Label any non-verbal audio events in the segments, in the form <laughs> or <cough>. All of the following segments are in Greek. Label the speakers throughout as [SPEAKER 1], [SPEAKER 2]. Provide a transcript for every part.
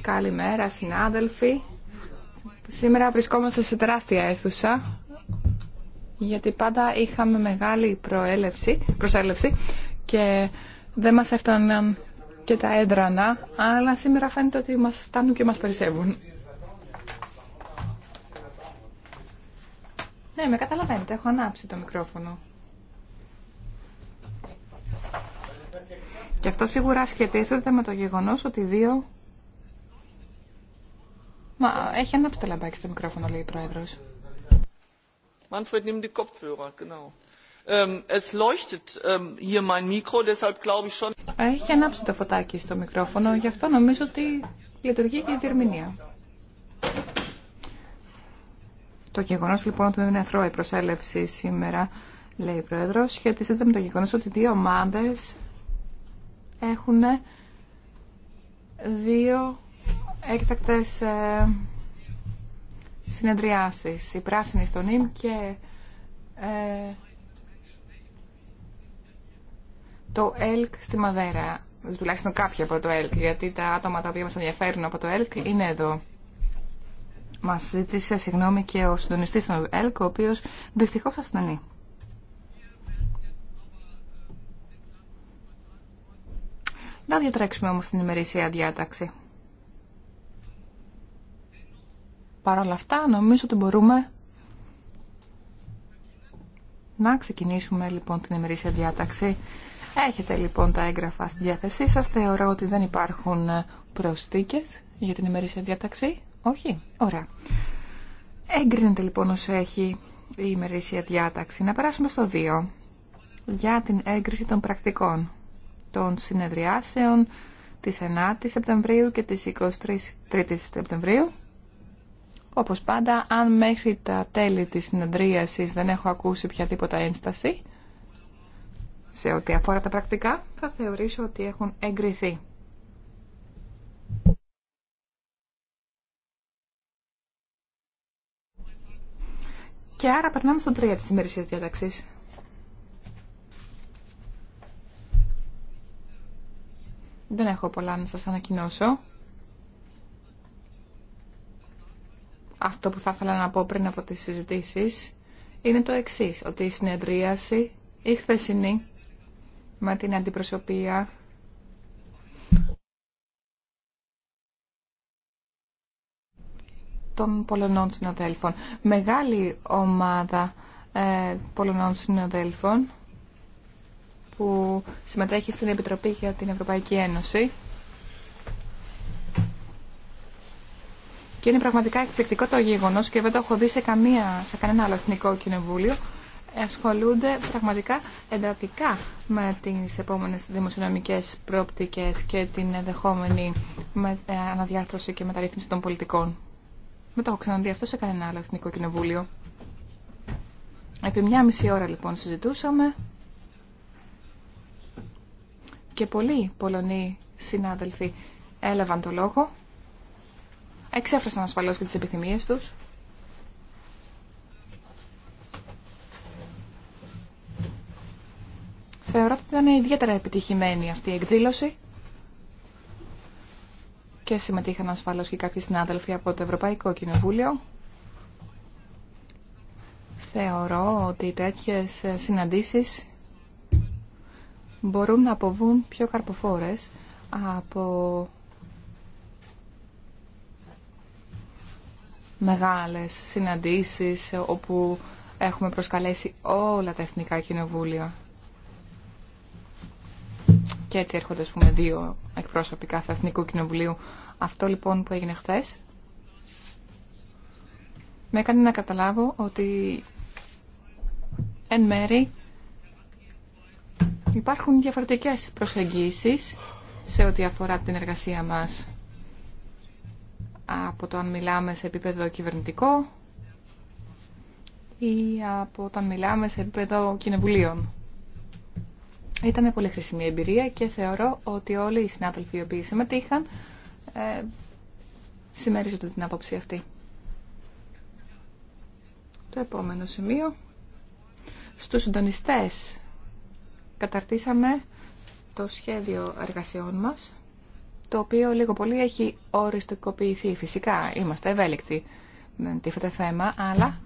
[SPEAKER 1] Καλημέρα, συνάδελφοι. Σήμερα βρισκόμαστε σε τεράστια αίθουσα, γιατί πάντα είχαμε μεγάλη προσέλευση και δεν μας έφταναν και τα έντρανα, αλλά σήμερα φαίνεται ότι μας φτάνουν και μας περισσεύουν. Ναι, με καταλαβαίνετε, έχω ανάψει το μικρόφωνο. Και αυτό σίγουρα σχετίζεται με το γεγονός ότι δύο... έχει ανάψει το λαμπάκι στο μικρόφωνο, λέει η Πρόεδρος. Έχει ανάψει το φωτάκι στο μικρόφωνο, γι' αυτό νομίζω ότι λειτουργεί και η διερμηνία. Το γεγονός λοιπόν ότι δεν είναι αθρώα η προσέλευση σήμερα, λέει η Πρόεδρο, σχετίζεται με το γεγονός ότι δύο ομάδε έχουν δύο έκτακτες ε, συνεδριάσεις. Η πράσινη στον ΙΜ και ε, το ΕΛΚ στη Μαδέρα. Τουλάχιστον κάποια από το ΕΛΚ, γιατί τα άτομα τα οποία μας ενδιαφέρουν από το ΕΛΚ είναι εδώ. Μας ζήτησε συγγνώμη και ο συντονιστής του ΕΛΚ, ο οποίος δυστυχώς ασθενεί. Να διατρέξουμε όμως την ημερήσια διάταξη. Παρ' όλα αυτά, νομίζω ότι μπορούμε να ξεκινήσουμε λοιπόν την ημερήσια διάταξη. Έχετε λοιπόν τα έγγραφα στη διάθεσή σας. Θεωρώ ότι δεν υπάρχουν προσθήκες για την ημερήσια διάταξη. Όχι. Ωραία. Έγκρινεται λοιπόν όσο έχει η ημερήσια διάταξη. Να περάσουμε στο 2. Για την έγκριση των πρακτικών των συνεδριάσεων της 9 η Σεπτεμβρίου και της 23ης Σεπτεμβρίου. Όπως πάντα, αν μέχρι τα τέλη της συνεδρίασης δεν έχω ακούσει οποιαδήποτε ένσταση σε ό,τι αφορά τα πρακτικά, θα θεωρήσω ότι έχουν εγκριθεί. Και άρα περνάμε στο 3 της ημερησίας διαταξής. Δεν έχω πολλά να σας ανακοινώσω. Αυτό που θα ήθελα να πω πριν από τις συζητήσεις είναι το εξής, ότι η συνεδρίαση η χθεσινή με την αντιπροσωπεία των Πολωνών συναδέλφων. Μεγάλη ομάδα ε, Πολωνών συναδέλφων που συμμετέχει στην Επιτροπή για την Ευρωπαϊκή Ένωση. Και είναι πραγματικά εκπληκτικό το γεγονό και δεν το έχω δει σε, καμία, σε κανένα άλλο εθνικό κοινοβούλιο. Ασχολούνται πραγματικά εντατικά με τι επόμενε δημοσιονομικέ πρόπτικε και την ενδεχόμενη ε, αναδιάρθρωση και μεταρρύθμιση των πολιτικών. Δεν το έχω ξαναδεί αυτό σε κανένα άλλο εθνικό κοινοβούλιο. Επί μια μισή ώρα λοιπόν συζητούσαμε και πολλοί Πολωνοί συνάδελφοι έλαβαν το λόγο, εξέφρασαν ασφαλώς και τις επιθυμίες τους. Θεωρώ ότι ήταν ιδιαίτερα επιτυχημένη αυτή η εκδήλωση και συμμετείχαν ασφαλώς και κάποιοι συνάδελφοι από το Ευρωπαϊκό Κοινοβούλιο. Θεωρώ ότι τέτοιες συναντήσεις μπορούν να αποβούν πιο καρποφόρες από μεγάλες συναντήσεις όπου έχουμε προσκαλέσει όλα τα εθνικά κοινοβούλια. Και έτσι έρχονται, ας πούμε, δύο εκπρόσωποι κάθε εθνικού κοινοβουλίου. Αυτό λοιπόν που έγινε χθες με έκανε να καταλάβω ότι εν μέρη Υπάρχουν διαφορετικές προσεγγίσεις σε ό,τι αφορά την εργασία μας από το αν μιλάμε σε επίπεδο κυβερνητικό ή από όταν μιλάμε σε επίπεδο κοινοβουλίων. Ήταν πολύ χρήσιμη εμπειρία και θεωρώ ότι όλοι οι συνάδελφοι οι οποίοι συμμετείχαν ε, συμμερίζονται την άποψη αυτή. Το επόμενο σημείο. Στους συντονιστές καταρτήσαμε το σχέδιο εργασιών μας, το οποίο λίγο πολύ έχει οριστικοποιηθεί. Φυσικά είμαστε ευέλικτοι, με τίθεται θέμα, αλλά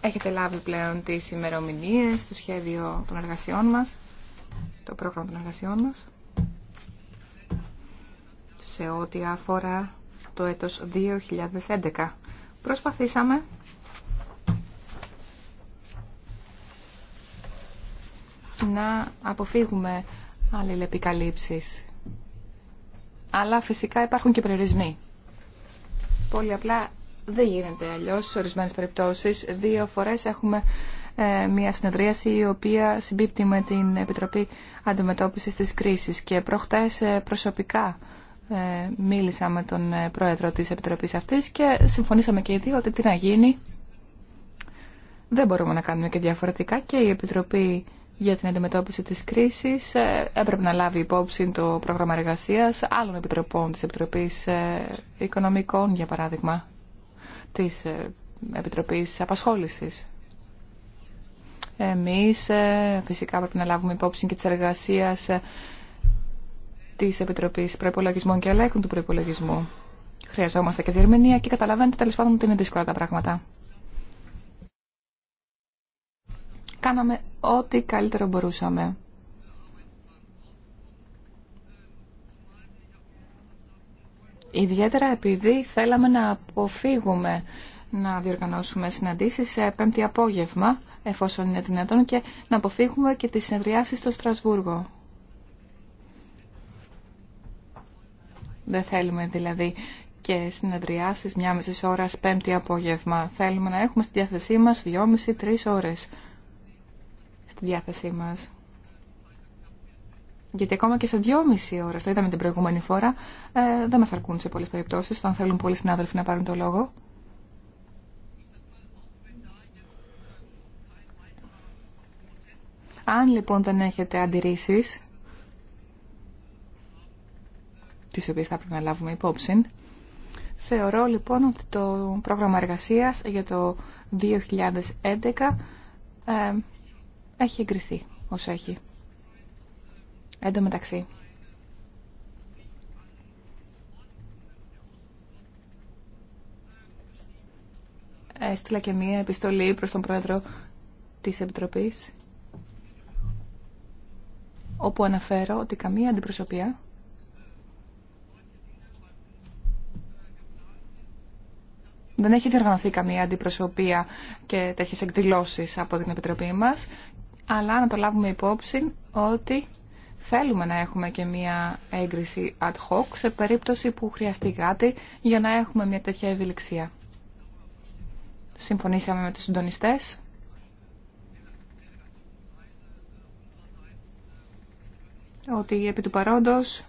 [SPEAKER 1] έχετε λάβει πλέον τις ημερομηνίες, το σχέδιο των εργασιών μας, το πρόγραμμα των εργασιών μας, σε ό,τι αφορά το έτος 2011. Προσπαθήσαμε να αποφύγουμε αλληλεπικαλύψεις. Αλλά φυσικά υπάρχουν και περιορισμοί. Πολύ απλά δεν γίνεται αλλιώς σε ορισμένες περιπτώσεις. Δύο φορές έχουμε ε, μια συνεδρίαση η οποία συμπίπτει με την Επιτροπή Αντιμετώπισης της Κρίσης και προχτές ε, προσωπικά ε, μίλησα με τον πρόεδρο της Επιτροπής αυτής και συμφωνήσαμε και οι δύο ότι τι να γίνει. Δεν μπορούμε να κάνουμε και διαφορετικά και η Επιτροπή για την αντιμετώπιση της κρίσης ε, έπρεπε να λάβει υπόψη το πρόγραμμα εργασίας άλλων επιτροπών της Επιτροπής ε, Οικονομικών, για παράδειγμα, της ε, Επιτροπής Απασχόλησης. Εμείς φυσικά πρέπει να λάβουμε υπόψη και της εργασίας της Επιτροπής Προϋπολογισμών και Ελέγχων του Προϋπολογισμού. Χρειαζόμαστε και διερμηνία και καταλαβαίνετε τέλο πάντων ότι είναι δύσκολα τα πράγματα. Κάναμε ό,τι καλύτερο μπορούσαμε. Ιδιαίτερα επειδή θέλαμε να αποφύγουμε να διοργανώσουμε συναντήσεις σε πέμπτη απόγευμα, εφόσον είναι δυνατόν, και να αποφύγουμε και τις συνεδριάσεις στο Στρασβούργο. Δεν θέλουμε δηλαδή και συνεδριάσεις μια μισή ώρα πέμπτη απόγευμα. Θέλουμε να έχουμε στη διάθεσή μας δυόμιση-τρεις ώρες στη διάθεσή μας. Γιατί ακόμα και σε δυόμιση ώρες, το είδαμε την προηγούμενη φορά, ε, δεν μας αρκούν σε πολλές περιπτώσεις, όταν θέλουν πολλοί συνάδελφοι να πάρουν το λόγο. Αν λοιπόν δεν έχετε αντιρρήσεις, τις οποίες θα πρέπει να λάβουμε υπόψη, θεωρώ λοιπόν ότι το πρόγραμμα εργασίας για το 2011 ε, έχει εγκριθεί όσο έχει. Εν τω μεταξύ. Έστειλα και μία επιστολή προς τον Πρόεδρο της Επιτροπής όπου αναφέρω ότι καμία αντιπροσωπεία δεν έχει διοργανωθεί καμία αντιπροσωπεία και τέτοιες εκδηλώσεις από την Επιτροπή μας αλλά να το λάβουμε υπόψη ότι θέλουμε να έχουμε και μία έγκριση ad hoc σε περίπτωση που χρειαστεί κάτι για να έχουμε μια τέτοια ευελιξία. Συμφωνήσαμε με τους συντονιστές. ότι επί του παρόντος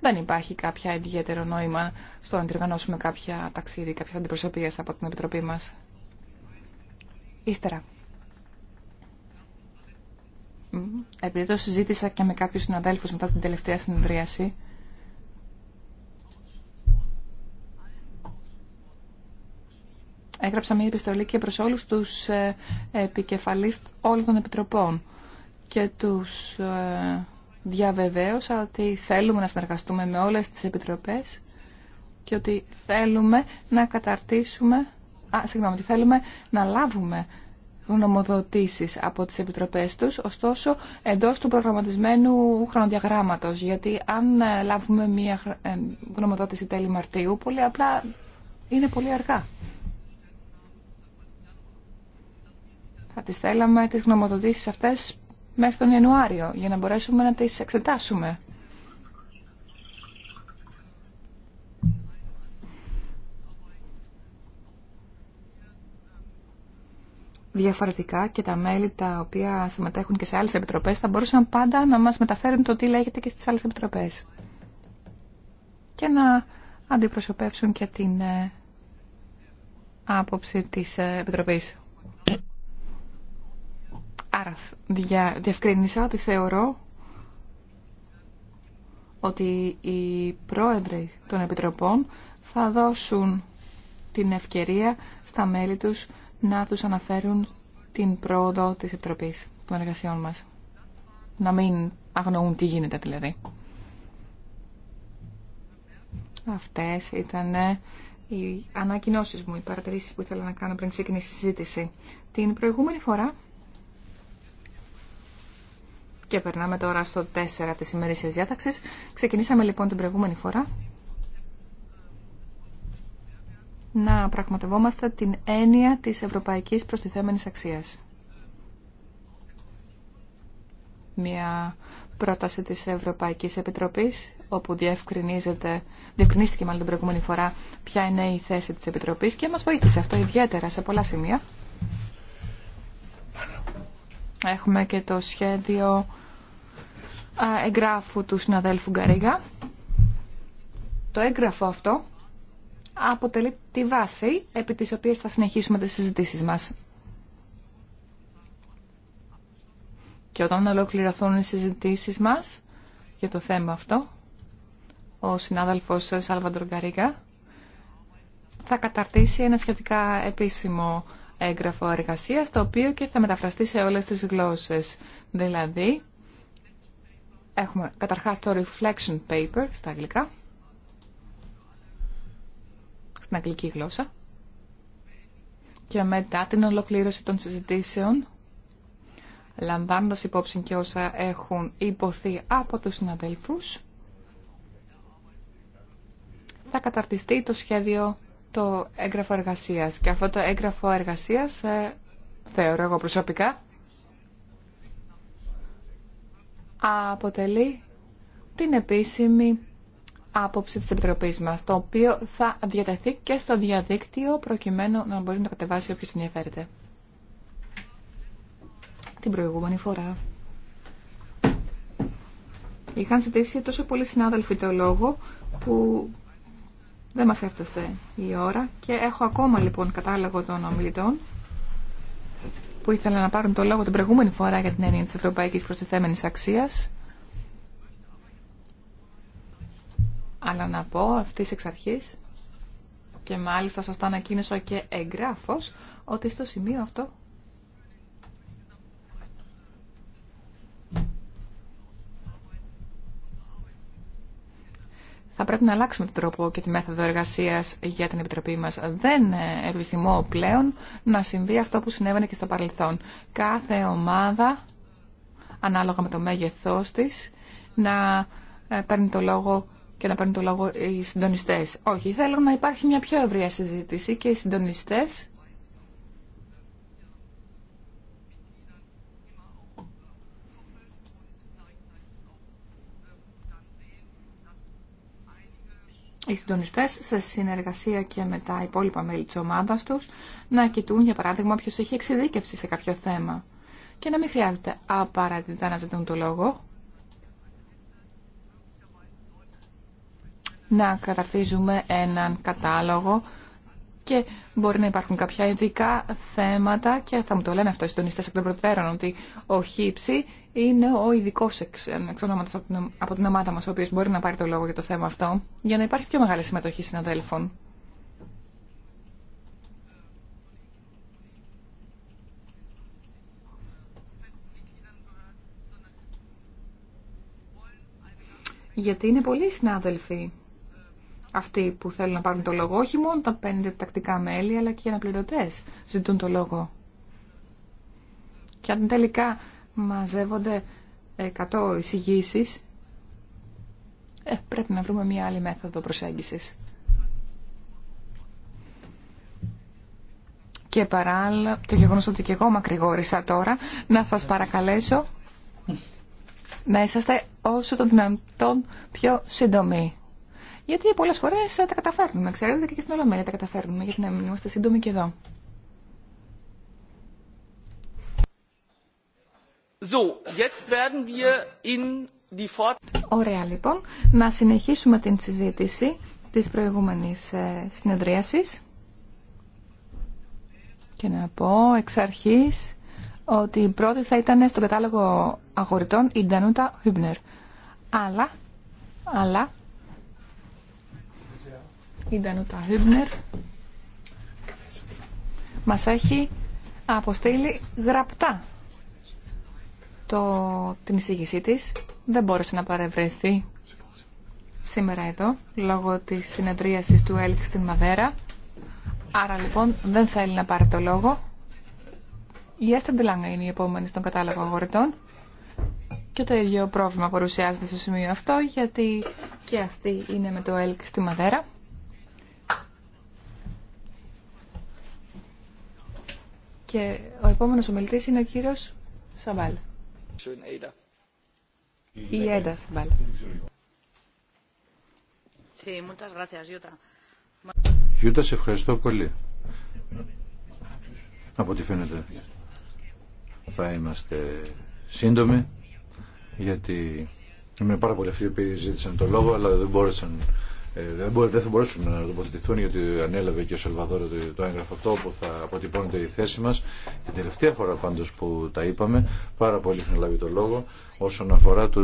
[SPEAKER 1] δεν υπάρχει κάποια ιδιαίτερο νόημα στο να διοργανώσουμε κάποια ταξίδι, κάποιες αντιπροσωπείες από την Επιτροπή μας. Ύστερα, επειδή το συζήτησα και με κάποιους συναδέλφους μετά την τελευταία συνεδρίαση, έγραψα μια επιστολή και προς όλους τους ε, επικεφαλείς όλων των επιτροπών και τους ε, διαβεβαίωσα ότι θέλουμε να συνεργαστούμε με όλες τις επιτροπές και ότι θέλουμε να καταρτήσουμε, α, συγγνώμη, ότι θέλουμε να λάβουμε γνωμοδοτήσεις από τις επιτροπές τους, ωστόσο εντός του προγραμματισμένου χρονοδιαγράμματος, γιατί αν ε, λάβουμε μια ε, γνωμοδότηση τέλη Μαρτίου, πολύ απλά είναι πολύ αργά. Θα τις θέλαμε τις γνωμοδοτήσεις αυτές μέχρι τον Ιανουάριο, για να μπορέσουμε να τις εξετάσουμε. Διαφορετικά και τα μέλη τα οποία συμμετέχουν και σε άλλες επιτροπές θα μπορούσαν πάντα να μας μεταφέρουν το τι λέγεται και στις άλλες επιτροπές. Και να αντιπροσωπεύσουν και την ε, άποψη της ε, Επιτροπής. Άρα δια, διευκρίνησα ότι θεωρώ ότι οι πρόεδροι των Επιτροπών θα δώσουν την ευκαιρία στα μέλη τους να τους αναφέρουν την πρόοδο της Επιτροπής των εργασιών μας. Να μην αγνοούν τι γίνεται δηλαδή. Αυτές ήταν ε, οι ανακοινώσεις μου, οι παρατηρήσεις που ήθελα να κάνω πριν ξεκινήσει η συζήτηση. Την προηγούμενη φορά και περνάμε τώρα στο 4 της ημερήσιας διάταξης. Ξεκινήσαμε λοιπόν την προηγούμενη φορά να πραγματευόμαστε την έννοια της ευρωπαϊκής προστιθέμενης αξίας. Μια πρόταση της Ευρωπαϊκής Επιτροπής, όπου διευκρινίζεται, διευκρινίστηκε μάλλον την προηγούμενη φορά ποια είναι η θέση της Επιτροπής και μας βοήθησε αυτό ιδιαίτερα σε πολλά σημεία. Έχουμε και το σχέδιο εγγράφου του συναδέλφου Γκαρίγα. Το έγγραφο αυτό αποτελεί τη βάση επί της οποίας θα συνεχίσουμε τις συζητήσεις μας. Και όταν ολοκληρωθούν οι συζητήσεις μας για το θέμα αυτό, ο συνάδελφος Σάλβαντρο Γκαρίγα θα καταρτήσει ένα σχετικά επίσημο έγγραφο εργασία το οποίο και θα μεταφραστεί σε όλες τις γλώσσες. Δηλαδή, έχουμε καταρχάς το reflection paper στα αγγλικά, στην αγγλική γλώσσα και μετά την ολοκλήρωση των συζητήσεων λαμβάνοντας υπόψη και όσα έχουν υποθεί από τους συναδέλφους θα καταρτιστεί το σχέδιο το έγγραφο εργασίας και αυτό το έγγραφο εργασίας ε, θεωρώ εγώ προσωπικά αποτελεί την επίσημη άποψη της Επιτροπής μας, το οποίο θα διατεθεί και στο διαδίκτυο προκειμένου να μπορεί να το κατεβάσει όποιος ενδιαφέρεται. Την προηγούμενη φορά. Είχαν ζητήσει τόσο πολύ συνάδελφοι το λόγο που δεν μας έφτασε η ώρα και έχω ακόμα λοιπόν κατάλογο των ομιλητών που ήθελα να πάρουν το λόγο την προηγούμενη φορά για την έννοια της ευρωπαϊκής προστιθέμενης αξίας. Αλλά να πω αυτής εξ αρχή. και μάλιστα σας το ανακοίνωσα και εγγράφος ότι στο σημείο αυτό θα πρέπει να αλλάξουμε τον τρόπο και τη μέθοδο εργασίας για την Επιτροπή μας. Δεν επιθυμώ πλέον να συμβεί αυτό που συνέβαινε και στο παρελθόν. Κάθε ομάδα, ανάλογα με το μέγεθός της, να ε, παίρνει το λόγο και να παίρνουν το λόγο οι συντονιστέ. Όχι, θέλω να υπάρχει μια πιο ευρεία συζήτηση και οι συντονιστέ. οι συντονιστέ σε συνεργασία και με τα υπόλοιπα μέλη τη ομάδα του να κοιτούν, για παράδειγμα, ποιο έχει εξειδίκευση σε κάποιο θέμα. Και να μην χρειάζεται απαραίτητα να ζητούν το λόγο. να καταρτίζουμε έναν κατάλογο και μπορεί να υπάρχουν κάποια ειδικά θέματα και θα μου το λένε αυτό οι συντονιστέ από τον προτέρων ότι ο Χίψη είναι ο ειδικό εξ, εξ ονόματο από την ομάδα μα, ο οποίο μπορεί να πάρει το λόγο για το θέμα αυτό, για να υπάρχει πιο μεγάλη συμμετοχή συναδέλφων. Γιατί είναι πολλοί συνάδελφοι αυτοί που θέλουν να πάρουν το λόγο, όχι μόνο τα πέντε τακτικά μέλη, αλλά και οι αναπληρωτέ ζητούν το λόγο. Και αν τελικά μαζεύονται 100 εισηγήσει, ε, πρέπει να βρούμε μία άλλη μέθοδο προσέγγισης. Και παράλληλα, το γεγονός ότι και εγώ μακρηγόρησα τώρα, να σας παρακαλέσω να είσαστε όσο το δυνατόν πιο σύντομοι. Γιατί πολλέ φορέ ε, τα καταφέρνουμε. Ξέρετε και στην Ολομέλεια τα καταφέρνουμε. Γιατί να μην είμαστε σύντομοι και εδώ.
[SPEAKER 2] jetzt werden wir in die
[SPEAKER 1] Ωραία λοιπόν, να συνεχίσουμε την συζήτηση της προηγούμενης ε, συνεδρίασης και να πω εξ αρχής ότι η πρώτη θα ήταν στον κατάλογο αγορητών η Ντανούτα Χίμπνερ. Αλλά, αλλά η Ντανούτα Χίμπνερ μας έχει αποστείλει γραπτά το, την εισήγησή της. Δεν μπόρεσε να παρευρεθεί σήμερα εδώ λόγω της συνεδρίασης του ΕΛΚ στην Μαδέρα. Άρα λοιπόν δεν θέλει να πάρει το λόγο. Η Έστεν είναι η επόμενη στον κατάλογο αγορετών. Και το ίδιο πρόβλημα παρουσιάζεται στο σημείο αυτό γιατί και αυτή είναι με το ΕΛΚ στη Μαδέρα. Και ο επόμενος ομιλητής είναι ο κύριος Σαμπάλ. Η Έντα Σαμπάλ.
[SPEAKER 3] Γιούτα, σε ευχαριστώ πολύ. Από ό,τι φαίνεται θα είμαστε σύντομοι γιατί είμαι πάρα πολύ αυτοί που ζήτησαν το λόγο αλλά δεν μπόρεσαν ε, δεν, θα μπορέσουν να τοποθετηθούν γιατί ανέλαβε και ο Σελβαδόρο το, το έγγραφο αυτό που θα αποτυπώνεται η θέση μας. Την τελευταία φορά πάντως που τα είπαμε, πάρα πολύ είχαν λάβει το λόγο όσον αφορά το,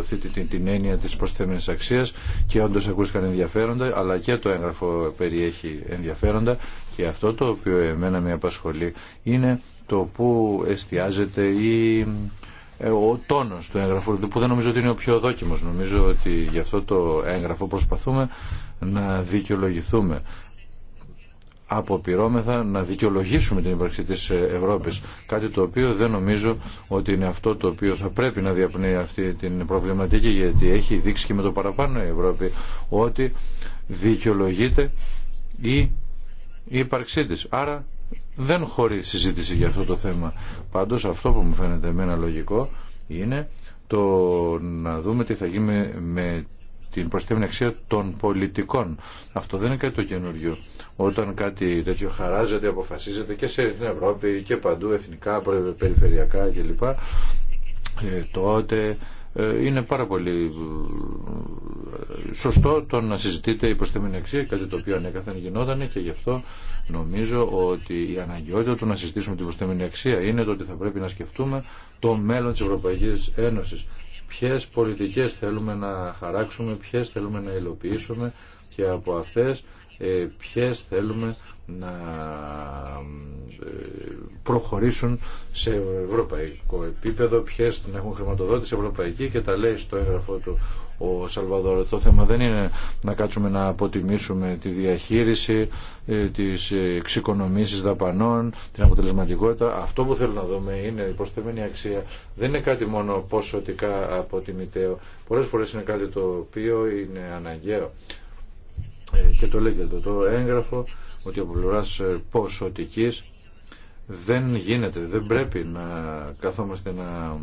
[SPEAKER 3] αυτή την, την έννοια της προσθέμενης αξίας και όντω ακούστηκαν ενδιαφέροντα αλλά και το έγγραφο περιέχει ενδιαφέροντα και αυτό το οποίο εμένα με απασχολεί είναι το που εστιάζεται η ε, ο τόνος του έγγραφου δηλαδή, που δεν νομίζω ότι είναι ο πιο δόκιμος νομίζω ότι γι' αυτό το έγγραφο προσπαθούμε να δικαιολογηθούμε αποπειρώμεθα να δικαιολογήσουμε την ύπαρξη της ε, Ευρώπης κάτι το οποίο δεν νομίζω ότι είναι αυτό το οποίο θα πρέπει να διαπνέει αυτή την προβληματική γιατί έχει δείξει και με το παραπάνω η Ευρώπη ότι δικαιολογείται η ύπαρξή της άρα δεν χωρεί συζήτηση για αυτό το θέμα. Πάντως αυτό που μου φαίνεται εμένα λογικό είναι το να δούμε τι θα γίνει με την προστέμενη αξία των πολιτικών. Αυτό δεν είναι κάτι το καινούριο. Όταν κάτι τέτοιο χαράζεται, αποφασίζεται και σε την Ευρώπη και παντού, εθνικά, περιφερειακά κλπ. Ε, τότε ε, είναι πάρα πολύ ε, σωστό το να συζητείτε η αξία, κάτι το οποίο ανέκαθεν γινόταν και γι' αυτό νομίζω ότι η αναγκαιότητα του να συζητήσουμε την προστεμένη αξία είναι το ότι θα πρέπει να σκεφτούμε το μέλλον της Ευρωπαϊκής Ένωσης. Ποιες πολιτικές θέλουμε να χαράξουμε, ποιες θέλουμε να υλοποιήσουμε και από αυτές ε, ποιες θέλουμε να ε, προχωρήσουν σε ευρωπαϊκό επίπεδο, ποιε να έχουν χρηματοδότηση ευρωπαϊκή και τα λέει στο έγγραφό του ο Σαλβαδόρο. Το θέμα δεν είναι να κάτσουμε να αποτιμήσουμε τη διαχείριση, ε, της εξοικονομήσεις δαπανών, την αποτελεσματικότητα. Αυτό που θέλω να δούμε είναι η προσθεμένη αξία. Δεν είναι κάτι μόνο ποσοτικά αποτιμητέο. Πολλές φορές είναι κάτι το οποίο είναι αναγκαίο. Ε, και το λέγεται το έγγραφο ότι ο πλευρά ε, ποσοτική δεν γίνεται, δεν πρέπει να καθόμαστε να,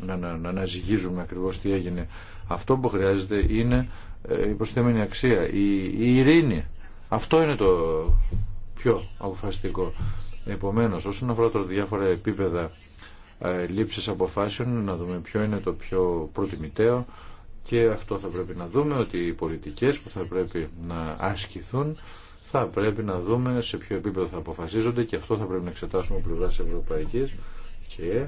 [SPEAKER 3] να, να, να ακριβώς τι έγινε. Αυτό που χρειάζεται είναι η ε, προσθέμενη αξία, η, η ειρήνη. Αυτό είναι το πιο αποφασιστικό. Επομένως, όσον αφορά τα διάφορα επίπεδα ε, αποφάσεων, να δούμε ποιο είναι το πιο προτιμητέο και αυτό θα πρέπει να δούμε, ότι οι πολιτικές που θα πρέπει να ασκηθούν θα πρέπει να δούμε σε ποιο επίπεδο θα αποφασίζονται και αυτό θα πρέπει να εξετάσουμε από πλευρά ευρωπαϊκής και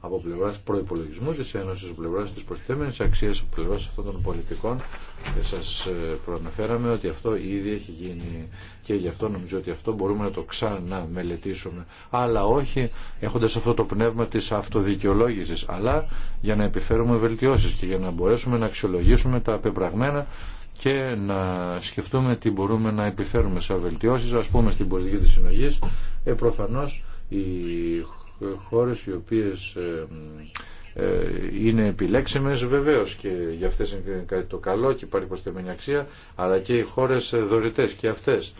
[SPEAKER 3] από πλευρά προϋπολογισμού της Ένωσης, από πλευρά της προστιθέμενης αξίας, από πλευρά αυτών των πολιτικών και σας ε, προαναφέραμε ότι αυτό ήδη έχει γίνει και γι' αυτό νομίζω ότι αυτό μπορούμε να το ξαναμελετήσουμε αλλά όχι έχοντας αυτό το πνεύμα της αυτοδικαιολόγησης αλλά για να επιφέρουμε βελτιώσεις και για να μπορέσουμε να αξιολογήσουμε τα πεπραγμένα και να σκεφτούμε τι μπορούμε να επιφέρουμε σαν βελτιώσεις, ας πούμε στην πολιτική της συνογής. Ε, προφανώς οι χώρες οι οποίες ε, ε, είναι επιλέξιμες βεβαίως και για αυτές είναι κάτι το καλό και υπάρχει προσθεμένη αξία, αλλά και οι χώρες ε, δωρητές και αυτές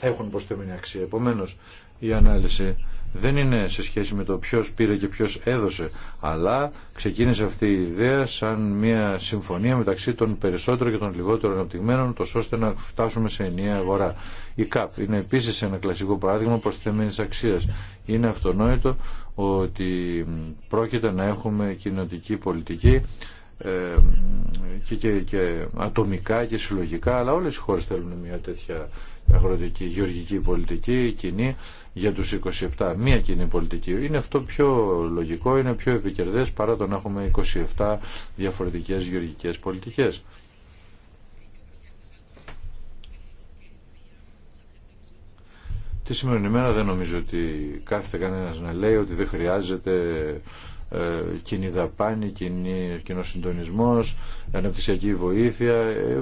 [SPEAKER 3] έχουν προσθεμένη αξία. Επομένως, η ανάλυση δεν είναι σε σχέση με το ποιος πήρε και ποιος έδωσε, αλλά ξεκίνησε αυτή η ιδέα σαν μια συμφωνία μεταξύ των περισσότερων και των λιγότερων αναπτυγμένων, τόσο ώστε να φτάσουμε σε ενιαία αγορά. Η ΚΑΠ είναι επίσης ένα κλασικό παράδειγμα προστιθέμενης αξίας. Είναι αυτονόητο ότι πρόκειται να έχουμε κοινωτική πολιτική, ε, και, ατομικά και συλλογικά, αλλά όλες οι χώρες θέλουν μια τέτοια αγροτική, γεωργική πολιτική, κοινή για τους 27. Μία κοινή πολιτική. Είναι αυτό πιο λογικό, είναι πιο επικερδές παρά το να έχουμε 27 διαφορετικές γεωργικές πολιτικές. Τι σημερινή μέρα δεν νομίζω ότι κάθεται κανένας να λέει ότι δεν χρειάζεται ε, κοινή δαπάνη, κοινή, κοινό συντονισμό, αναπτυξιακή βοήθεια. Ε,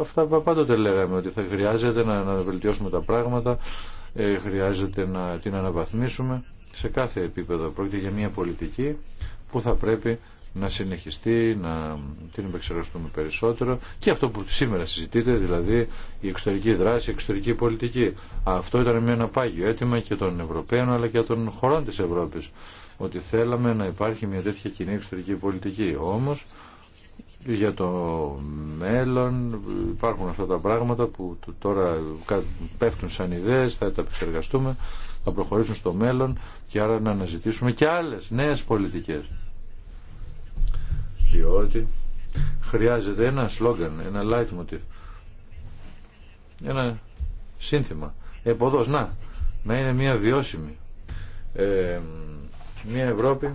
[SPEAKER 3] αυτά πάντοτε λέγαμε ότι θα χρειάζεται να, να βελτιώσουμε τα πράγματα, ε, χρειάζεται να την αναβαθμίσουμε σε κάθε επίπεδο. Πρόκειται για μια πολιτική που θα πρέπει να συνεχιστεί, να την επεξεργαστούμε περισσότερο και αυτό που σήμερα συζητείτε, δηλαδή η εξωτερική δράση, η εξωτερική πολιτική. Αυτό ήταν ένα πάγιο αίτημα και των Ευρωπαίων αλλά και των χωρών της Ευρώπης ότι θέλαμε να υπάρχει μια τέτοια κοινή εξωτερική πολιτική. Όμως για το μέλλον υπάρχουν αυτά τα πράγματα που τώρα πέφτουν σαν ιδέες, θα τα επεξεργαστούμε, θα προχωρήσουν στο μέλλον και άρα να αναζητήσουμε και άλλες νέες πολιτικές. Διότι χρειάζεται ένα σλόγγαν, ένα light ένα σύνθημα. Εποδός, να, να είναι μια βιώσιμη ε, μια Ευρώπη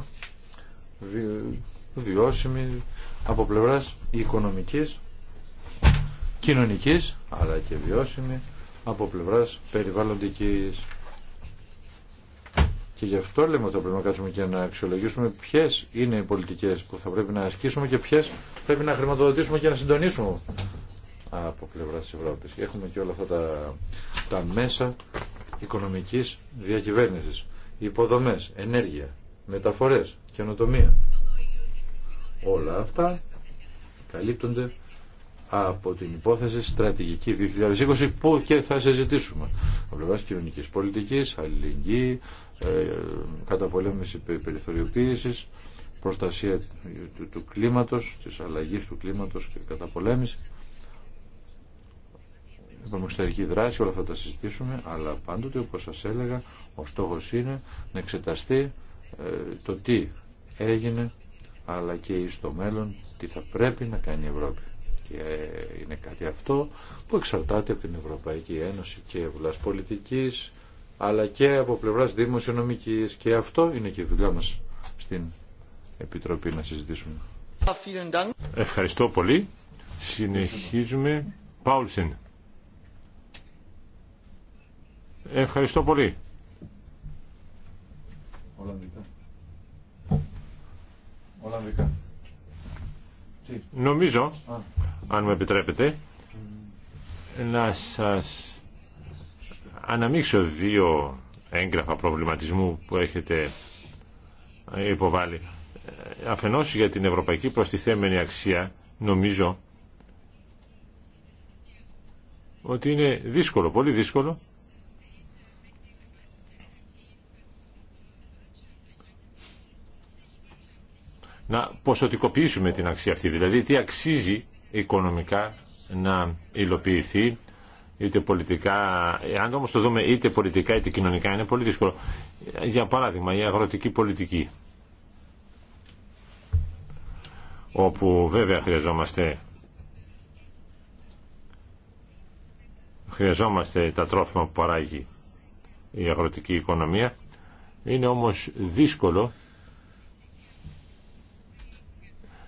[SPEAKER 3] βιώσιμη από πλευράς οικονομικής, κοινωνικής, αλλά και βιώσιμη από πλευράς περιβαλλοντικής. Και γι' αυτό λέμε ότι πρέπει να κάτσουμε και να αξιολογήσουμε ποιε είναι οι πολιτικέ που θα πρέπει να ασκήσουμε και ποιε πρέπει να χρηματοδοτήσουμε και να συντονίσουμε από πλευρά τη Ευρώπη. Έχουμε και όλα αυτά τα, τα μέσα οικονομική διακυβέρνηση υποδομές, ενέργεια, μεταφορές, καινοτομία. Όλα αυτά καλύπτονται από την υπόθεση στρατηγική 2020 που και θα συζητήσουμε. Από πλευράς κοινωνικής πολιτικής, αλληλεγγύη, ε, καταπολέμηση περιθωριοποίησης, προστασία του, κλίματος, της αλλαγής του κλίματος και καταπολέμηση εξωτερική δράση, όλα αυτά τα συζητήσουμε, αλλά πάντοτε, όπως σας έλεγα, ο στόχος είναι να εξεταστεί ε, το τι έγινε, αλλά και στο μέλλον τι θα πρέπει να κάνει η Ευρώπη. Και ε, είναι κάτι αυτό που εξαρτάται από την Ευρωπαϊκή Ένωση και ευλάς πολιτικής, αλλά και από πλευράς δημοσιονομικής. Και αυτό είναι και η δουλειά μας στην
[SPEAKER 4] Επιτροπή να συζητήσουμε. Ευχαριστώ πολύ. Συνεχίζουμε. Πάουλσεν. Ευχαριστώ πολύ.
[SPEAKER 3] Ολλανδικά. Ολλανδικά. Νομίζω,
[SPEAKER 4] αν με επιτρέπετε, να σας αναμίξω δύο έγγραφα προβληματισμού που έχετε υποβάλει. Αφενός για την ευρωπαϊκή προστιθέμενη αξία, νομίζω ότι είναι δύσκολο, πολύ δύσκολο, να ποσοτικοποιήσουμε την αξία αυτή, δηλαδή τι αξίζει οικονομικά να υλοποιηθεί είτε πολιτικά, αν όμως το δούμε είτε πολιτικά είτε κοινωνικά είναι πολύ δύσκολο. Για παράδειγμα η αγροτική πολιτική όπου βέβαια χρειαζόμαστε χρειαζόμαστε τα τρόφιμα που παράγει η αγροτική οικονομία είναι όμως δύσκολο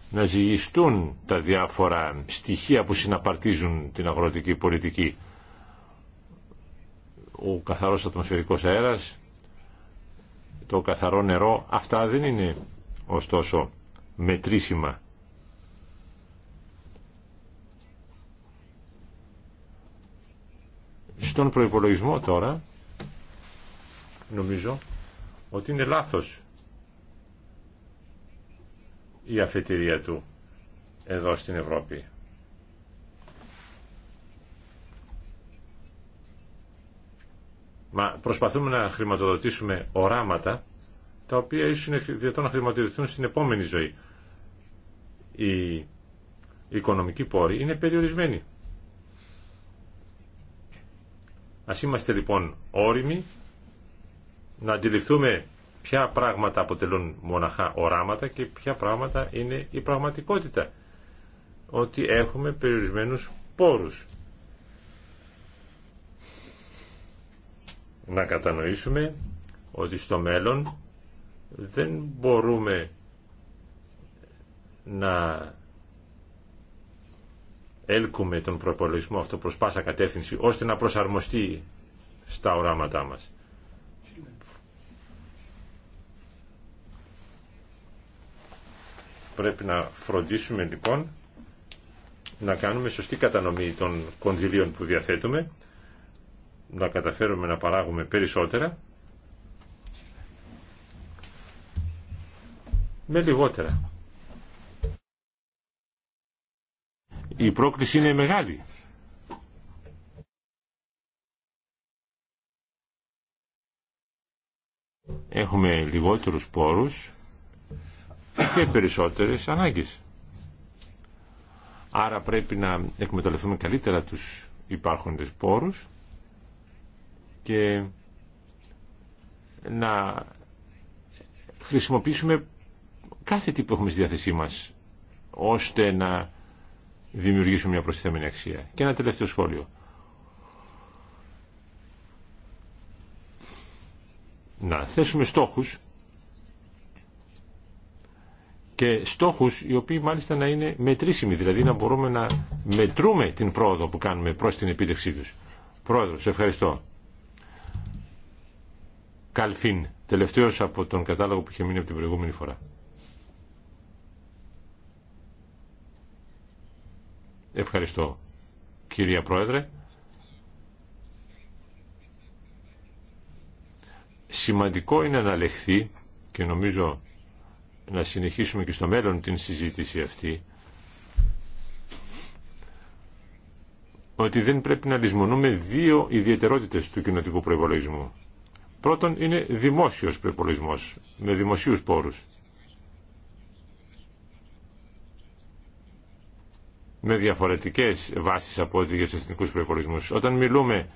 [SPEAKER 4] να ζυγιστούν τα διάφορα στοιχεία που συναπαρτίζουν την αγροτική πολιτική. Ο καθαρός ατμοσφαιρικός αέρας, το καθαρό νερό, αυτά δεν είναι ωστόσο μετρήσιμα. Στον προϋπολογισμό τώρα νομίζω ότι είναι λάθος η αφετηρία του εδώ στην Ευρώπη. Μα προσπαθούμε να χρηματοδοτήσουμε οράματα τα οποία ίσως είναι δυνατόν να χρηματοδοτηθούν στην επόμενη ζωή. Οι οικονομικοί πόροι είναι περιορισμένη. Ας είμαστε λοιπόν όριμοι να αντιληφθούμε ποια πράγματα αποτελούν μοναχά οράματα και ποια πράγματα είναι η πραγματικότητα. Ότι έχουμε περιορισμένους πόρους. Να κατανοήσουμε ότι στο μέλλον δεν μπορούμε να έλκουμε τον προπολογισμό αυτό προς πάσα κατεύθυνση ώστε να προσαρμοστεί στα οράματά μας. Πρέπει να φροντίσουμε λοιπόν να κάνουμε σωστή κατανομή των κονδυλίων που διαθέτουμε, να καταφέρουμε να παράγουμε περισσότερα με λιγότερα. Η πρόκληση είναι μεγάλη. Έχουμε λιγότερους πόρους και περισσότερες ανάγκες. Άρα πρέπει να εκμεταλλευτούμε καλύτερα τους υπάρχοντες πόρους και να χρησιμοποιήσουμε κάθε τι που έχουμε στη διάθεσή μας ώστε να δημιουργήσουμε μια προσθέμενη αξία. Και ένα τελευταίο σχόλιο. Να θέσουμε στόχους και στόχους οι οποίοι μάλιστα να είναι μετρήσιμοι, δηλαδή να μπορούμε να μετρούμε την πρόοδο που κάνουμε προς την επίτευξή τους. Πρόεδρος, ευχαριστώ. Καλφίν, τελευταίος από τον κατάλογο που είχε μείνει από την προηγούμενη φορά. Ευχαριστώ, κυρία Πρόεδρε. Σημαντικό είναι να λεχθεί και νομίζω να συνεχίσουμε και στο μέλλον την συζήτηση αυτή ότι δεν πρέπει να λησμονούμε δύο ιδιαιτερότητες του κοινοτικού προϋπολογισμού. Πρώτον είναι δημόσιος προϋπολογισμός με δημοσίους πόρους. με διαφορετικές βάσεις από ό,τι για τους εθνικούς προϋπολογισμούς. Όταν μιλούμε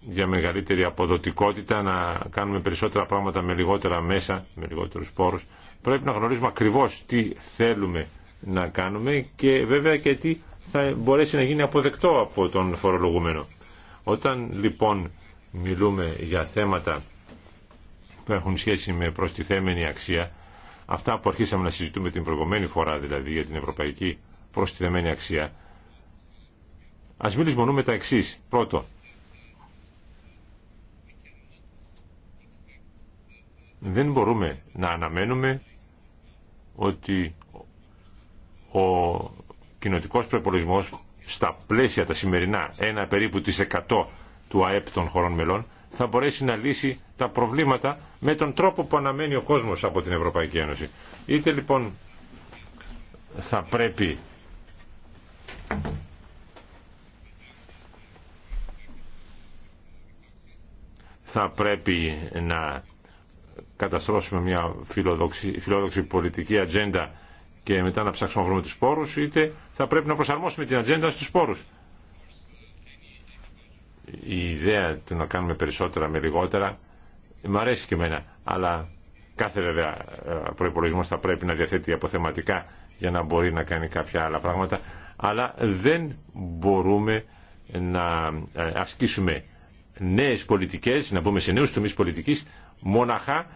[SPEAKER 4] για μεγαλύτερη αποδοτικότητα, να κάνουμε περισσότερα πράγματα με λιγότερα μέσα, με λιγότερους πόρους, Πρέπει να γνωρίζουμε ακριβώς τι θέλουμε να κάνουμε και βέβαια και τι θα μπορέσει να γίνει αποδεκτό από τον φορολογούμενο. Όταν λοιπόν μιλούμε για θέματα που έχουν σχέση με προστιθέμενη αξία, αυτά που αρχίσαμε να συζητούμε την προηγουμένη φορά δηλαδή για την ευρωπαϊκή προστιθέμενη αξία, ας μιλήσουμε τα εξή. Πρώτο, δεν μπορούμε να αναμένουμε ότι ο κοινοτικός προπολογισμός στα πλαίσια τα σημερινά, ένα περίπου της 100 του ΑΕΠ των χωρών μελών, θα μπορέσει να λύσει τα προβλήματα με τον τρόπο που αναμένει ο κόσμος από την Ευρωπαϊκή Ένωση. Είτε λοιπόν θα πρέπει θα πρέπει να καταστρώσουμε μια φιλόδοξη, φιλόδοξη πολιτική ατζέντα και μετά να ψάξουμε να βρούμε τους πόρους, είτε θα πρέπει να προσαρμόσουμε την ατζέντα στους πόρους. Η ιδέα του να κάνουμε περισσότερα με λιγότερα μου αρέσει και εμένα, αλλά κάθε βέβαια ε, προπολογισμό θα πρέπει να διαθέτει αποθεματικά για να μπορεί να κάνει κάποια άλλα πράγματα, αλλά δεν μπορούμε να ε, ασκήσουμε νέες πολιτικές, να μπούμε σε νέους τομείς πολιτικής, μοναχά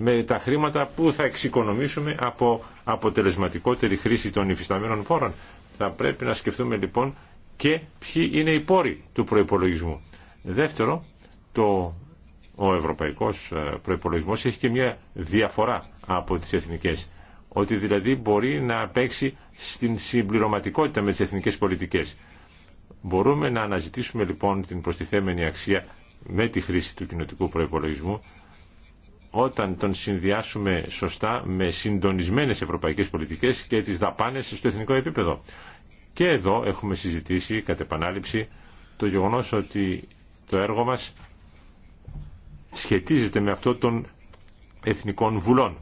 [SPEAKER 4] με τα χρήματα που θα εξοικονομήσουμε από αποτελεσματικότερη χρήση των υφισταμένων πόρων. Θα πρέπει να σκεφτούμε λοιπόν και ποιοι είναι οι πόροι του προϋπολογισμού. Δεύτερο, το, ο ευρωπαϊκός ε, προϋπολογισμός έχει και μια διαφορά από τις εθνικές. Ότι δηλαδή μπορεί να παίξει στην συμπληρωματικότητα με τις εθνικές πολιτικές. Μπορούμε να αναζητήσουμε λοιπόν την προστιθέμενη αξία με τη χρήση του κοινοτικού προϋπολογισμού όταν τον συνδυάσουμε σωστά με συντονισμένες ευρωπαϊκές πολιτικές και τις δαπάνες στο εθνικό επίπεδο. Και εδώ έχουμε συζητήσει κατ' επανάληψη το γεγονός ότι το έργο μας σχετίζεται με αυτό των εθνικών βουλών.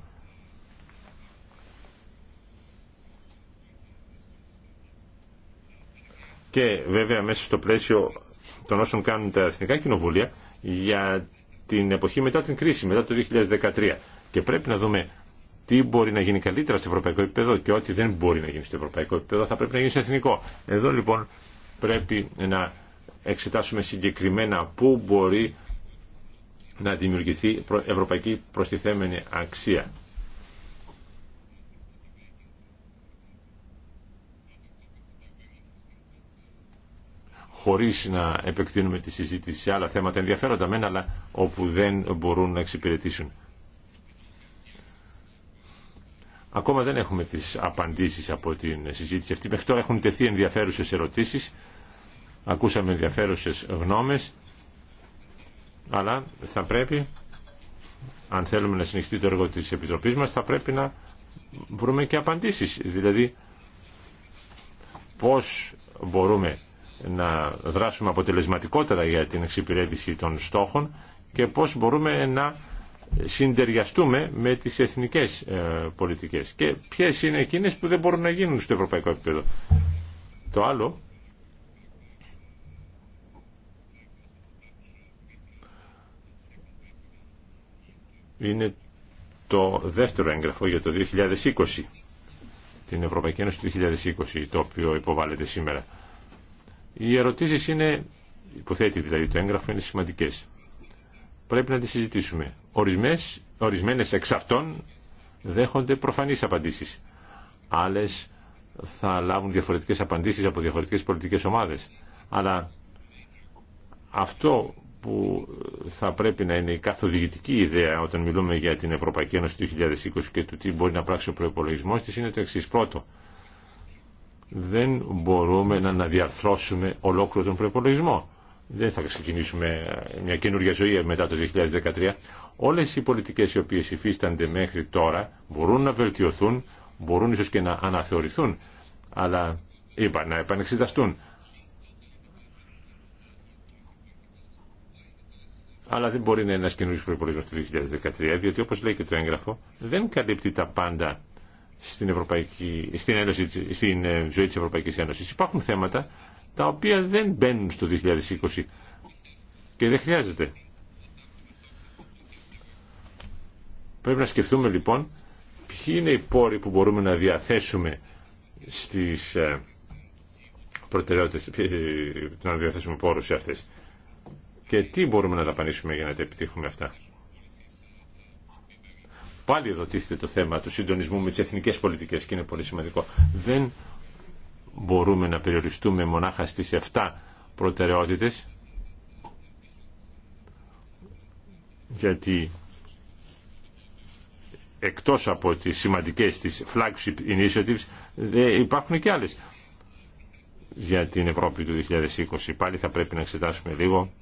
[SPEAKER 4] Και βέβαια μέσα στο πλαίσιο των όσων κάνουν τα εθνικά κοινοβούλια για την εποχή μετά την κρίση, μετά το 2013. Και πρέπει να δούμε τι μπορεί να γίνει καλύτερα στο ευρωπαϊκό επίπεδο και ό,τι δεν μπορεί να γίνει στο ευρωπαϊκό επίπεδο θα πρέπει να γίνει στο εθνικό. Εδώ λοιπόν πρέπει να εξετάσουμε συγκεκριμένα πού μπορεί να δημιουργηθεί ευρωπαϊκή προστιθέμενη αξία. χωρίς να επεκτείνουμε τη συζήτηση σε άλλα θέματα ενδιαφέροντα μένα, αλλά όπου δεν μπορούν να εξυπηρετήσουν. Ακόμα δεν έχουμε τις απαντήσεις από την συζήτηση αυτή. Μέχρι τώρα έχουν τεθεί ενδιαφέρουσες ερωτήσεις, ακούσαμε ενδιαφέρουσες γνώμες, αλλά θα πρέπει, αν θέλουμε να συνεχιστεί το έργο της Επιτροπής μας, θα πρέπει να βρούμε και απαντήσεις. Δηλαδή, πώς μπορούμε να δράσουμε αποτελεσματικότερα για την εξυπηρέτηση των στόχων και πώς μπορούμε να συντεριαστούμε με τις εθνικές ε, πολιτικές και ποιες είναι εκείνες που δεν μπορούν να γίνουν στο ευρωπαϊκό επίπεδο. Το άλλο είναι το δεύτερο έγγραφο για το 2020 την Ευρωπαϊκή Ένωση του 2020 το οποίο υποβάλλεται σήμερα οι ερωτήσεις είναι, υποθέτει δηλαδή το έγγραφο, είναι σημαντικές. Πρέπει να τις συζητήσουμε. Ορισμένε ορισμένες εξ αυτών δέχονται προφανείς απαντήσεις. Άλλες θα λάβουν διαφορετικές απαντήσεις από διαφορετικές πολιτικές ομάδες. Αλλά αυτό που θα πρέπει να είναι η καθοδηγητική ιδέα όταν μιλούμε για την Ευρωπαϊκή Ένωση του 2020 και του τι μπορεί να πράξει ο προπολογισμό τη είναι το εξή. Πρώτο, δεν μπορούμε να αναδιαρθρώσουμε ολόκληρο τον προπολογισμό. Δεν θα ξεκινήσουμε μια καινούργια ζωή μετά το 2013. Όλες οι πολιτικές οι οποίες υφίστανται μέχρι τώρα μπορούν να βελτιωθούν, μπορούν ίσως και να αναθεωρηθούν, αλλά είπα να επανεξεταστούν. αλλά δεν μπορεί να είναι ένα το προπολογισμό του 2013, διότι όπω λέει και το έγγραφο, δεν καλύπτει τα πάντα στην, Ευρωπαϊκή, στην, Ένωση, στην ε, ζωή της Ευρωπαϊκής Ένωσης. Υπάρχουν θέματα τα οποία δεν μπαίνουν στο 2020 και δεν χρειάζεται. Πρέπει να σκεφτούμε λοιπόν ποιοι είναι οι πόροι που μπορούμε να διαθέσουμε στις ε, προτεραιότητες, ε, να διαθέσουμε πόρους σε αυτές και τι μπορούμε να ταπανίσουμε για να τα επιτύχουμε αυτά. Πάλι εδώ τίθεται το θέμα του συντονισμού με τις εθνικές πολιτικές και είναι πολύ σημαντικό. Δεν μπορούμε να περιοριστούμε μονάχα στις 7 προτεραιότητες γιατί εκτός από τις σημαντικές τις flagship initiatives υπάρχουν και άλλες για την Ευρώπη του 2020. Πάλι θα πρέπει να εξετάσουμε λίγο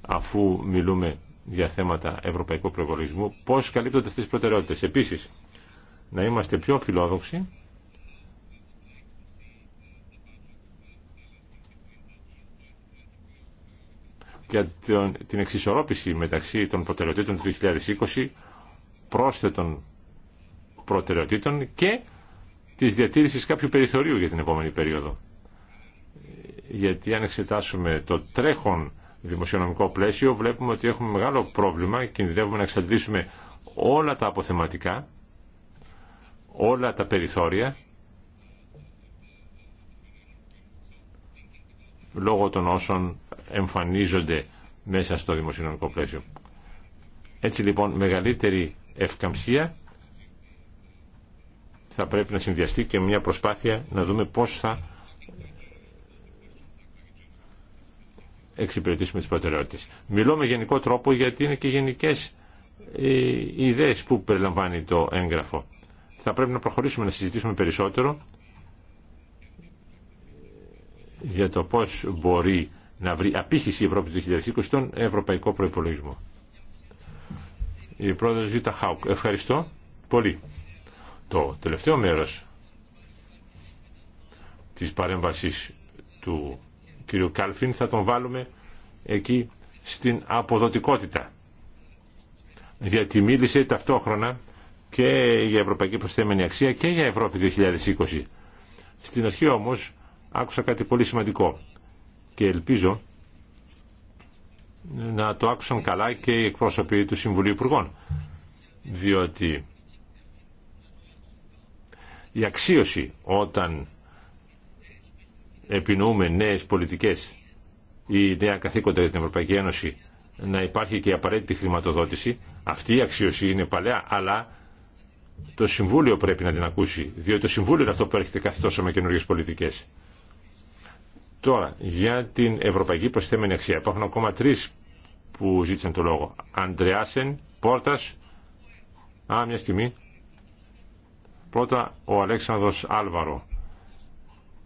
[SPEAKER 4] αφού μιλούμε για θέματα ευρωπαϊκού προορισμού. πώς καλύπτονται αυτές τις προτεραιότητες. Επίσης, να είμαστε πιο φιλόδοξοι για την εξισορρόπηση μεταξύ των προτεραιοτήτων του 2020, πρόσθετων προτεραιοτήτων και της διατήρησης κάποιου περιθωρίου για την επόμενη περίοδο. Γιατί αν εξετάσουμε το τρέχον δημοσιονομικό πλαίσιο βλέπουμε ότι έχουμε μεγάλο πρόβλημα, κινδυνεύουμε να εξαντλήσουμε όλα τα αποθεματικά, όλα τα περιθώρια, λόγω των όσων εμφανίζονται μέσα στο δημοσιονομικό πλαίσιο. Έτσι λοιπόν μεγαλύτερη ευκαμψία θα πρέπει να συνδυαστεί και μια προσπάθεια να δούμε πώς θα εξυπηρετήσουμε τις προτεραιότητες. Μιλώ με γενικό τρόπο γιατί είναι και γενικές οι ε, ιδέες που περιλαμβάνει το έγγραφο. Θα πρέπει να προχωρήσουμε να συζητήσουμε περισσότερο για το πώς μπορεί να βρει απήχηση η Ευρώπη του 2020 στον ευρωπαϊκό προϋπολογισμό. Η πρόεδρος Ζήτα Χάουκ. Ευχαριστώ πολύ. Το τελευταίο μέρος της παρέμβασης του Κύριο Κάλφιν θα τον βάλουμε εκεί στην αποδοτικότητα. Γιατί μίλησε ταυτόχρονα και για ευρωπαϊκή προσθέμενη αξία και για Ευρώπη 2020. Στην αρχή όμως άκουσα κάτι πολύ σημαντικό και ελπίζω να το άκουσαν καλά και οι εκπρόσωποι του Συμβουλίου Υπουργών. Διότι η αξίωση όταν επινοούμε νέες πολιτικές ή νέα καθήκοντα για την Ευρωπαϊκή Ένωση να υπάρχει και η απαραίτητη χρηματοδότηση. Αυτή η αξίωση είναι παλαιά, αλλά το Συμβούλιο πρέπει να την ακούσει, διότι το Συμβούλιο είναι αυτό που έρχεται κάθε τόσο με καινούργιες πολιτικές. Τώρα, για την ευρωπαϊκή προσθέμενη αξία. Υπάρχουν ακόμα τρει που ζήτησαν το λόγο. Αντρεάσεν, Πόρτα. Α, μια στιγμή. Πρώτα ο Αλέξανδρος Άλβαρο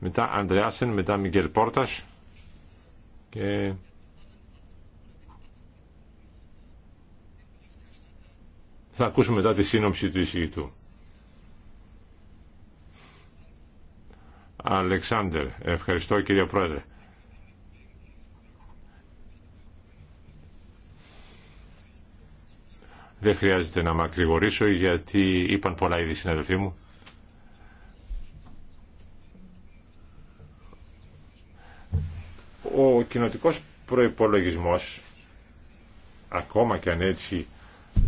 [SPEAKER 4] μετά Αντρεάσεν, μετά Μιγκελ Πόρτας και θα ακούσουμε μετά τη σύνοψη του εισηγητού. Αλεξάνδερ, ευχαριστώ κύριε Πρόεδρε. Δεν χρειάζεται να μακρηγορήσω γιατί είπαν πολλά ήδη συναδελφοί μου. ο κοινοτικός προϋπολογισμός ακόμα και αν έτσι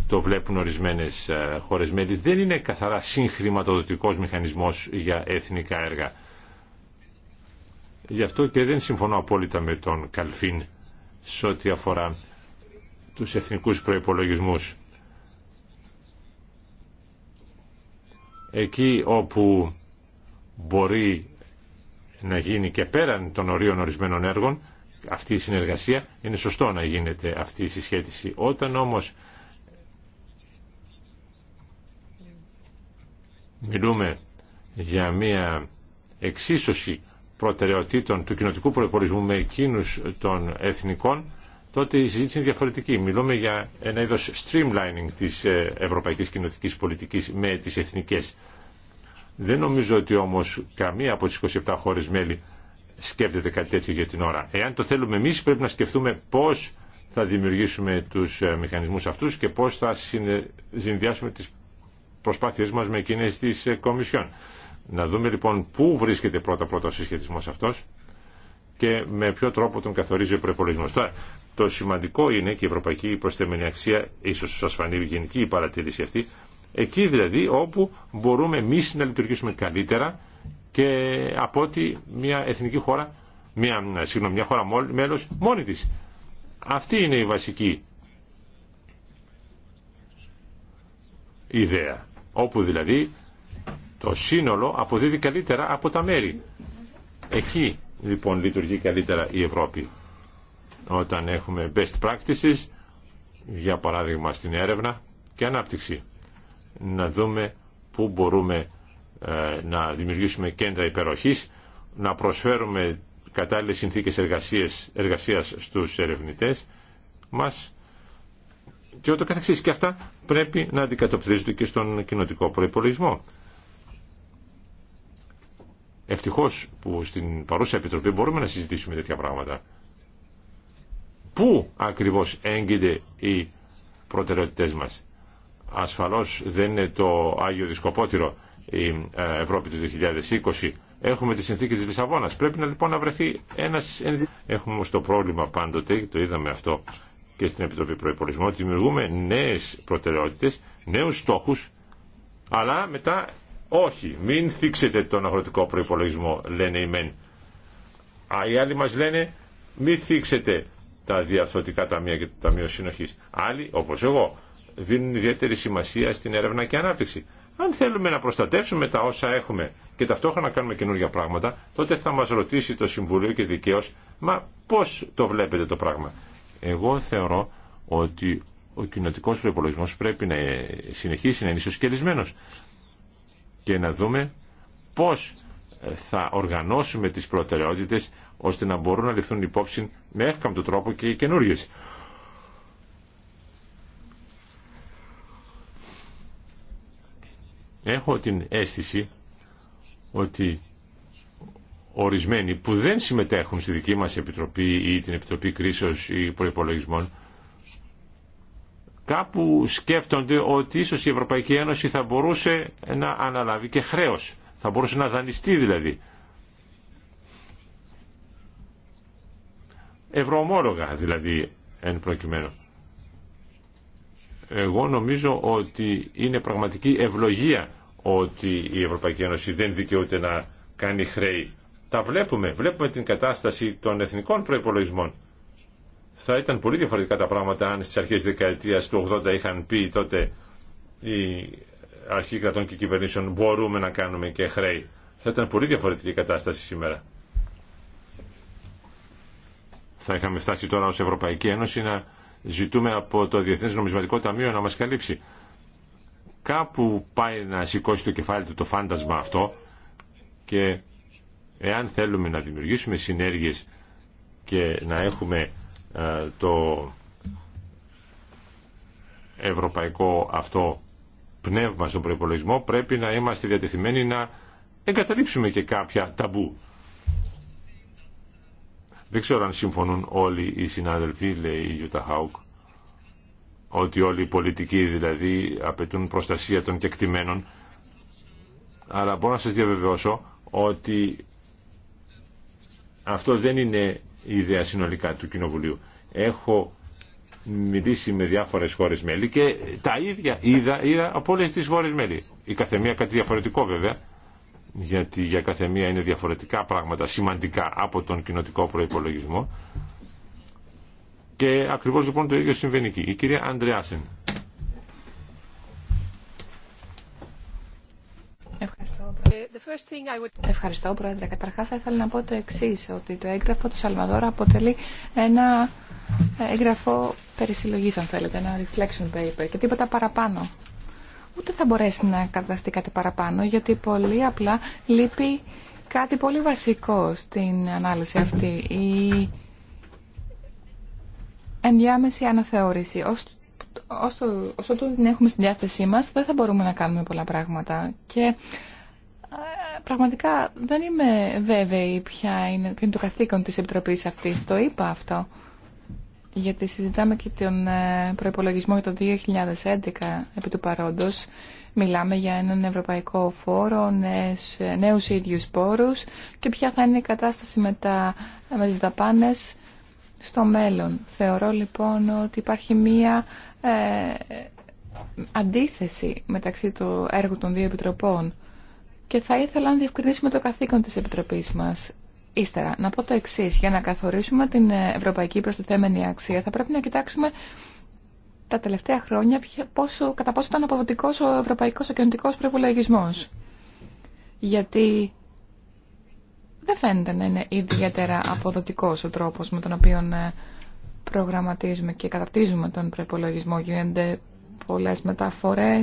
[SPEAKER 4] το βλέπουν ορισμένες ε, χώρες μέλη δεν είναι καθαρά συγχρηματοδοτικός μηχανισμός για εθνικά έργα γι' αυτό και δεν συμφωνώ απόλυτα με τον Καλφίν σε ό,τι αφορά τους εθνικούς προϋπολογισμούς εκεί όπου μπορεί να γίνει και πέραν των ορίων ορισμένων έργων, αυτή η συνεργασία είναι σωστό να γίνεται αυτή η συσχέτιση. Όταν όμως μιλούμε για μια εξίσωση προτεραιοτήτων του κοινοτικού προπολογισμού με εκείνους των εθνικών, τότε η συζήτηση είναι διαφορετική. Μιλούμε για ένα είδος streamlining της ε, ευρωπαϊκής κοινοτικής πολιτικής με τις εθνικές. Δεν νομίζω ότι όμω καμία από τι 27 χώρε μέλη σκέφτεται κάτι τέτοιο για την ώρα. Εάν το θέλουμε εμεί πρέπει να σκεφτούμε πώ θα δημιουργήσουμε του ε, μηχανισμού αυτού και πώ θα συνδυάσουμε τι προσπάθειε μα με εκείνες της ε, Κομισιόν. Να δούμε λοιπόν πού βρίσκεται πρώτα-πρώτα ο συσχετισμό αυτό και με ποιο τρόπο τον καθορίζει ο προπολογισμό. Τώρα, το σημαντικό είναι και η ευρωπαϊκή προσθέμενη αξία, ίσω σα φανεί γενική η παρατήρηση αυτή, Εκεί δηλαδή όπου μπορούμε εμεί να λειτουργήσουμε καλύτερα και από ότι μια εθνική χώρα, μια, συγγνώμη, μια χώρα μέλος μόνη της. Αυτή είναι η βασική ιδέα. Όπου δηλαδή το σύνολο αποδίδει καλύτερα από τα μέρη. Εκεί λοιπόν λειτουργεί καλύτερα η Ευρώπη. Όταν έχουμε best practices, για παράδειγμα στην έρευνα και ανάπτυξη να δούμε πού μπορούμε ε, να δημιουργήσουμε κέντρα υπεροχής, να προσφέρουμε κατάλληλες συνθήκες εργασίας, εργασίας στους ερευνητές μας και ούτω καθεξής. Και αυτά πρέπει να αντικατοπτρίζονται και στον κοινοτικό προϋπολογισμό. Ευτυχώς που στην παρούσα Επιτροπή μπορούμε να συζητήσουμε τέτοια πράγματα. Πού ακριβώς έγκυται οι προτεραιότητές μας ασφαλώς δεν είναι το Άγιο Δισκοπότηρο η ε, Ευρώπη του 2020. Έχουμε τη συνθήκη της Λισαβόνας. Πρέπει να λοιπόν να βρεθεί ένας... Έχουμε όμως το πρόβλημα πάντοτε, το είδαμε αυτό και στην Επιτροπή Προϋπολογισμού, ότι δημιουργούμε νέες προτεραιότητες, νέους στόχους, αλλά μετά όχι, μην θίξετε τον αγροτικό προϋπολογισμό, λένε οι μεν. οι άλλοι μας λένε μην θίξετε τα διαφθορτικά ταμεία και το Ταμείο Συνοχής. Άλλοι, όπως εγώ, δίνουν ιδιαίτερη σημασία στην έρευνα και ανάπτυξη. Αν θέλουμε να προστατεύσουμε τα όσα έχουμε και ταυτόχρονα κάνουμε καινούργια πράγματα, τότε θα μας ρωτήσει το Συμβουλίο και δικαίω, μα πώς το βλέπετε το πράγμα. Εγώ θεωρώ ότι ο κοινοτικό προπολογισμό πρέπει να συνεχίσει να είναι ισοσκελισμένος και να δούμε πώ θα οργανώσουμε τι προτεραιότητε ώστε να μπορούν να ληφθούν υπόψη με εύκαμπτο τρόπο και οι έχω την αίσθηση ότι ορισμένοι που δεν συμμετέχουν στη δική μας Επιτροπή ή την Επιτροπή Κρίσεως ή Προϋπολογισμών κάπου σκέφτονται ότι ίσως η Ευρωπαϊκή Ένωση θα μπορούσε να αναλάβει και χρέος. Θα μπορούσε να δανειστεί δηλαδή. Ευρωομόλογα δηλαδή εν προκειμένου. Εγώ νομίζω ότι είναι πραγματική ευλογία ότι η Ευρωπαϊκή Ένωση δεν δικαιούται να κάνει χρέη. Τα βλέπουμε, βλέπουμε την κατάσταση των εθνικών προϋπολογισμών. Θα ήταν πολύ διαφορετικά τα πράγματα αν στις αρχές δεκαετίας του 80 είχαν πει τότε οι αρχή κρατών και κυβερνήσεων μπορούμε να κάνουμε και χρέη. Θα ήταν πολύ διαφορετική η κατάσταση σήμερα. Θα είχαμε φτάσει τώρα ως Ευρωπαϊκή Ένωση να ζητούμε από το Διεθνές Νομισματικό Ταμείο να μας καλύψει. Κάπου πάει να σηκώσει το κεφάλι του το φάντασμα αυτό και εάν θέλουμε να δημιουργήσουμε συνέργειες και να έχουμε ε, το ευρωπαϊκό αυτό πνεύμα στον προπολογισμό πρέπει να είμαστε διατεθειμένοι να εγκαταλείψουμε και κάποια ταμπού. Δεν ξέρω αν συμφωνούν όλοι οι συνάδελφοι, λέει η Ιούτα Χάουκ, ότι όλοι οι πολιτικοί δηλαδή απαιτούν προστασία των κεκτημένων, αλλά μπορώ να σας διαβεβαιώσω ότι αυτό δεν είναι η ιδέα συνολικά του Κοινοβουλίου. Έχω μιλήσει με διάφορες χώρες μέλη και τα ίδια είδα, είδα από όλες τις χώρες μέλη. Η καθεμία κάτι διαφορετικό βέβαια, γιατί για κάθε μία είναι διαφορετικά πράγματα σημαντικά από τον κοινοτικό προϋπολογισμό και ακριβώς λοιπόν το ίδιο συμβαίνει εκεί. Η κυρία Αντρεάσεν.
[SPEAKER 1] Ευχαριστώ, Πρόεδρε. Καταρχάς θα ήθελα να πω το εξής, ότι το έγγραφο του Σαλμαδόρα αποτελεί ένα έγγραφο περισυλλογής, αν θέλετε, ένα reflection paper και τίποτα παραπάνω ούτε θα μπορέσει να καταστεί κάτι παραπάνω, γιατί πολύ απλά λείπει κάτι πολύ βασικό στην ανάλυση αυτή. Η ενδιάμεση αναθεώρηση. Όσο, όσο την έχουμε στην διάθεσή μας, δεν θα μπορούμε να κάνουμε πολλά πράγματα. Και ε, πραγματικά δεν είμαι βέβαιη ποια είναι, ποιο είναι το καθήκον της Επιτροπής αυτής. Το είπα αυτό γιατί συζητάμε και τον ε, προϋπολογισμό για το 2011 επί του παρόντος. Μιλάμε για έναν ευρωπαϊκό φόρο, νέους, ε, νέους ίδιους πόρους και ποια θα είναι η κατάσταση με, τα, με τις δαπάνες στο μέλλον. Θεωρώ λοιπόν ότι υπάρχει μία ε, αντίθεση μεταξύ του έργου των δύο επιτροπών και θα ήθελα να διευκρινίσουμε το καθήκον της Επιτροπής μας. Ύστερα, να πω το εξή. Για να καθορίσουμε την ευρωπαϊκή προστιθέμενη αξία, θα πρέπει να κοιτάξουμε τα τελευταία χρόνια πόσο, κατά πόσο ήταν αποδοτικό ο ευρωπαϊκό κοινωνικό προπολογισμό. Γιατί δεν φαίνεται να είναι ιδιαίτερα αποδοτικό ο τρόπο με τον οποίο ε, προγραμματίζουμε και καταπτύζουμε τον προπολογισμό. Γίνονται πολλέ μεταφορέ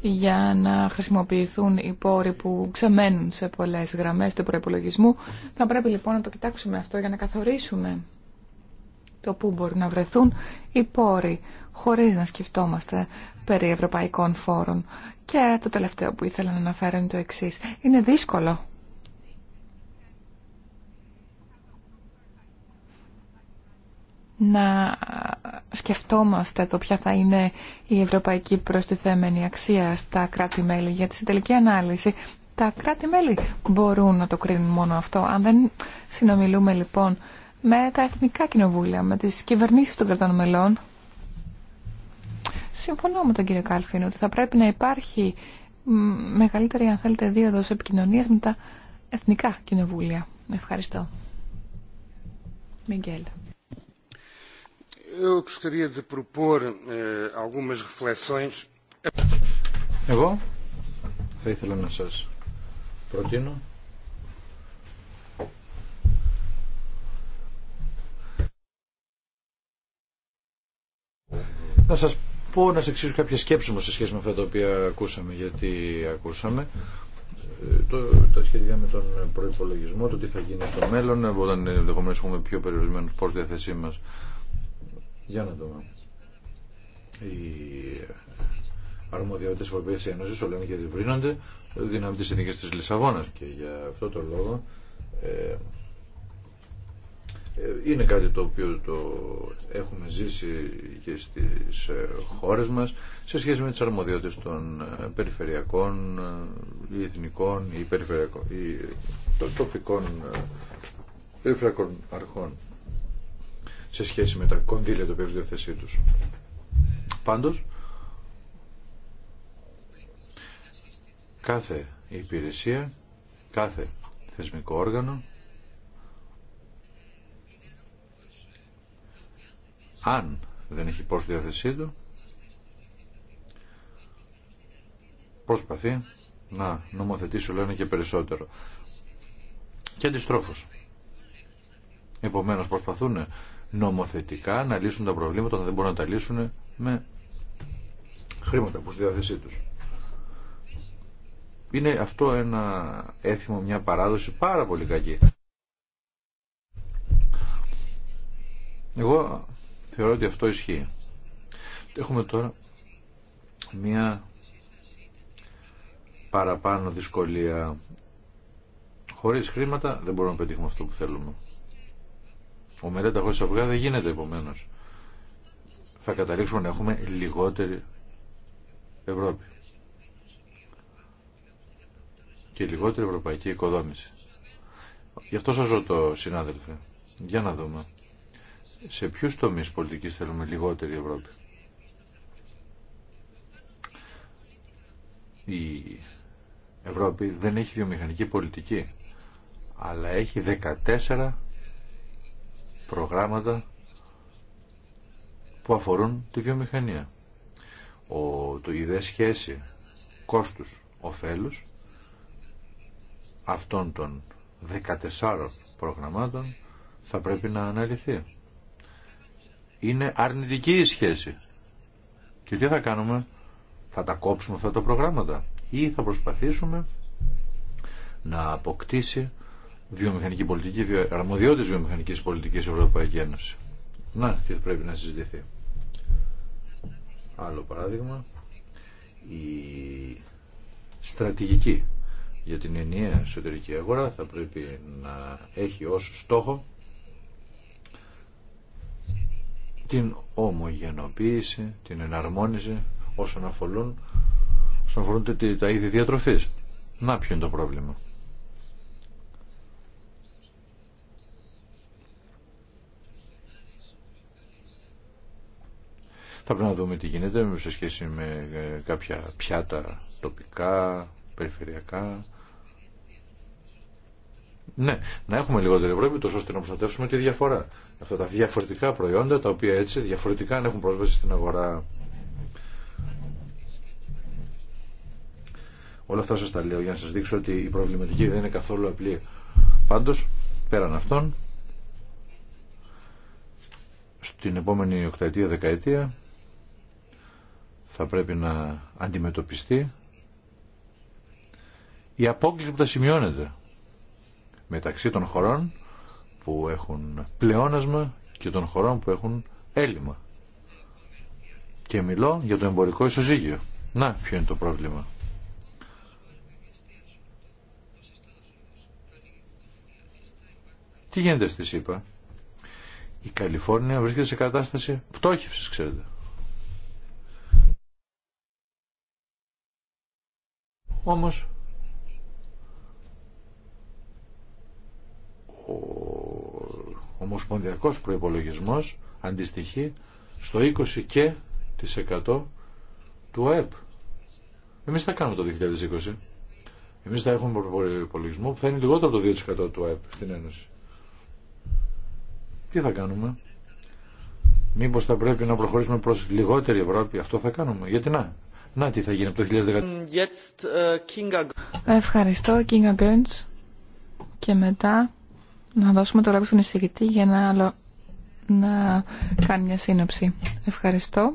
[SPEAKER 1] για να χρησιμοποιηθούν οι πόροι που ξεμένουν σε πολλές γραμμές του προπολογισμού. Θα πρέπει λοιπόν να το κοιτάξουμε αυτό για να καθορίσουμε το πού μπορεί να βρεθούν οι πόροι χωρίς να σκεφτόμαστε περί ευρωπαϊκών φόρων. Και το τελευταίο που ήθελα να αναφέρω είναι το εξής. Είναι δύσκολο να σκεφτόμαστε το ποια θα είναι η ευρωπαϊκή προστιθέμενη αξία στα κράτη-μέλη. Γιατί στην τελική ανάλυση τα κράτη-μέλη μπορούν να το κρίνουν μόνο αυτό. Αν δεν συνομιλούμε λοιπόν με τα εθνικά κοινοβούλια, με τις κυβερνήσεις των κρατών μελών, συμφωνώ με τον κύριο Κάλφιν ότι θα πρέπει να υπάρχει μεγαλύτερη, αν θέλετε, δίωδος επικοινωνίας με τα εθνικά κοινοβούλια. Ευχαριστώ. Μιγγέλ.
[SPEAKER 3] Eh, Εγώ θα ήθελα να σας προτείνω να σας πω να σας εξηγήσω κάποια σκέψη μου σε σχέση με αυτά τα οποία ακούσαμε γιατί ακούσαμε ε, το, τα σχέδια με τον προπολογισμό, το τι θα γίνει στο μέλλον, όταν ενδεχομένως έχουμε πιο περιορισμένους πόρου διαθεσή μα για να δούμε. Οι αρμοδιότητες της Ευρωπαϊκής Ένωσης όλα και διευρύνονται δυνάμει της συνθήκης της Λισαβόνας και για αυτό το λόγο ε, ε είναι κάτι το οποίο το έχουμε ζήσει και στις ε, χώρες μας σε σχέση με τις αρμοδιότητες των ε, περιφερειακών ή εθνικών ή, περιφερειακών, ή τοπικών περιφερειακών αρχών σε σχέση με τα κονδύλια το οποία έχουν Πάντως, κάθε υπηρεσία, κάθε θεσμικό όργανο, αν δεν έχει πώς διάθεσή του, προσπαθεί να νομοθετήσει όλο και περισσότερο. Και αντιστρόφως. Επομένως προσπαθούν νομοθετικά να λύσουν τα προβλήματα όταν δεν μπορούν να τα λύσουν με χρήματα που στη διάθεσή τους. Είναι αυτό ένα έθιμο, μια παράδοση πάρα πολύ κακή. Εγώ θεωρώ ότι αυτό ισχύει. Έχουμε τώρα μια παραπάνω δυσκολία. Χωρίς χρήματα δεν μπορούμε να πετύχουμε αυτό που θέλουμε. Ο μελέτα χωρίς αυγά δεν γίνεται επομένω. Θα καταλήξουμε να έχουμε λιγότερη Ευρώπη. Και λιγότερη ευρωπαϊκή οικοδόμηση. Γι' αυτό σας ρωτώ, συνάδελφε, για να δούμε. Σε ποιους τομείς πολιτικής θέλουμε λιγότερη Ευρώπη. Η Ευρώπη δεν έχει βιομηχανική πολιτική, αλλά έχει 14 προγράμματα που αφορούν τη βιομηχανία. Ο, το, ιδεα σχέση κόστους οφέλους αυτών των 14 προγραμμάτων θα πρέπει να αναλυθεί. Είναι αρνητική η σχέση. Και τι θα κάνουμε, θα τα κόψουμε αυτά τα προγράμματα ή θα προσπαθήσουμε να αποκτήσει βιομηχανική πολιτική, αρμοδιότητες βιομηχανικής πολιτικής Ευρωπαϊκή Ένωση. Να, τι πρέπει να συζητηθεί. Άλλο παράδειγμα, η στρατηγική για την ενιαία εσωτερική αγορά θα πρέπει να έχει ως στόχο την ομογενοποίηση, την εναρμόνιση όσον αφορούν, όσον αφορούν τα είδη διατροφής. Να ποιο είναι το πρόβλημα. Θα πρέπει να δούμε τι γίνεται σε σχέση με ε, κάποια πιάτα τοπικά, περιφερειακά. Ναι, να έχουμε λιγότερη Ευρώπη, τόσο ώστε να προστατεύσουμε τη διαφορά. Αυτά τα διαφορετικά προϊόντα, τα οποία έτσι διαφορετικά αν έχουν πρόσβαση στην αγορά. Όλα αυτά σας τα λέω για να σας δείξω ότι η προβληματική δεν είναι καθόλου απλή. Πάντως, πέραν αυτών, στην επόμενη οκταετία, δεκαετία, θα πρέπει να αντιμετωπιστεί η απόκληση που τα σημειώνεται μεταξύ των χωρών που έχουν πλεόνασμα και των χωρών που έχουν έλλειμμα. Και μιλώ για το εμπορικό ισοζύγιο. Να, ποιο είναι το πρόβλημα. Τι γίνεται στη ΣΥΠΑ. Η Καλιφόρνια βρίσκεται σε κατάσταση πτώχευσης, ξέρετε. Όμως ο ομοσπονδιακός προϋπολογισμός αντιστοιχεί στο 20 και του ΑΕΠ. Εμείς θα κάνουμε το 2020. Εμείς θα έχουμε προϋπολογισμό που θα είναι λιγότερο το 2% του ΑΕΠ στην Ένωση. Τι θα κάνουμε. Μήπως θα πρέπει να προχωρήσουμε προς λιγότερη Ευρώπη. Αυτό θα κάνουμε. Γιατί να. Να θα γίνει το 2010.
[SPEAKER 1] Ε, Ευχαριστώ, Κίνγκα Γκέντ, Και μετά να δώσουμε το λόγο στον εισηγητή για να, να κάνει μια σύνοψη. Ευχαριστώ.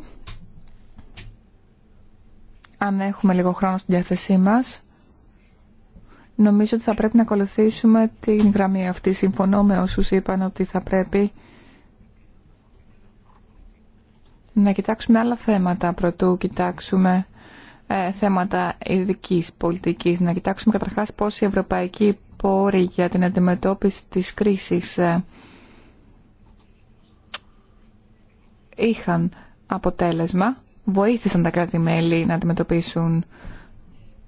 [SPEAKER 1] Αν έχουμε λίγο χρόνο στην διάθεσή μας, νομίζω ότι θα πρέπει να ακολουθήσουμε την γραμμή αυτή. Συμφωνώ με όσους είπαν ότι θα πρέπει να κοιτάξουμε άλλα θέματα πρωτού κοιτάξουμε ε, θέματα ειδική πολιτικής. Να κοιτάξουμε καταρχάς πώς οι ευρωπαϊκή πόροι για την αντιμετώπιση της κρίσης ε, είχαν αποτέλεσμα, βοήθησαν τα κράτη-μέλη να αντιμετωπίσουν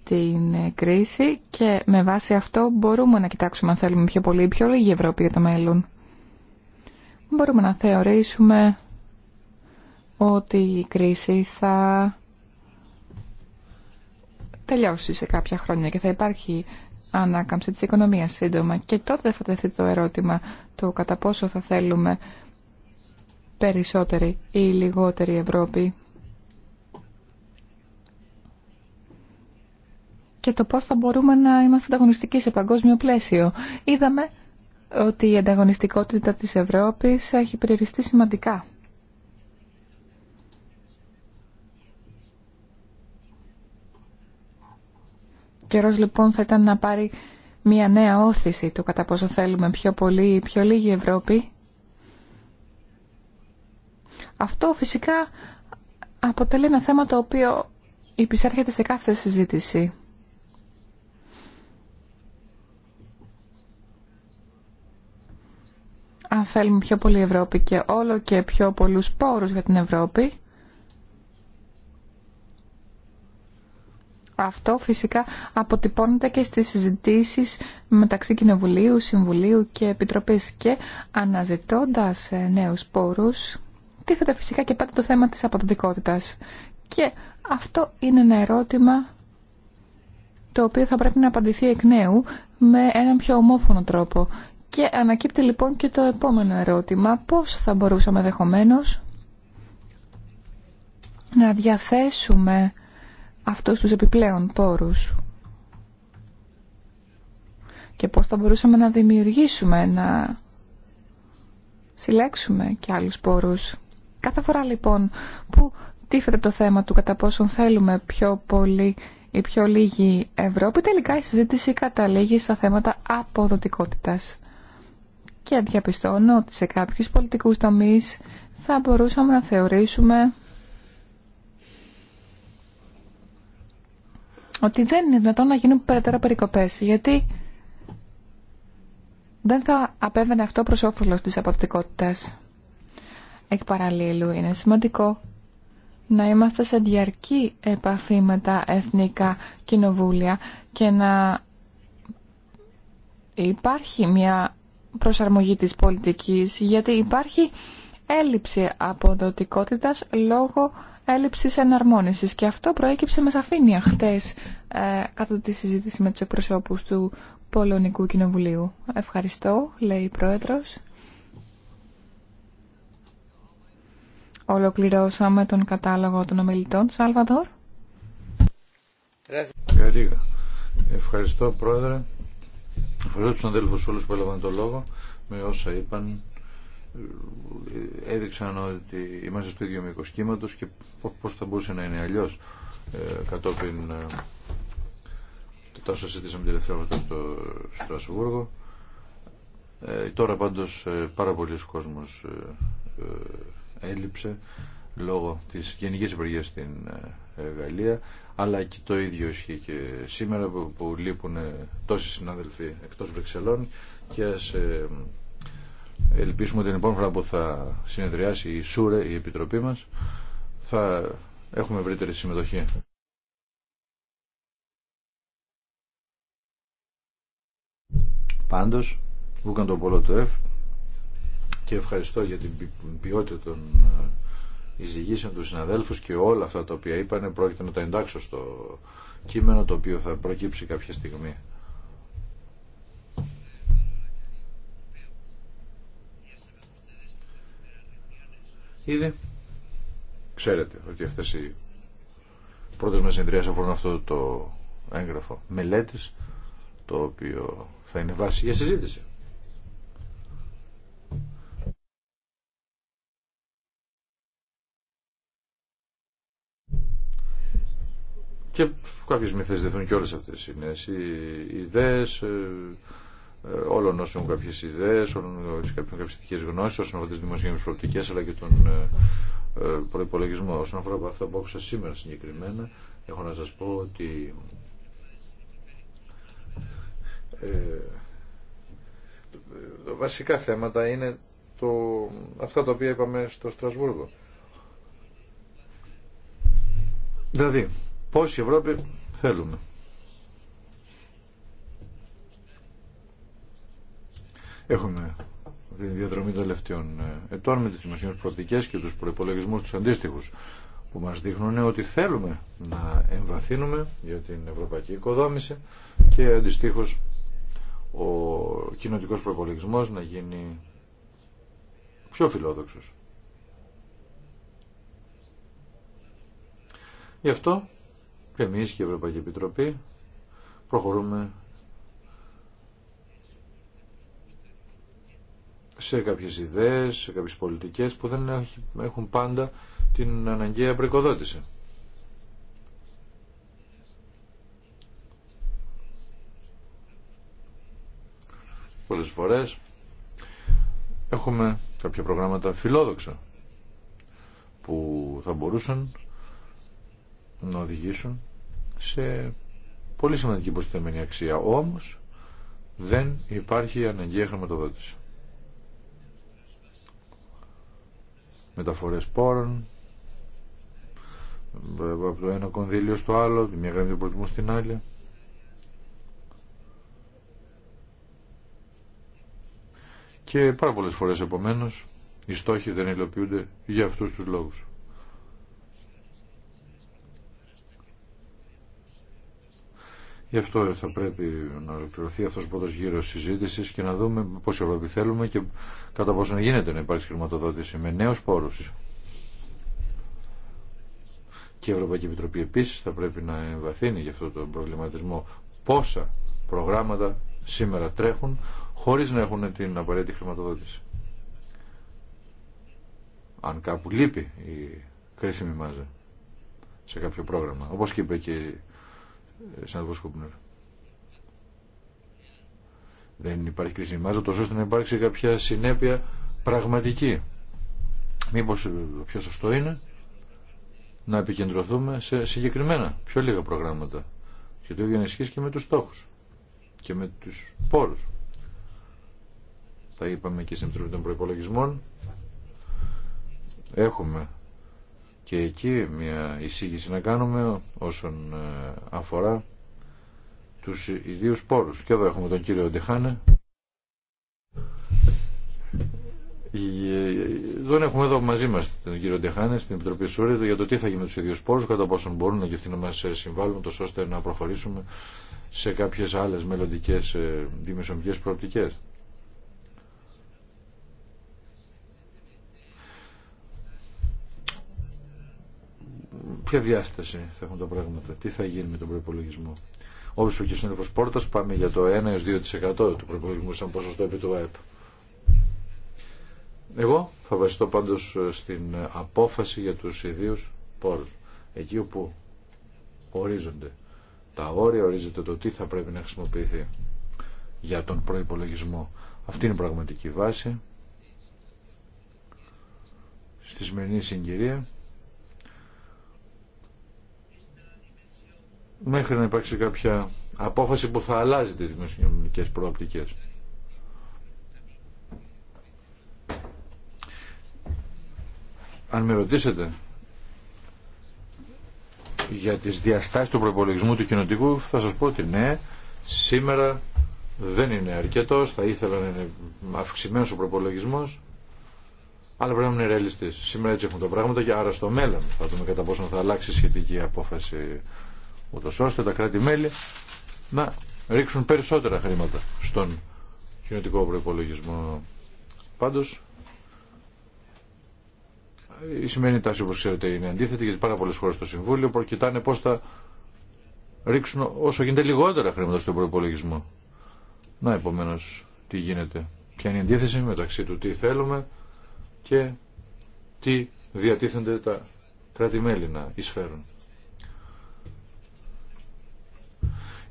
[SPEAKER 1] την ε, κρίση και με βάση αυτό μπορούμε να κοιτάξουμε αν θέλουμε πιο πολύ ή πιο λίγη Ευρώπη για το μέλλον. Μπορούμε να θεωρήσουμε ότι η κρίση θα τελειώσει σε κάποια χρόνια και θα υπάρχει ανάκαμψη της οικονομίας σύντομα και τότε θα τεθεί το ερώτημα το κατά πόσο θα θέλουμε περισσότερη ή λιγότερη Ευρώπη και το πώς θα μπορούμε να είμαστε ανταγωνιστικοί σε παγκόσμιο πλαίσιο. Είδαμε ότι η ανταγωνιστικότητα της Ευρώπης έχει περιοριστεί σημαντικά. καιρός λοιπόν θα ήταν να πάρει μια νέα όθηση του κατά πόσο θέλουμε πιο πολύ ή πιο λίγη Ευρώπη. Αυτό φυσικά αποτελεί ένα θέμα το οποίο υπησέρχεται σε κάθε συζήτηση. Αν θέλουμε πιο πολύ Ευρώπη και όλο και πιο πολλούς πόρους για την Ευρώπη, Αυτό φυσικά αποτυπώνεται και στις συζητήσεις μεταξύ Κοινοβουλίου, Συμβουλίου και Επιτροπής και αναζητώντας ε, νέους πόρους, τίθεται φυσικά και πάντα το θέμα της αποδοτικότητας. Και αυτό είναι ένα ερώτημα το οποίο θα πρέπει να απαντηθεί εκ νέου με έναν πιο ομόφωνο τρόπο. Και ανακύπτει λοιπόν και το επόμενο ερώτημα, πώς θα μπορούσαμε δεχομένως να διαθέσουμε αυτούς τους επιπλέον πόρους και πώς θα μπορούσαμε να δημιουργήσουμε, να συλλέξουμε και άλλους πόρους. Κάθε φορά λοιπόν που τίθεται το θέμα του κατά πόσον θέλουμε πιο πολύ ή πιο λίγη Ευρώπη, τελικά η συζήτηση καταλήγει στα θέματα αποδοτικότητας. Και διαπιστώνω ότι σε κάποιους πολιτικούς τομείς θα μπορούσαμε να θεωρήσουμε ότι δεν είναι δυνατόν να γίνουν περαιτέρω περικοπές, γιατί δεν θα απέβαινε αυτό προς όφελος της αποδοτικότητας. Εκ παραλλήλου είναι σημαντικό να είμαστε σε διαρκή επαφή με τα εθνικά κοινοβούλια και να υπάρχει μια προσαρμογή της πολιτικής, γιατί υπάρχει έλλειψη αποδοτικότητας λόγω έλλειψη εναρμόνιση. και αυτό προέκυψε με σαφήνεια χτε ε, κατά τη συζήτηση με τους εκπροσώπους του Πολωνικού Κοινοβουλίου. Ευχαριστώ, λέει η πρόεδρο. Ολοκληρώσαμε τον κατάλογο των ομιλητών. Σαλβαδόρ.
[SPEAKER 3] Ε, Ευχαριστώ, Πρόεδρε. Ευχαριστώ του αδέλφου όλου που έλαβαν το λόγο με όσα είπαν έδειξαν ότι είμαστε στο ίδιο μήκος κύματος και πώς θα μπορούσε να είναι αλλιώς ε, κατόπιν ε, το τόσο συζητήσαμε τελευταία φορά στο Στρασβούργο. Ε, τώρα πάντως πάρα πολλοί κόσμος έλειψε λόγω της γενικής υπηρεσία στην Γαλλία αλλά και το ίδιο ισχύει και σήμερα που, που λείπουν τόσοι συνάδελφοι εκτός Βρυξελών και ας Ελπίσουμε την επόμενη φορά που θα συνεδριάσει η ΣΟΥΡΕ, η Επιτροπή μας, θα έχουμε ευρύτερη συμμετοχή. Πάντως, βούκαν τον πολλό του ΕΦ και ευχαριστώ για την ποιότητα των ε, εισηγήσεων του συναδέλφους και όλα αυτά τα οποία είπανε πρόκειται να τα εντάξω στο κείμενο το οποίο θα προκύψει κάποια στιγμή. ήδη. Ξέρετε ότι αυτέ οι πρώτε μας συνεδρίε αφορούν αυτό το έγγραφο μελέτης, το οποίο θα είναι βάση για συζήτηση. Και κάποιε μυθέ δεθούν και όλε αυτέ οι νέε ιδέε, ε, ε, όλων όσων έχουν κάποιε ιδέε, όλων όσων έχουν κάποιες γνώσει γνώσεις, όσον αφορά τις δημοσιογενεί προοπτικέ, αλλά και τον ε, ε, προπολογισμό. Όσον αφορά από αυτά που άκουσα σήμερα συγκεκριμένα, έχω να σα πω ότι ε, βασικά θέματα είναι το, αυτά τα οποία είπαμε στο Στρασβούργο. Δηλαδή, πόση Ευρώπη θέλουμε. Έχουμε την διαδρομή των τελευταίων ε, ετών με τις δημοσιονομικές προοπτικές και τους προϋπολογισμούς τους αντίστοιχους που μας δείχνουν ότι θέλουμε να εμβαθύνουμε για την ευρωπαϊκή οικοδόμηση και αντιστοίχως ο κοινοτικός προϋπολογισμός να γίνει πιο φιλόδοξος. Γι' αυτό και εμείς και η Ευρωπαϊκή Επιτροπή προχωρούμε σε κάποιες ιδέες, σε κάποιες πολιτικές που δεν έχουν πάντα την αναγκαία πρικοδότηση. Πολλές φορές έχουμε κάποια προγράμματα φιλόδοξα που θα μπορούσαν να οδηγήσουν σε πολύ σημαντική προστιμένη αξία. Όμως δεν υπάρχει αναγκαία χρηματοδότηση. μεταφορές πόρων από το ένα κονδύλιο στο άλλο, τη μία γραμμή προτιμού στην άλλη. Και πάρα πολλές φορές επομένως οι στόχοι δεν υλοποιούνται για αυτούς τους λόγους. Γι' αυτό θα πρέπει να ολοκληρωθεί αυτός ο πρώτο γύρο συζήτησης και να δούμε πόση Ευρώπη θέλουμε και κατά πόσο γίνεται να υπάρξει χρηματοδότηση με νέους πόρους. Και η Ευρωπαϊκή Επιτροπή επίσης θα πρέπει να εμβαθύνει για αυτό τον προβληματισμό πόσα προγράμματα σήμερα τρέχουν χωρίς να έχουν την απαραίτητη χρηματοδότηση. Αν κάπου λείπει η κρίσιμη μάζα σε κάποιο πρόγραμμα. Όπως και είπε και ε, σαν Δεν υπάρχει κρίση μάζα, τόσο ώστε να υπάρξει κάποια συνέπεια πραγματική. Μήπως ε, πιο σωστό είναι να επικεντρωθούμε σε συγκεκριμένα, πιο λίγα προγράμματα. Και το ίδιο ενισχύσει και με τους στόχους και με τους πόρους. Τα είπαμε και στην Επιτροπή των Προϋπολογισμών. Έχουμε και εκεί μια εισήγηση να κάνουμε όσον ε, αφορά τους ιδίους πόρους. Και εδώ έχουμε τον κύριο Ντεχάνε. Ε, τον έχουμε εδώ μαζί μας τον κύριο Ντεχάνε στην Επιτροπή Σούρη για το τι θα γίνει με τους ιδίους πόρους, κατά πόσον μπορούν να αυτοί να μας ε, συμβάλλουν τόσο ώστε να προχωρήσουμε σε κάποιες άλλες μελλοντικές δημοσιομικές προοπτικές. ποια διάσταση θα έχουν τα πράγματα, τι θα γίνει με τον προπολογισμό. Όπω είπε και ο Σύνδεφο Πόρτα, πάμε για το 1 2% του προπολογισμού σαν ποσοστό επί του ΑΕΠ. Εγώ θα βασιστώ πάντω ε, στην ε, απόφαση για του ιδίου πόρου. Εκεί όπου ορίζονται τα όρια, ορίζεται το τι θα πρέπει να χρησιμοποιηθεί για τον προπολογισμό. Αυτή είναι η πραγματική βάση στη σημερινή συγκυρία μέχρι να υπάρξει κάποια απόφαση που θα αλλάζει τις δημοσιονομικές προοπτικές. Αν με ρωτήσετε για τις διαστάσεις του προπολογισμού του κοινοτικού θα σας πω ότι ναι, σήμερα δεν είναι αρκετός, θα ήθελα να είναι αυξημένος ο προπολογισμός αλλά πρέπει να είναι ρεαλιστής. Σήμερα έτσι έχουν τα πράγματα και άρα στο μέλλον θα δούμε κατά πόσο θα αλλάξει η σχετική απόφαση ούτως ώστε τα κράτη-μέλη να ρίξουν περισσότερα χρήματα στον κοινωτικό προπολογισμό. Πάντως, η σημερινή τάση όπως ξέρετε είναι αντίθετη γιατί πάρα πολλές χώρες στο Συμβούλιο προκοιτάνε πώς θα ρίξουν όσο γίνεται λιγότερα χρήματα στον προπολογισμό. Να επομένως τι γίνεται. Ποια είναι η αντίθεση μεταξύ του τι θέλουμε και τι διατίθενται τα κράτη-μέλη να εισφέρουν.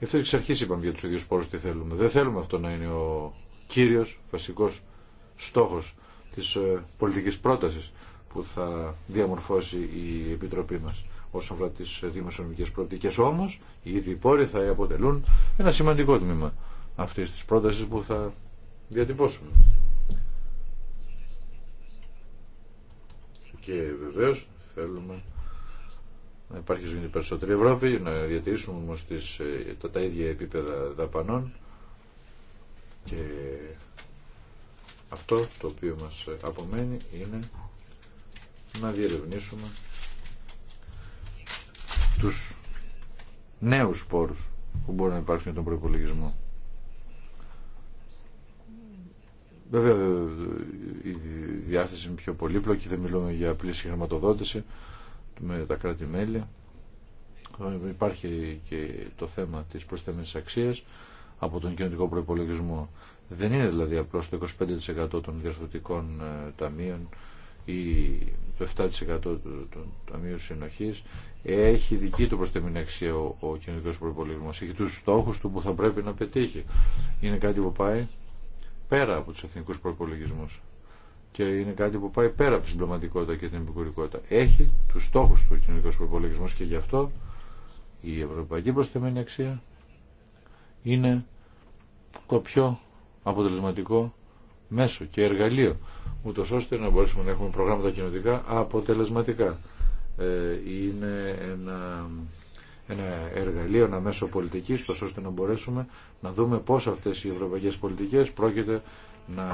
[SPEAKER 3] Γι' αυτό εξ αρχή είπαμε για του ίδιου πόρου τι θέλουμε. Δεν θέλουμε αυτό να είναι ο κύριο βασικό στόχο τη ε, πολιτική πρόταση που θα διαμορφώσει η Επιτροπή μα όσον αφορά τι ε, δημοσιονομικέ προοπτικέ. Όμω, οι ίδιοι πόροι θα αποτελούν ένα σημαντικό τμήμα αυτή τη πρόταση που θα διατυπώσουμε. Και βεβαίω θέλουμε να υπάρχει ζωή περισσότερη Ευρώπη, να διατηρήσουμε όμω ε, τα, τα ίδια επίπεδα δαπανών και αυτό το οποίο μας απομένει είναι να διερευνήσουμε τους νέους πόρους που μπορούν να υπάρξουν για τον προπολογισμό. Βέβαια η διάθεση είναι πιο πολύπλοκη, δεν μιλούμε για απλή συγχρηματοδότηση, με τα κράτη-μέλη. Ε, υπάρχει και το θέμα της προσθέμενης αξίας από τον κοινωνικό προϋπολογισμό. Δεν είναι δηλαδή απλώς το 25% των διαρθρωτικών ε, ταμείων ή το 7% του Ταμείου Συνοχής έχει δική του προσθέμενη αξία ο, ο κοινωνικός προϋπολογισμός. Έχει τους στόχους του που θα πρέπει να πετύχει. Είναι κάτι που πάει πέρα από τους εθνικούς προϋπολογισμούς και είναι κάτι που πάει πέρα από την συμπληρωματικότητα και την επικουρικότητα. Έχει του στόχου του κοινωνικού προπολογισμού και γι' αυτό η ευρωπαϊκή προσθεμένη αξία είναι το πιο αποτελεσματικό μέσο και εργαλείο ούτως ώστε να μπορέσουμε να έχουμε προγράμματα κοινωτικά αποτελεσματικά. Ε, είναι ένα, ένα εργαλείο, ένα μέσο πολιτικής ώστε να μπορέσουμε να δούμε πώς αυτές οι ευρωπαϊκές πολιτικές πρόκειται να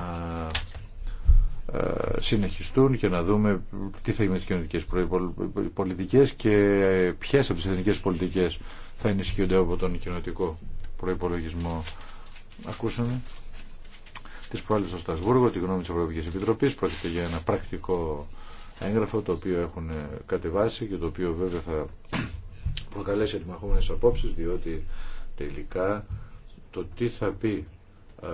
[SPEAKER 3] ε, συνεχιστούν και να δούμε τι θα γίνει με τις κοινωνικές πολιτικές και ε, ποιες από τις εθνικές πολιτικές θα ενισχύονται από τον κοινωτικό προϋπολογισμό. Ακούσαμε τις προάλλες στο Στασβούργο, τη γνώμη της Ευρωπαϊκής Επιτροπής. Πρόκειται για ένα πρακτικό έγγραφο το οποίο έχουν κατεβάσει και το οποίο βέβαια θα προκαλέσει αντιμαχόμενες απόψεις διότι τελικά το τι θα πει ε,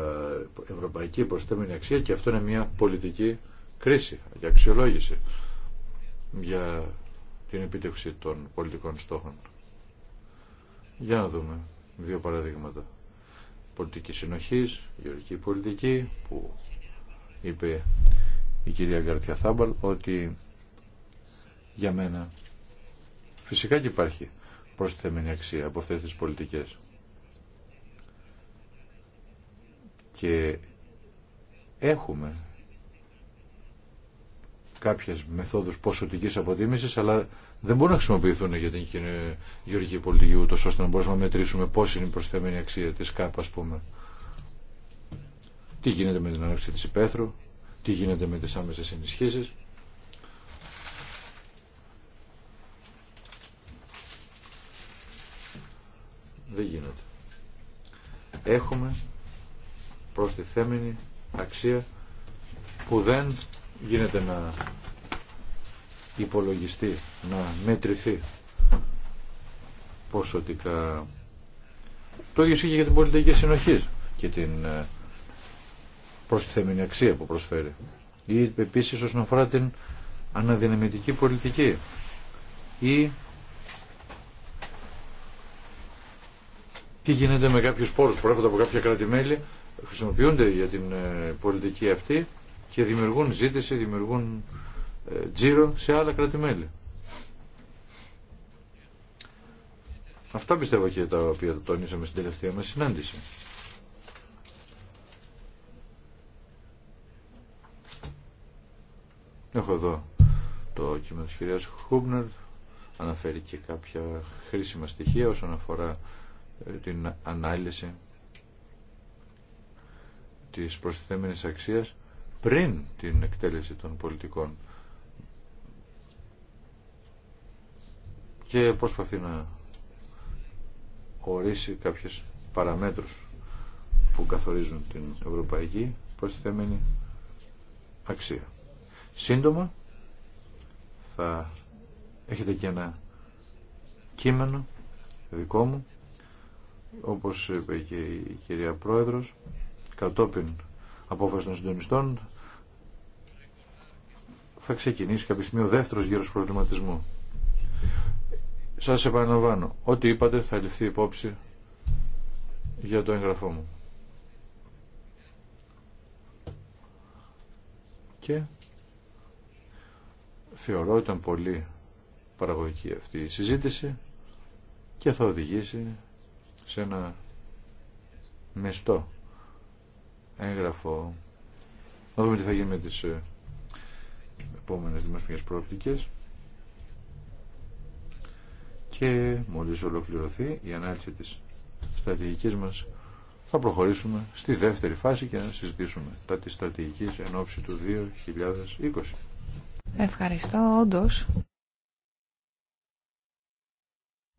[SPEAKER 3] ευρωπαϊκή προστέμενη αξία και αυτό είναι μια πολιτική κρίση για αξιολόγηση για την επίτευξη των πολιτικών στόχων. Για να δούμε δύο παραδείγματα. Πολιτική συνοχής, γεωργική πολιτική που είπε η κυρία Γκαρτιά Θάμπαλ ότι για μένα φυσικά και υπάρχει προσθέμενη αξία από αυτές τις πολιτικές. και έχουμε κάποιες μεθόδους ποσοτικής αποτίμησης, αλλά δεν μπορούν να χρησιμοποιηθούν για την γεωργική πολιτική ούτως ώστε να μπορούμε να μετρήσουμε πώς είναι η προσθεμένη αξία της ΚΑΠ, ας πούμε. Τι γίνεται με την ανάπτυξη της υπαίθρου, τι γίνεται με τις άμεσες ενισχύσεις. Δεν γίνεται. Έχουμε τη θέμενη αξία που δεν γίνεται να υπολογιστεί, να μετρηθεί ποσοτικά. Το ίδιο ισχύει για την πολιτική συνοχή και την ε, προστιθέμενη αξία που προσφέρει. Ή επίσης όσον αφορά την αναδυναμητική πολιτική ή τι γίνεται με κάποιους πόρους που έρχονται από κάποια κράτη-μέλη χρησιμοποιούνται για την ε, πολιτική αυτή και δημιουργούν ζήτηση, δημιουργούν ε, τζίρο σε άλλα κράτη-μέλη. Αυτά πιστεύω και τα οποία τονίσαμε στην τελευταία μας συνάντηση. Έχω εδώ το κείμενο της κυρίας Χούμπνερ. Αναφέρει και κάποια χρήσιμα στοιχεία όσον αφορά ε, την ανάλυση της προστιθέμενης αξίας πριν την εκτέλεση των πολιτικών. Και προσπαθεί να ορίσει κάποιες παραμέτρους που καθορίζουν την ευρωπαϊκή προστιθέμενη αξία. Σύντομα θα έχετε και ένα κείμενο δικό μου όπως είπε και η κυρία Πρόεδρος κατόπιν απόφαση των συντονιστών θα ξεκινήσει κάποια στιγμή ο δεύτερος γύρος προβληματισμού. Σας επαναλαμβάνω, ό,τι είπατε θα ληφθεί υπόψη για το εγγραφό μου. Και θεωρώ ήταν πολύ παραγωγική αυτή η συζήτηση και θα οδηγήσει σε ένα μεστό έγγραφο. Να δούμε τι θα γίνει με τις ε, επόμενες δημοσιογές πρόπτικες. Και μόλις ολοκληρωθεί η ανάλυση της στρατηγικής μας θα προχωρήσουμε στη δεύτερη φάση και να συζητήσουμε τα της στρατηγικής εν του 2020.
[SPEAKER 1] Ευχαριστώ όντως.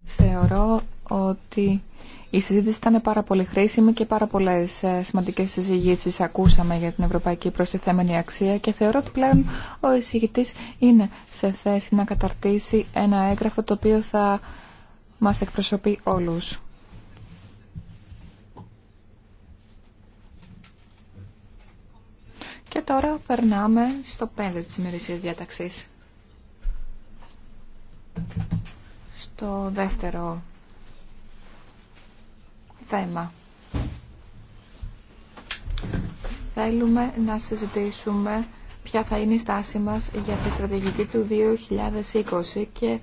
[SPEAKER 1] Θεωρώ ότι η συζήτηση ήταν πάρα πολύ χρήσιμη και πάρα πολλέ ε, σημαντικέ συζητήσει ακούσαμε για την ευρωπαϊκή προστιθέμενη αξία και θεωρώ ότι πλέον ο εισηγητή είναι σε θέση να καταρτήσει ένα έγγραφο το οποίο θα μα εκπροσωπεί όλου. Και τώρα περνάμε στο πέντε της ημερησίας διάταξης. Το δεύτερο θέμα. Θέλουμε να συζητήσουμε ποια θα είναι η στάση μας για τη στρατηγική του 2020 και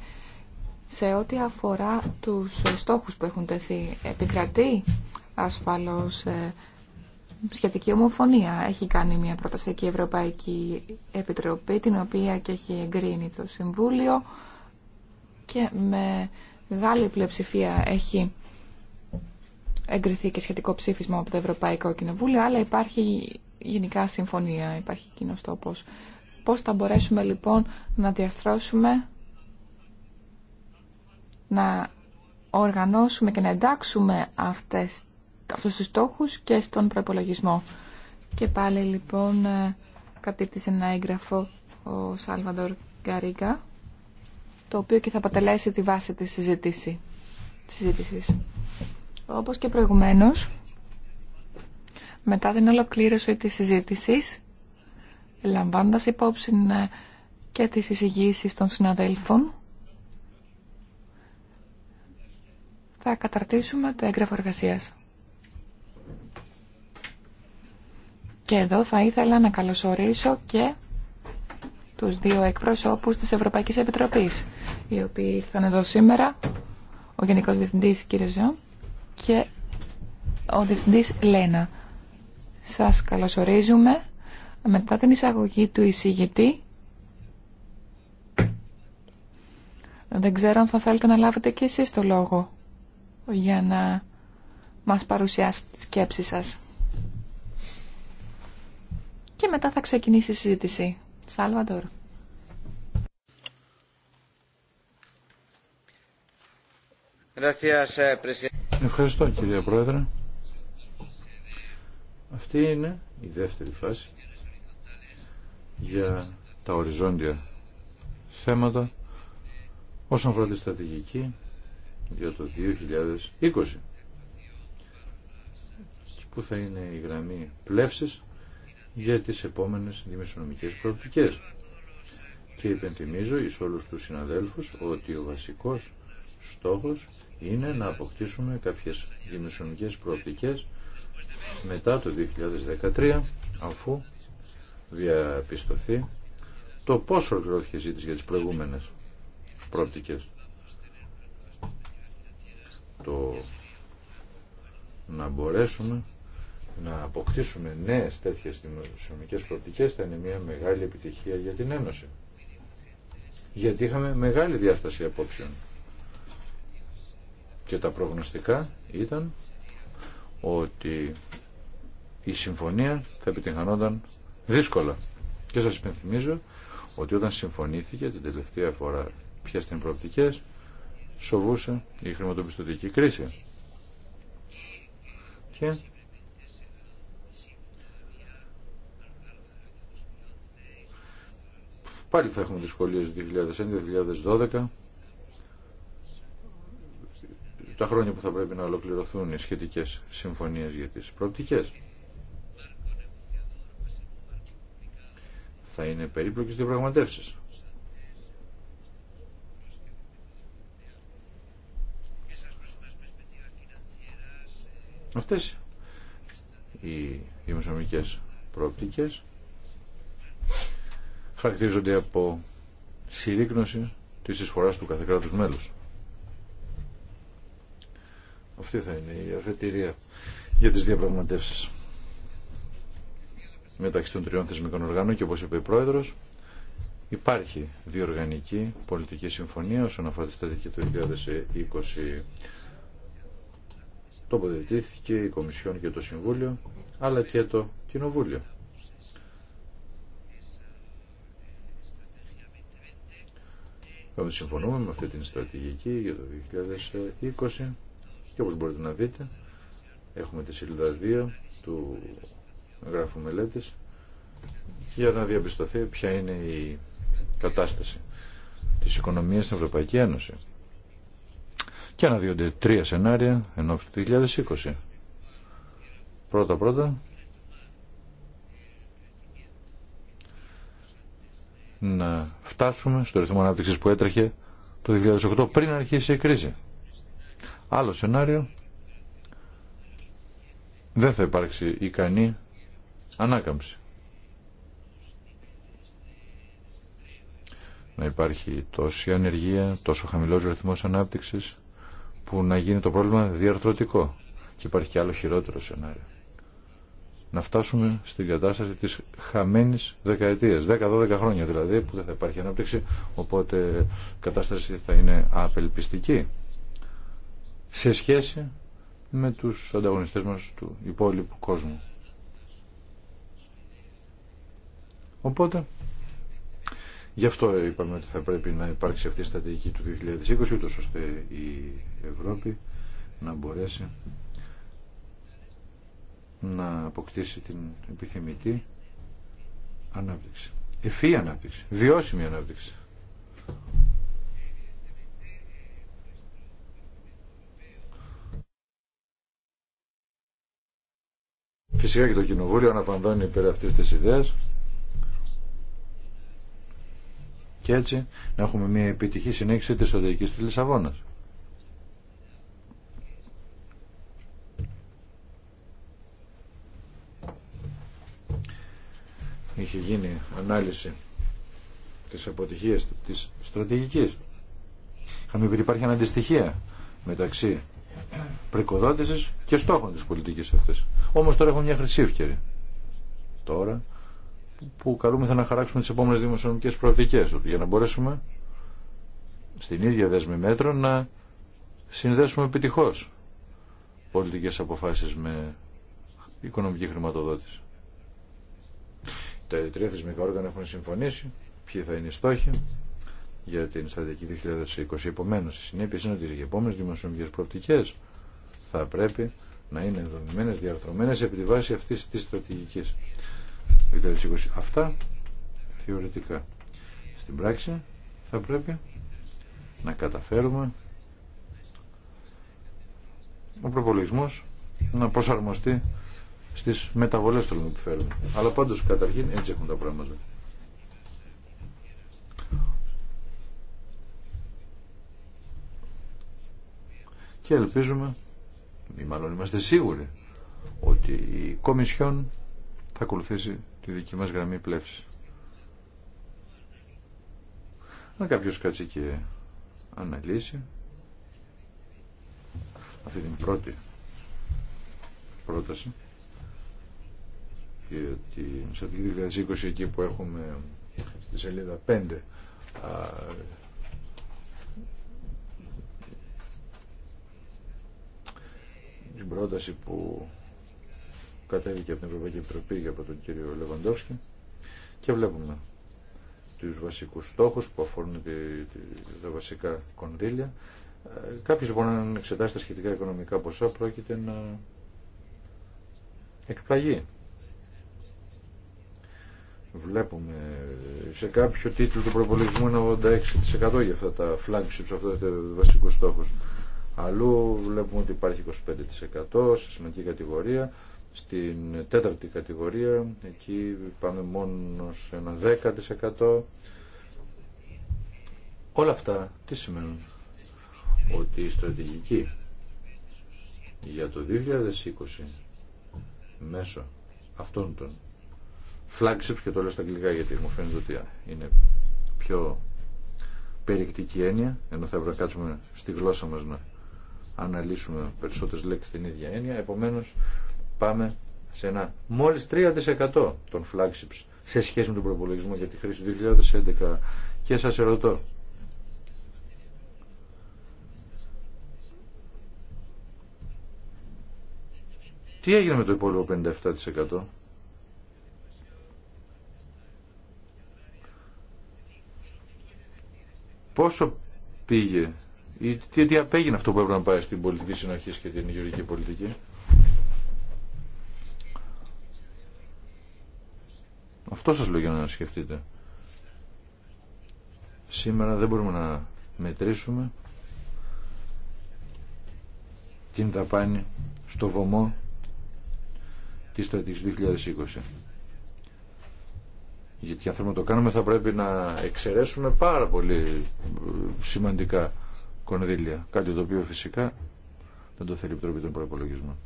[SPEAKER 1] σε ό,τι αφορά τους στόχους που έχουν τεθεί. Επικρατεί ασφαλώς ε, σχετική ομοφωνία. Έχει κάνει μια πρόταση και η Ευρωπαϊκή Επιτροπή, την οποία και έχει εγκρίνει το Συμβούλιο και με μεγάλη πλειοψηφία έχει εγκριθεί και σχετικό ψήφισμα από το Ευρωπαϊκό Κοινοβούλιο, αλλά υπάρχει γενικά συμφωνία, υπάρχει κοινό τόπο. Πώς θα μπορέσουμε λοιπόν να διαρθρώσουμε, να οργανώσουμε και να εντάξουμε αυτές, αυτούς τους στόχους και στον προπολογισμό. Και πάλι λοιπόν ε, κατήρτισε ένα έγγραφο ο Σάλβαντορ Γκαρίγκα το οποίο και θα αποτελέσει τη βάση της συζήτηση, συζήτησης. Όπως και προηγουμένως, μετά την ολοκλήρωση της συζήτησης, λαμβάνοντας υπόψη ε, και τις εισηγήσει των συναδέλφων, θα καταρτήσουμε το έγγραφο εργασίας. Και εδώ θα ήθελα να καλωσορίσω και τους δύο εκπροσώπους της Ευρωπαϊκής Επιτροπής, οι οποίοι ήρθαν εδώ σήμερα, ο Γενικός Διευθυντής κ. και ο Διευθυντής Λένα. Σας καλωσορίζουμε μετά την εισαγωγή του εισηγητή. Δεν ξέρω αν θα θέλετε να λάβετε και εσείς το λόγο για να μας παρουσιάσετε τη σκέψη σας. Και μετά θα ξεκινήσει η συζήτηση. Eh,
[SPEAKER 3] Ευχαριστώ κύριε Πρόεδρε. Αυτή είναι η δεύτερη φάση για τα οριζόντια θέματα όσον αφορά τη στρατηγική για το 2020 που θα είναι η γραμμή πλεύσης για τις επόμενες δημοσιονομικές προοπτικές. Και υπενθυμίζω εις όλους τους συναδέλφους ότι ο βασικός στόχος είναι να αποκτήσουμε κάποιες δημοσιονομικές προοπτικές μετά το 2013 αφού διαπιστωθεί το πόσο ολοκληρώθηκε η ζήτηση για τις προηγούμενες προοπτικές. Το να μπορέσουμε να αποκτήσουμε νέες τέτοιες δημοσιονομικές προοπτικές θα είναι μια μεγάλη επιτυχία για την Ένωση. Γιατί είχαμε μεγάλη διάσταση απόψεων. Και τα προγνωστικά ήταν ότι η συμφωνία θα επιτυγχανόταν δύσκολα. Και σας υπενθυμίζω ότι όταν συμφωνήθηκε την τελευταία φορά πια στην προοπτικές σοβούσε η χρηματοπιστωτική κρίση. Και πάλι θα έχουμε δυσκολίες 2011-2012 τα χρόνια που θα πρέπει να ολοκληρωθούν οι σχετικές συμφωνίες για τις προοπτικές. Θα είναι περίπλοκες διαπραγματεύσεις. Αυτές οι δημοσιονομικές προοπτικές χαρακτηρίζονται από συρρήκνωση της εισφοράς του κάθε κράτους μέλους. Αυτή θα είναι η αφετηρία για τις διαπραγματεύσεις μεταξύ των τριών θεσμικών οργάνων και όπως είπε ο Πρόεδρος υπάρχει διοργανική πολιτική συμφωνία όσον αφορά τη στρατηγική του 2020 τοποθετήθηκε η Κομισιόν και το Συμβούλιο αλλά και το Κοινοβούλιο. Όπως συμφωνούμε με αυτή την στρατηγική για το 2020 και όπως μπορείτε να δείτε έχουμε τη σελίδα 2 του γράφου μελέτης για να διαπιστωθεί ποια είναι η κατάσταση της οικονομίας στην Ευρωπαϊκή Ένωση. Και αναδύονται τρία σενάρια ενώ του 2020. Πρώτα-πρώτα να φτάσουμε στο ρυθμό ανάπτυξης που έτρεχε το 2008 πριν αρχίσει η κρίση. Άλλο σενάριο, δεν θα υπάρξει ικανή ανάκαμψη. Να υπάρχει τόση ανεργία, τόσο χαμηλός ρυθμός ανάπτυξης που να γίνει το πρόβλημα διαρθρωτικό. Και υπάρχει και άλλο χειρότερο σενάριο να φτάσουμε στην κατάσταση της χαμένης δεκαετίας, 10-12 χρόνια δηλαδή που δεν θα υπάρχει ανάπτυξη, οπότε η κατάσταση θα είναι απελπιστική σε σχέση με τους ανταγωνιστές μας του υπόλοιπου κόσμου. Οπότε, γι' αυτό είπαμε ότι θα πρέπει να υπάρξει αυτή η στρατηγική του 2020, ούτως ώστε η Ευρώπη να μπορέσει να αποκτήσει την επιθυμητή ανάπτυξη. Ευφύ ανάπτυξη, βιώσιμη ανάπτυξη. Φυσικά και το Κοινοβούλιο αναπαντώνει υπέρ αυτής της ιδέας και έτσι να έχουμε μια επιτυχή συνέχιση της στρατηγικής της Λισαβόνας. είχε γίνει ανάλυση της αποτυχίας της στρατηγικής. Είχαμε πει ότι υπάρχει αντιστοιχία μεταξύ πρικοδότησης και στόχων της πολιτικής αυτής. Όμως τώρα έχουμε μια χρυσή ευκαιρία. Τώρα που καλούμεθα να χαράξουμε τις επόμενες δημοσιονομικές προοπτικές για να μπορέσουμε στην ίδια δέσμη μέτρων να συνδέσουμε επιτυχώς πολιτικές αποφάσεις με οικονομική χρηματοδότηση τα τρία θεσμικά όργανα έχουν συμφωνήσει ποιοι θα είναι οι στόχοι για την στρατηγική 2020. Επομένω, η συνέπεια είναι ότι οι επόμενε δημοσιονομικέ προοπτικέ θα πρέπει να είναι δομημένε, διαρθρωμένε επί τη βάση αυτή τη στρατηγική 2020. Αυτά θεωρητικά. Στην πράξη θα πρέπει να καταφέρουμε ο προπολογισμό να προσαρμοστεί στις μεταβολές των επιφέρουμε. Αλλά πάντως καταρχήν έτσι έχουν τα πράγματα. Και ελπίζουμε, ή μάλλον είμαστε σίγουροι, ότι η Κομισιόν θα ακολουθήσει τη δική μας γραμμή πλεύση. Αν κάποιος κάτσει και αναλύσει αυτή την πρώτη πρόταση σε την τη 2020 εκεί που έχουμε στη σελίδα 5 την πρόταση που κατέβηκε από την Ευρωπαϊκή Επιτροπή και από τον κύριο Λεβαντόφσκι και βλέπουμε τους βασικούς στόχους που αφορούν τα βασικά κονδύλια. Ε, Κάποιος μπορεί λοιπόν να εξετάσει τα σχετικά οικονομικά ποσά πρόκειται να εκπλαγεί βλέπουμε σε κάποιο τίτλο του προπολογισμού είναι 86% για αυτά τα flagships, αυτά το βασικό στόχους. Αλλού βλέπουμε ότι υπάρχει 25% σε σημαντική κατηγορία. Στην τέταρτη κατηγορία εκεί πάμε μόνο σε ένα 10%. Όλα αυτά τι σημαίνουν. Ότι η στρατηγική για το 2020 μέσω αυτών των flagships και το λέω στα αγγλικά γιατί μου φαίνεται ότι είναι πιο περιεκτική έννοια ενώ θα έπρεπε να κάτσουμε στη γλώσσα μας να αναλύσουμε περισσότερες λέξεις την ίδια έννοια επομένως πάμε σε ένα μόλις 3% των flagships σε σχέση με τον προπολογισμό για τη χρήση του 2011 και σας ερωτώ Τι έγινε με το υπόλοιπο 57%? πόσο πήγε ή τι, τι απέγινε αυτό που έπρεπε να πάει στην πολιτική συνοχή και την γεωργική πολιτική. Αυτό σας λέω για να σκεφτείτε. Σήμερα δεν μπορούμε να μετρήσουμε την δαπάνη στο βωμό της στρατηγικής 2020 γιατί αν θέλουμε να το κάνουμε θα πρέπει να εξαιρέσουμε πάρα πολύ ε, σημαντικά κονδύλια. Κάτι το οποίο φυσικά δεν το θέλει η Επιτροπή των Προπολογισμών.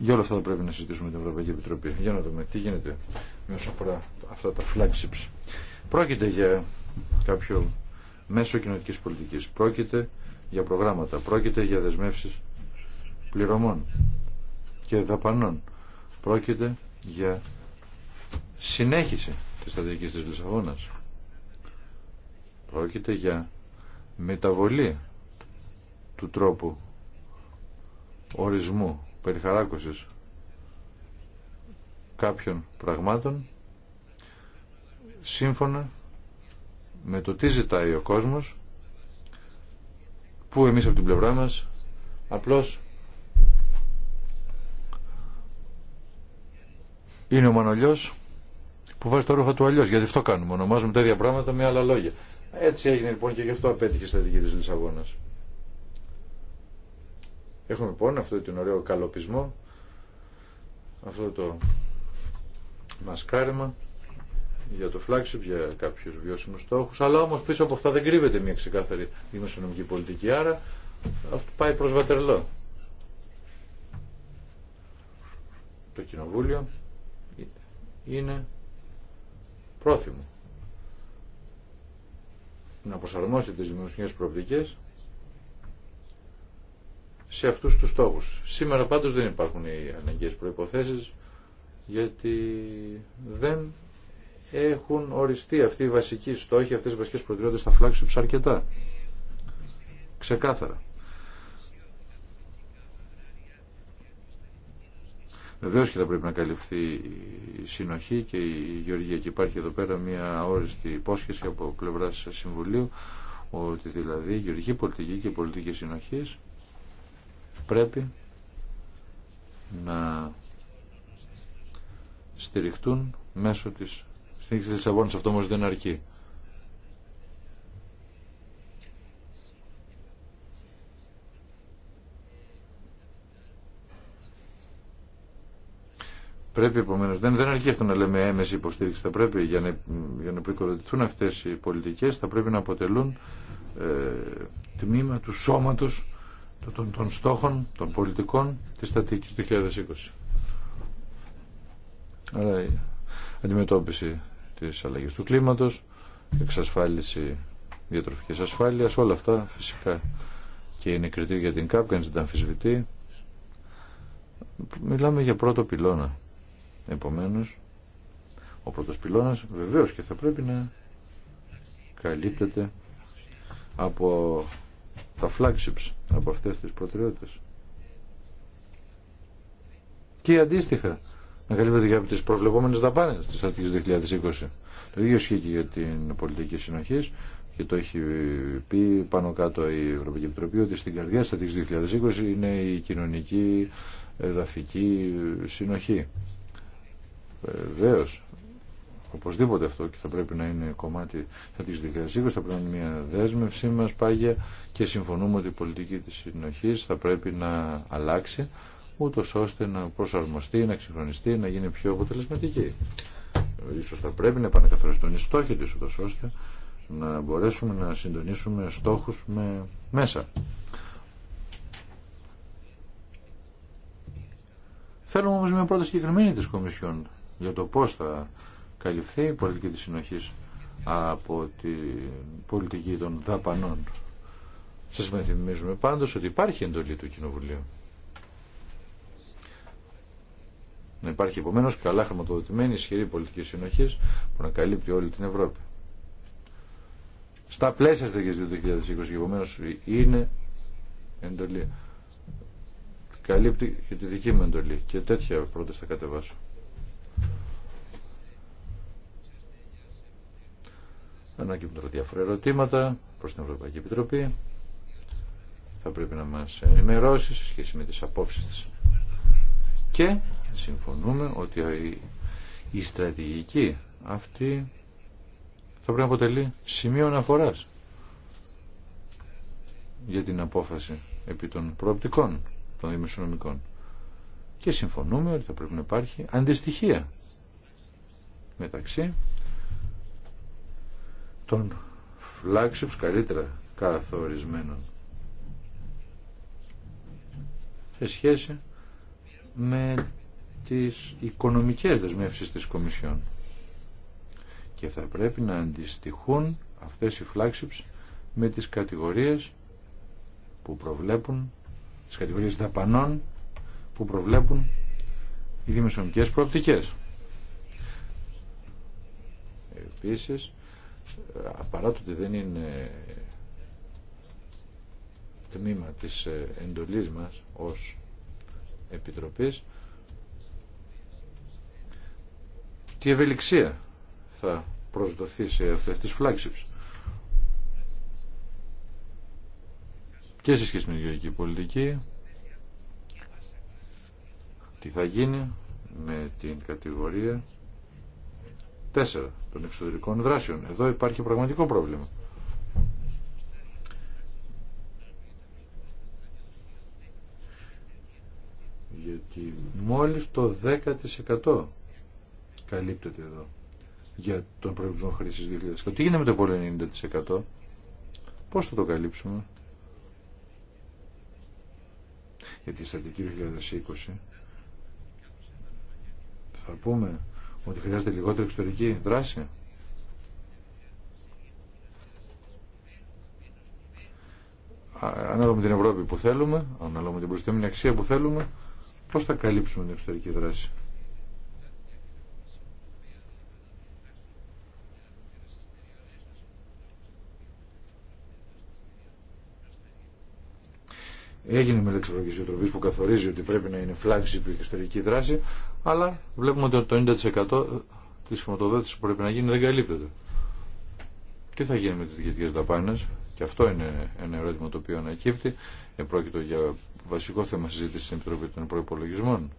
[SPEAKER 3] Για όλα αυτά θα πρέπει να συζητήσουμε την Ευρωπαϊκή Επιτροπή. Για να δούμε τι γίνεται με όσο αφορά αυτά τα flagships. Πρόκειται για κάποιο μέσο κοινωνική πολιτική. Πρόκειται για προγράμματα. Πρόκειται για δεσμεύσεις πληρωμών και δαπανών. Πρόκειται για συνέχιση της στρατηγικής της Λισαβόνας. Πρόκειται για μεταβολή του τρόπου ορισμού, περιχαράκωσης κάποιων πραγμάτων σύμφωνα με το τι ζητάει ο κόσμος που εμείς από την πλευρά μας απλώς είναι ο Μανολιός που βάζει τα ρούχα του αλλιώς γιατί αυτό κάνουμε, ονομάζουμε τέτοια πράγματα με άλλα λόγια έτσι έγινε λοιπόν και γι' αυτό απέτυχε στα δική της Λισαβόνας έχουμε λοιπόν αυτό τον ωραίο καλοπισμό αυτό το μασκάρεμα για το flagship, για κάποιους βιώσιμους στόχους, αλλά όμως πίσω από αυτά δεν κρύβεται μια ξεκάθαρη δημοσιονομική πολιτική, άρα αυτό πάει προς βατερλό. Το κοινοβούλιο είναι πρόθυμο να προσαρμόσει τις δημοσιονομικές προοπτικές σε αυτούς τους στόχους. Σήμερα πάντως δεν υπάρχουν οι αναγκαίες προϋποθέσεις γιατί δεν έχουν οριστεί αυτοί οι βασικοί στόχοι, αυτές οι βασικές προτεραιότητες στα φλάξιψ αρκετά. Ξεκάθαρα. Βεβαίω και θα πρέπει να καλυφθεί η συνοχή και η γεωργία. Και υπάρχει εδώ πέρα μια όριστη υπόσχεση από πλευρά Συμβουλίου ότι δηλαδή η γεωργική πολιτική και η πολιτική συνοχή πρέπει να στηριχτούν μέσω της συνήθιση της αυτό όμως δεν αρκεί. Πρέπει επομένω, δεν, δεν αρκεί αυτό να λέμε έμεση υποστήριξη. Θα πρέπει για να, για να αυτέ οι πολιτικέ, θα πρέπει να αποτελούν ε, τμήμα του σώματο των, στόχων των πολιτικών τη στατική του 2020. Άρα η αντιμετώπιση της αλλαγής του κλίματος, εξασφάλιση διατροφικής ασφάλειας, όλα αυτά φυσικά και είναι κριτήρια για την ΚΑΠ, κανείς δεν τα αμφισβητεί. Μιλάμε για πρώτο πυλώνα. Επομένως, ο πρώτος πυλώνας βεβαίως και θα πρέπει να καλύπτεται από τα flagships, από αυτές τις προτεραιότητες. Και αντίστοιχα, να καλύπτεται και από τι προβλεπόμενε δαπάνε τη αρχή 2020. Το ίδιο ισχύει και για την πολιτική συνοχή και το έχει πει πάνω κάτω η Ευρωπαϊκή Επιτροπή ότι στην καρδιά αρχή 2020 είναι η κοινωνική εδαφική συνοχή. Βεβαίω, οπωσδήποτε αυτό και θα πρέπει να είναι κομμάτι της 2020, θα πρέπει να είναι μια δέσμευσή μας πάγια και συμφωνούμε ότι η πολιτική τη συνοχή θα πρέπει να αλλάξει ούτω ώστε να προσαρμοστεί, να ξεχρονιστεί, να γίνει πιο αποτελεσματική. Ίσως θα πρέπει να επανακαθαριστούν οι στόχοι της, ούτω ώστε να μπορέσουμε να συντονίσουμε στόχους με μέσα. Θέλουμε όμως μια πρώτη συγκεκριμένη της Κομισιόν για το πώς θα καλυφθεί η πολιτική της συνοχής από την πολιτική των δαπανών. Σας μεθυμίζουμε πάντως ότι υπάρχει εντολή του Κοινοβουλίου. Να υπάρχει επομένω καλά χρηματοδοτημένη ισχυρή πολιτική συνοχή που να καλύπτει όλη την Ευρώπη. Στα πλαίσια στεγής του 2020 επομένω είναι εντολή. Καλύπτει και τη δική μου εντολή και τέτοια πρώτα θα κατεβάσω. Ανακύπτουν τα διάφορα ερωτήματα προς την Ευρωπαϊκή Επιτροπή. Θα πρέπει να μας ενημερώσει σε σχέση με τις απόψεις της. Και συμφωνούμε ότι η στρατηγική αυτή θα πρέπει να αποτελεί σημείο αναφοράς για την απόφαση επί των προοπτικών των δημοσιονομικών. Και συμφωνούμε ότι θα πρέπει να υπάρχει αντιστοιχία μεταξύ των flagships καλύτερα καθορισμένων σε σχέση με τις οικονομικές δεσμεύσεις της Κομισιόν και θα πρέπει να αντιστοιχούν αυτές οι flagships με τις κατηγορίες που προβλέπουν τις κατηγορίες δαπανών που προβλέπουν οι δημοσιονομικές προοπτικές. Επίσης, παρά το ότι δεν είναι τμήμα της ε, εντολής μας ως Επιτροπής, τι ευελιξία θα προσδοθεί σε αυτές τις flagships. Και σε σχέση με την γεωργική πολιτική, τι θα γίνει με την κατηγορία 4 των εξωτερικών δράσεων. Εδώ υπάρχει πραγματικό πρόβλημα. Γιατί μόλις το 10% καλύπτεται εδώ για τον προϋπισμό χρήσης 2000. Τι γίνεται με το πολύ 90%? Πώς θα το καλύψουμε? Γιατί η στατική 2020 θα πούμε ότι χρειάζεται λιγότερη εξωτερική δράση. Ανάλογα με την Ευρώπη που θέλουμε, ανάλογα με την προσθέμενη αξία που θέλουμε, πώς θα καλύψουμε την εξωτερική δράση. Έγινε με λεξιολογική διοτροπή που καθορίζει ότι πρέπει να είναι φλάξη η ιστορική δράση, αλλά βλέπουμε ότι το 90% ε, τη χρηματοδότηση που πρέπει να γίνει δεν καλύπτεται. Τι θα γίνει με τι διοικητικέ δαπάνε, και αυτό είναι ένα ερώτημα το οποίο ανακύπτει. Επρόκειτο για βασικό θέμα συζήτηση στην Επιτροπή των Προπολογισμών.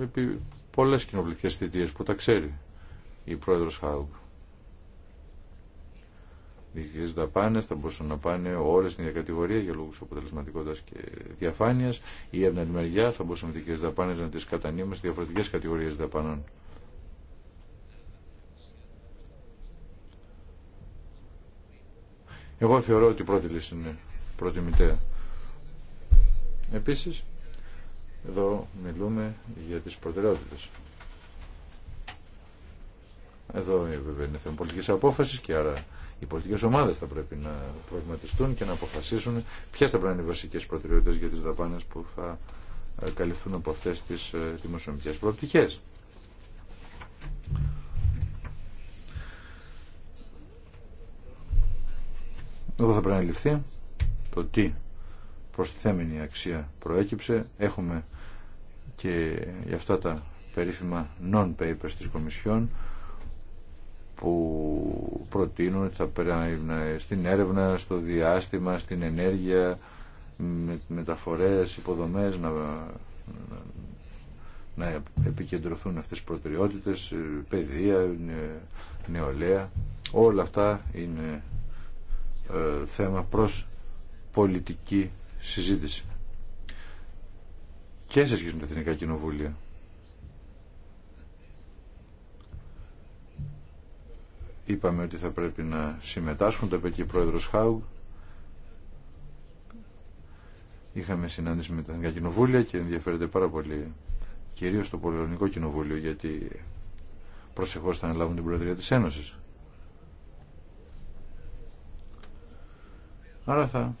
[SPEAKER 3] Επί πολλέ κοινοβουλευτικέ θητείε που τα ξέρει η πρόεδρο Χάουγκ δικέ δαπάνε θα μπορούσαν να πάνε όλε στην ίδια κατηγορία για λόγου αποτελεσματικότητα και διαφάνεια ή από την άλλη μεριά θα οι δικέ δαπάνε να τι κατανείμε σε διαφορετικέ κατηγορίε δαπανών. Εγώ θεωρώ ότι η πρώτη λύση είναι προτιμητέα. Επίσης, εδώ μιλούμε για τις προτεραιότητες. Εδώ βέβαια είναι θέμα πολιτικής απόφασης και άρα οι πολιτικέ ομάδε θα πρέπει να προγραμματιστούν και να αποφασίσουν ποιε θα πρέπει να είναι οι βασικέ προτεραιότητε για τι δαπάνε που θα ε, καλυφθούν από αυτέ τι ε, δημοσιονομικέ προοπτικέ. Εδώ θα πρέπει να ληφθεί το τι προστιθέμενη αξία προέκυψε. Έχουμε και για αυτά τα περίφημα non-papers της Κομισιόν που προτείνουν ότι θα πρέπει στην έρευνα, στο διάστημα, στην ενέργεια, με μεταφορές, υποδομές να, να επικεντρωθούν αυτές οι προτεραιότητες, ε, παιδεία, νεολαία. Όλα αυτά είναι ε, θέμα προς πολιτική συζήτηση. Και σε σχέση με τα Εθνικά Κοινοβούλια. είπαμε ότι θα πρέπει να συμμετάσχουν, το είπε και η πρόεδρος Χάουγ. Είχαμε συνάντηση με τα Εθνικά Κοινοβούλια και ενδιαφέρεται πάρα πολύ κυρίως το Πολεμικό Κοινοβούλιο γιατί προσεχώς θα αναλάβουν την Προεδρία της Ένωσης. Άρα θα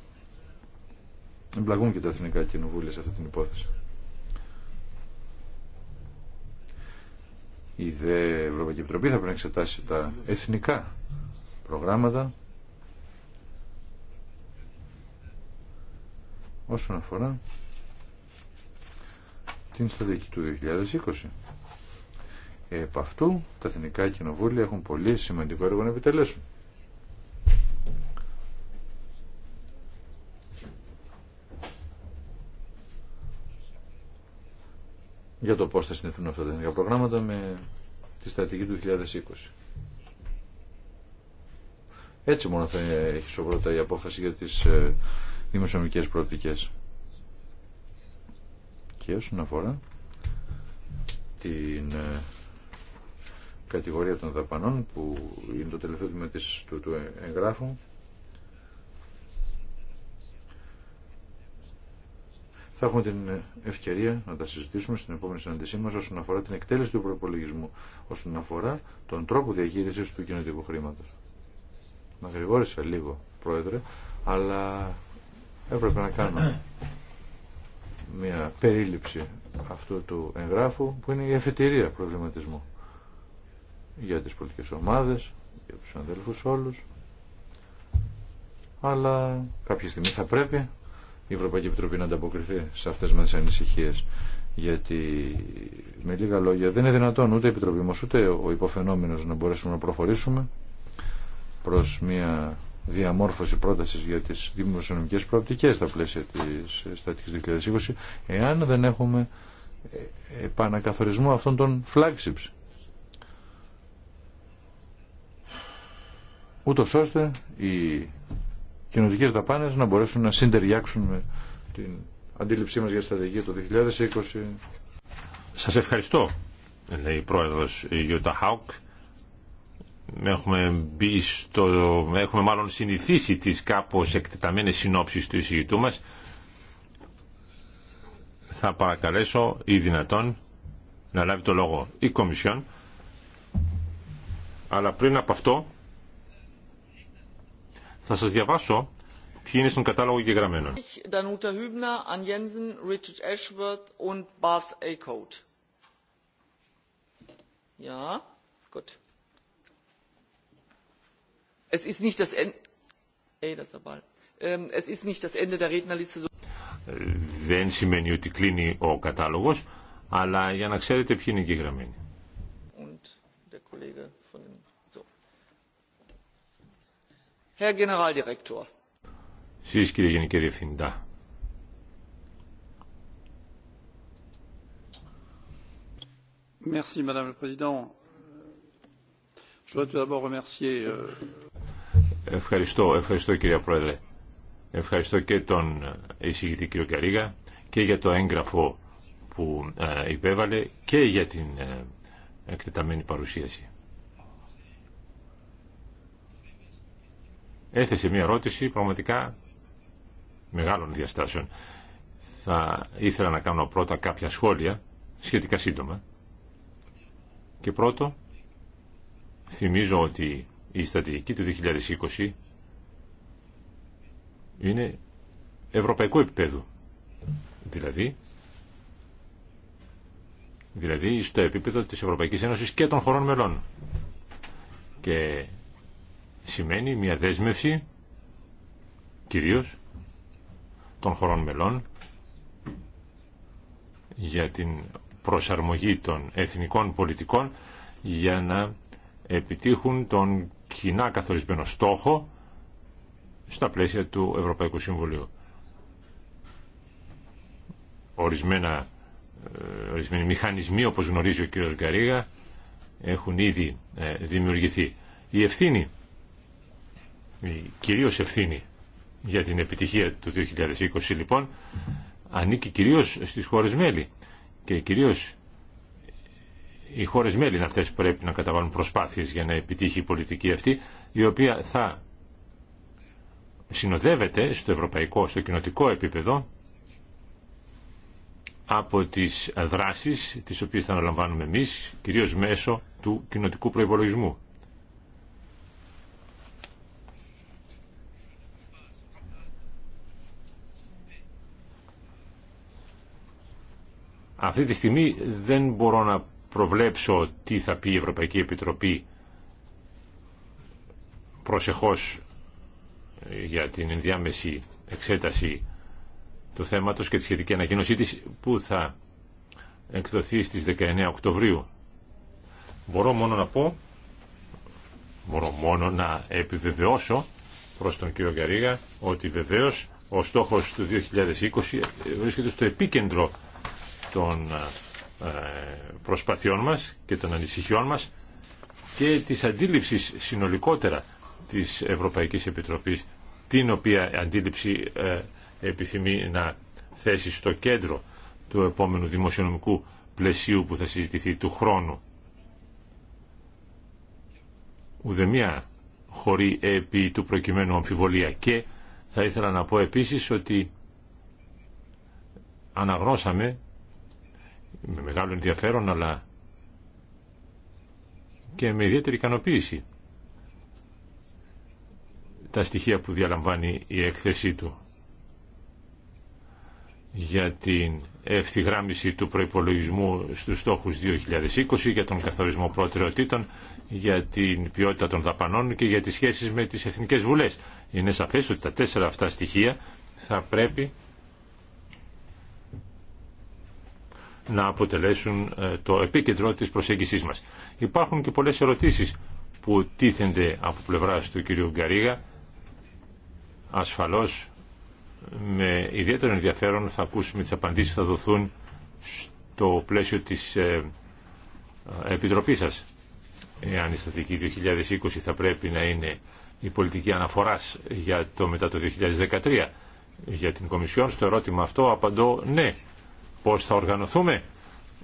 [SPEAKER 3] εμπλαγούν και τα Εθνικά Κοινοβούλια σε αυτή την υπόθεση. Η ΔΕ Ευρωπαϊκή Επιτροπή θα πρέπει να εξετάσει τα εθνικά προγράμματα όσον αφορά την στρατηγική του 2020. Επ' αυτού τα εθνικά κοινοβούλια έχουν πολύ σημαντικό έργο να επιτελέσουν. για το πώς θα συνδεθούν αυτά τα εθνικά προγράμματα με τη στρατηγική του 2020. Έτσι μόνο θα έχει σοβαρότητα η απόφαση για τις ε, δημοσιονομικές προοπτικές. Και όσον αφορά την ε, κατηγορία των δαπανών που είναι το τελευταίο τμήμα του, του εγγράφου Θα έχουμε την ευκαιρία να τα συζητήσουμε στην επόμενη συνάντησή μα όσον αφορά την εκτέλεση του προπολογισμού, όσον αφορά τον τρόπο διαχείριση του κοινωτικού χρήματο. με γρηγόρησα λίγο, Πρόεδρε, αλλά έπρεπε να κάνω μια περίληψη αυτού του εγγράφου που είναι η εφετηρία προβληματισμού για τις πολιτικές ομάδες, για τους αδέλφους όλους αλλά κάποια στιγμή θα πρέπει η Ευρωπαϊκή Επιτροπή να ανταποκριθεί σε αυτέ μας τι ανησυχίε. Γιατί με λίγα λόγια δεν είναι δυνατόν ούτε η Επιτροπή μα ούτε ο υποφαινόμενο να μπορέσουμε να προχωρήσουμε προ μια διαμόρφωση πρόταση για τι δημοσιονομικέ προοπτικές στα πλαίσια τη Στατική 2020 εάν δεν έχουμε επανακαθορισμό αυτών των flagships ούτω ώστε η κοινωτικέ δαπάνε να μπορέσουν να συντεριάξουν με την αντίληψή μα για στρατηγία το 2020.
[SPEAKER 4] Σα ευχαριστώ, λέει η πρόεδρο Ιούτα Χάουκ. Έχουμε, μπει έχουμε μάλλον συνηθίσει τι κάπως εκτεταμένε συνόψεις του εισηγητού μα. Θα παρακαλέσω ή δυνατόν να λάβει το λόγο η Κομισιόν. Αλλά πριν από αυτό θα σας διαβάσω ποιοι είναι στον κατάλογο γεγραμμένων.
[SPEAKER 2] Danuta Hübner, Richard Ashworth Bas Es ist nicht das ähm, Es ist nicht das Ende der
[SPEAKER 4] Δεν σημαίνει ότι κλείνει ο κατάλογος, αλλά για να ξέρετε ποιοι είναι γεγραμμένοι.
[SPEAKER 2] Herr Generaldirektor.
[SPEAKER 4] Σεις, κύριε Γενική Διευθυντά.
[SPEAKER 3] Merci, Madame la Présidente. Je voudrais tout d'abord remercier. Euh,
[SPEAKER 4] ευχαριστώ, ευχαριστώ κύριε Πρόεδρε. Ευχαριστώ και τον ε, εισηγητή κύριο Καρίγα και για το έγγραφο που ε, υπέβαλε και για την ε, εκτεταμένη παρουσίαση. έθεσε μια ερώτηση πραγματικά μεγάλων διαστάσεων. Θα ήθελα να κάνω πρώτα κάποια σχόλια, σχετικά σύντομα. Και πρώτο, θυμίζω ότι η στατική του 2020 είναι ευρωπαϊκού επίπεδου. Δηλαδή, δηλαδή στο επίπεδο της Ευρωπαϊκής Ένωσης και των χωρών μελών. Και σημαίνει μια δέσμευση κυρίως των χωρών μελών για την προσαρμογή των εθνικών πολιτικών για να επιτύχουν τον κοινά καθορισμένο στόχο στα πλαίσια του Ευρωπαϊκού Συμβουλίου. Ορισμένα, ε, ορισμένοι μηχανισμοί, όπως γνωρίζει ο κύριος Γκαρίγα, έχουν ήδη ε, δημιουργηθεί. Η ευθύνη η κυρίως ευθύνη για την επιτυχία του 2020 λοιπόν ανήκει κυρίως στις χώρες μέλη και κυρίως οι χώρες μέλη είναι αυτές που πρέπει να καταβάλουν προσπάθειες για να επιτύχει η πολιτική αυτή η οποία θα συνοδεύεται στο ευρωπαϊκό, στο κοινοτικό επίπεδο από τις δράσεις τις οποίες θα αναλαμβάνουμε εμείς κυρίως μέσω του κοινοτικού προϋπολογισμού. Αυτή τη στιγμή δεν μπορώ να προβλέψω τι θα πει η Ευρωπαϊκή Επιτροπή προσεχώς ε, για την ενδιάμεση εξέταση του θέματος και τη σχετική ανακοίνωσή της που θα εκδοθεί στις 19 Οκτωβρίου. Μπορώ μόνο να πω, μπορώ μόνο να επιβεβαιώσω προς τον κύριο Γκαρίγα ότι βεβαίως ο στόχος του 2020 βρίσκεται στο επίκεντρο των ε, προσπαθειών μας και των ανησυχιών μας και της αντίληψης συνολικότερα της Ευρωπαϊκής Επιτροπής την οποία αντίληψη ε, επιθυμεί να θέσει στο κέντρο του επόμενου δημοσιονομικού πλαισίου που θα συζητηθεί του χρόνου. Ουδεμία χωρί επί του προκειμένου αμφιβολία και θα ήθελα να πω επίσης ότι αναγνώσαμε με μεγάλο ενδιαφέρον αλλά και με ιδιαίτερη ικανοποίηση τα στοιχεία που διαλαμβάνει η έκθεσή του για την ευθυγράμμιση του προϋπολογισμού στους στόχους 2020, για τον καθορισμό προτεραιοτήτων, για την ποιότητα των δαπανών και για τις σχέσεις με τις Εθνικές Βουλές. Είναι σαφές ότι τα τέσσερα αυτά στοιχεία θα πρέπει να αποτελέσουν ε, το επίκεντρο της προσέγγισής μας. Υπάρχουν και πολλές ερωτήσεις που τίθενται από πλευράς του κυρίου Γκαρίγα. Ασφαλώς με ιδιαίτερο ενδιαφέρον θα ακούσουμε τις απαντήσεις που θα δοθούν στο πλαίσιο της ε, ε, Επιτροπής σας. Εάν η στατική 2020 θα πρέπει να είναι η πολιτική αναφοράς για το μετά το 2013 για την Κομισιόν, στο ερώτημα αυτό απαντώ ναι. Πώς θα οργανωθούμε.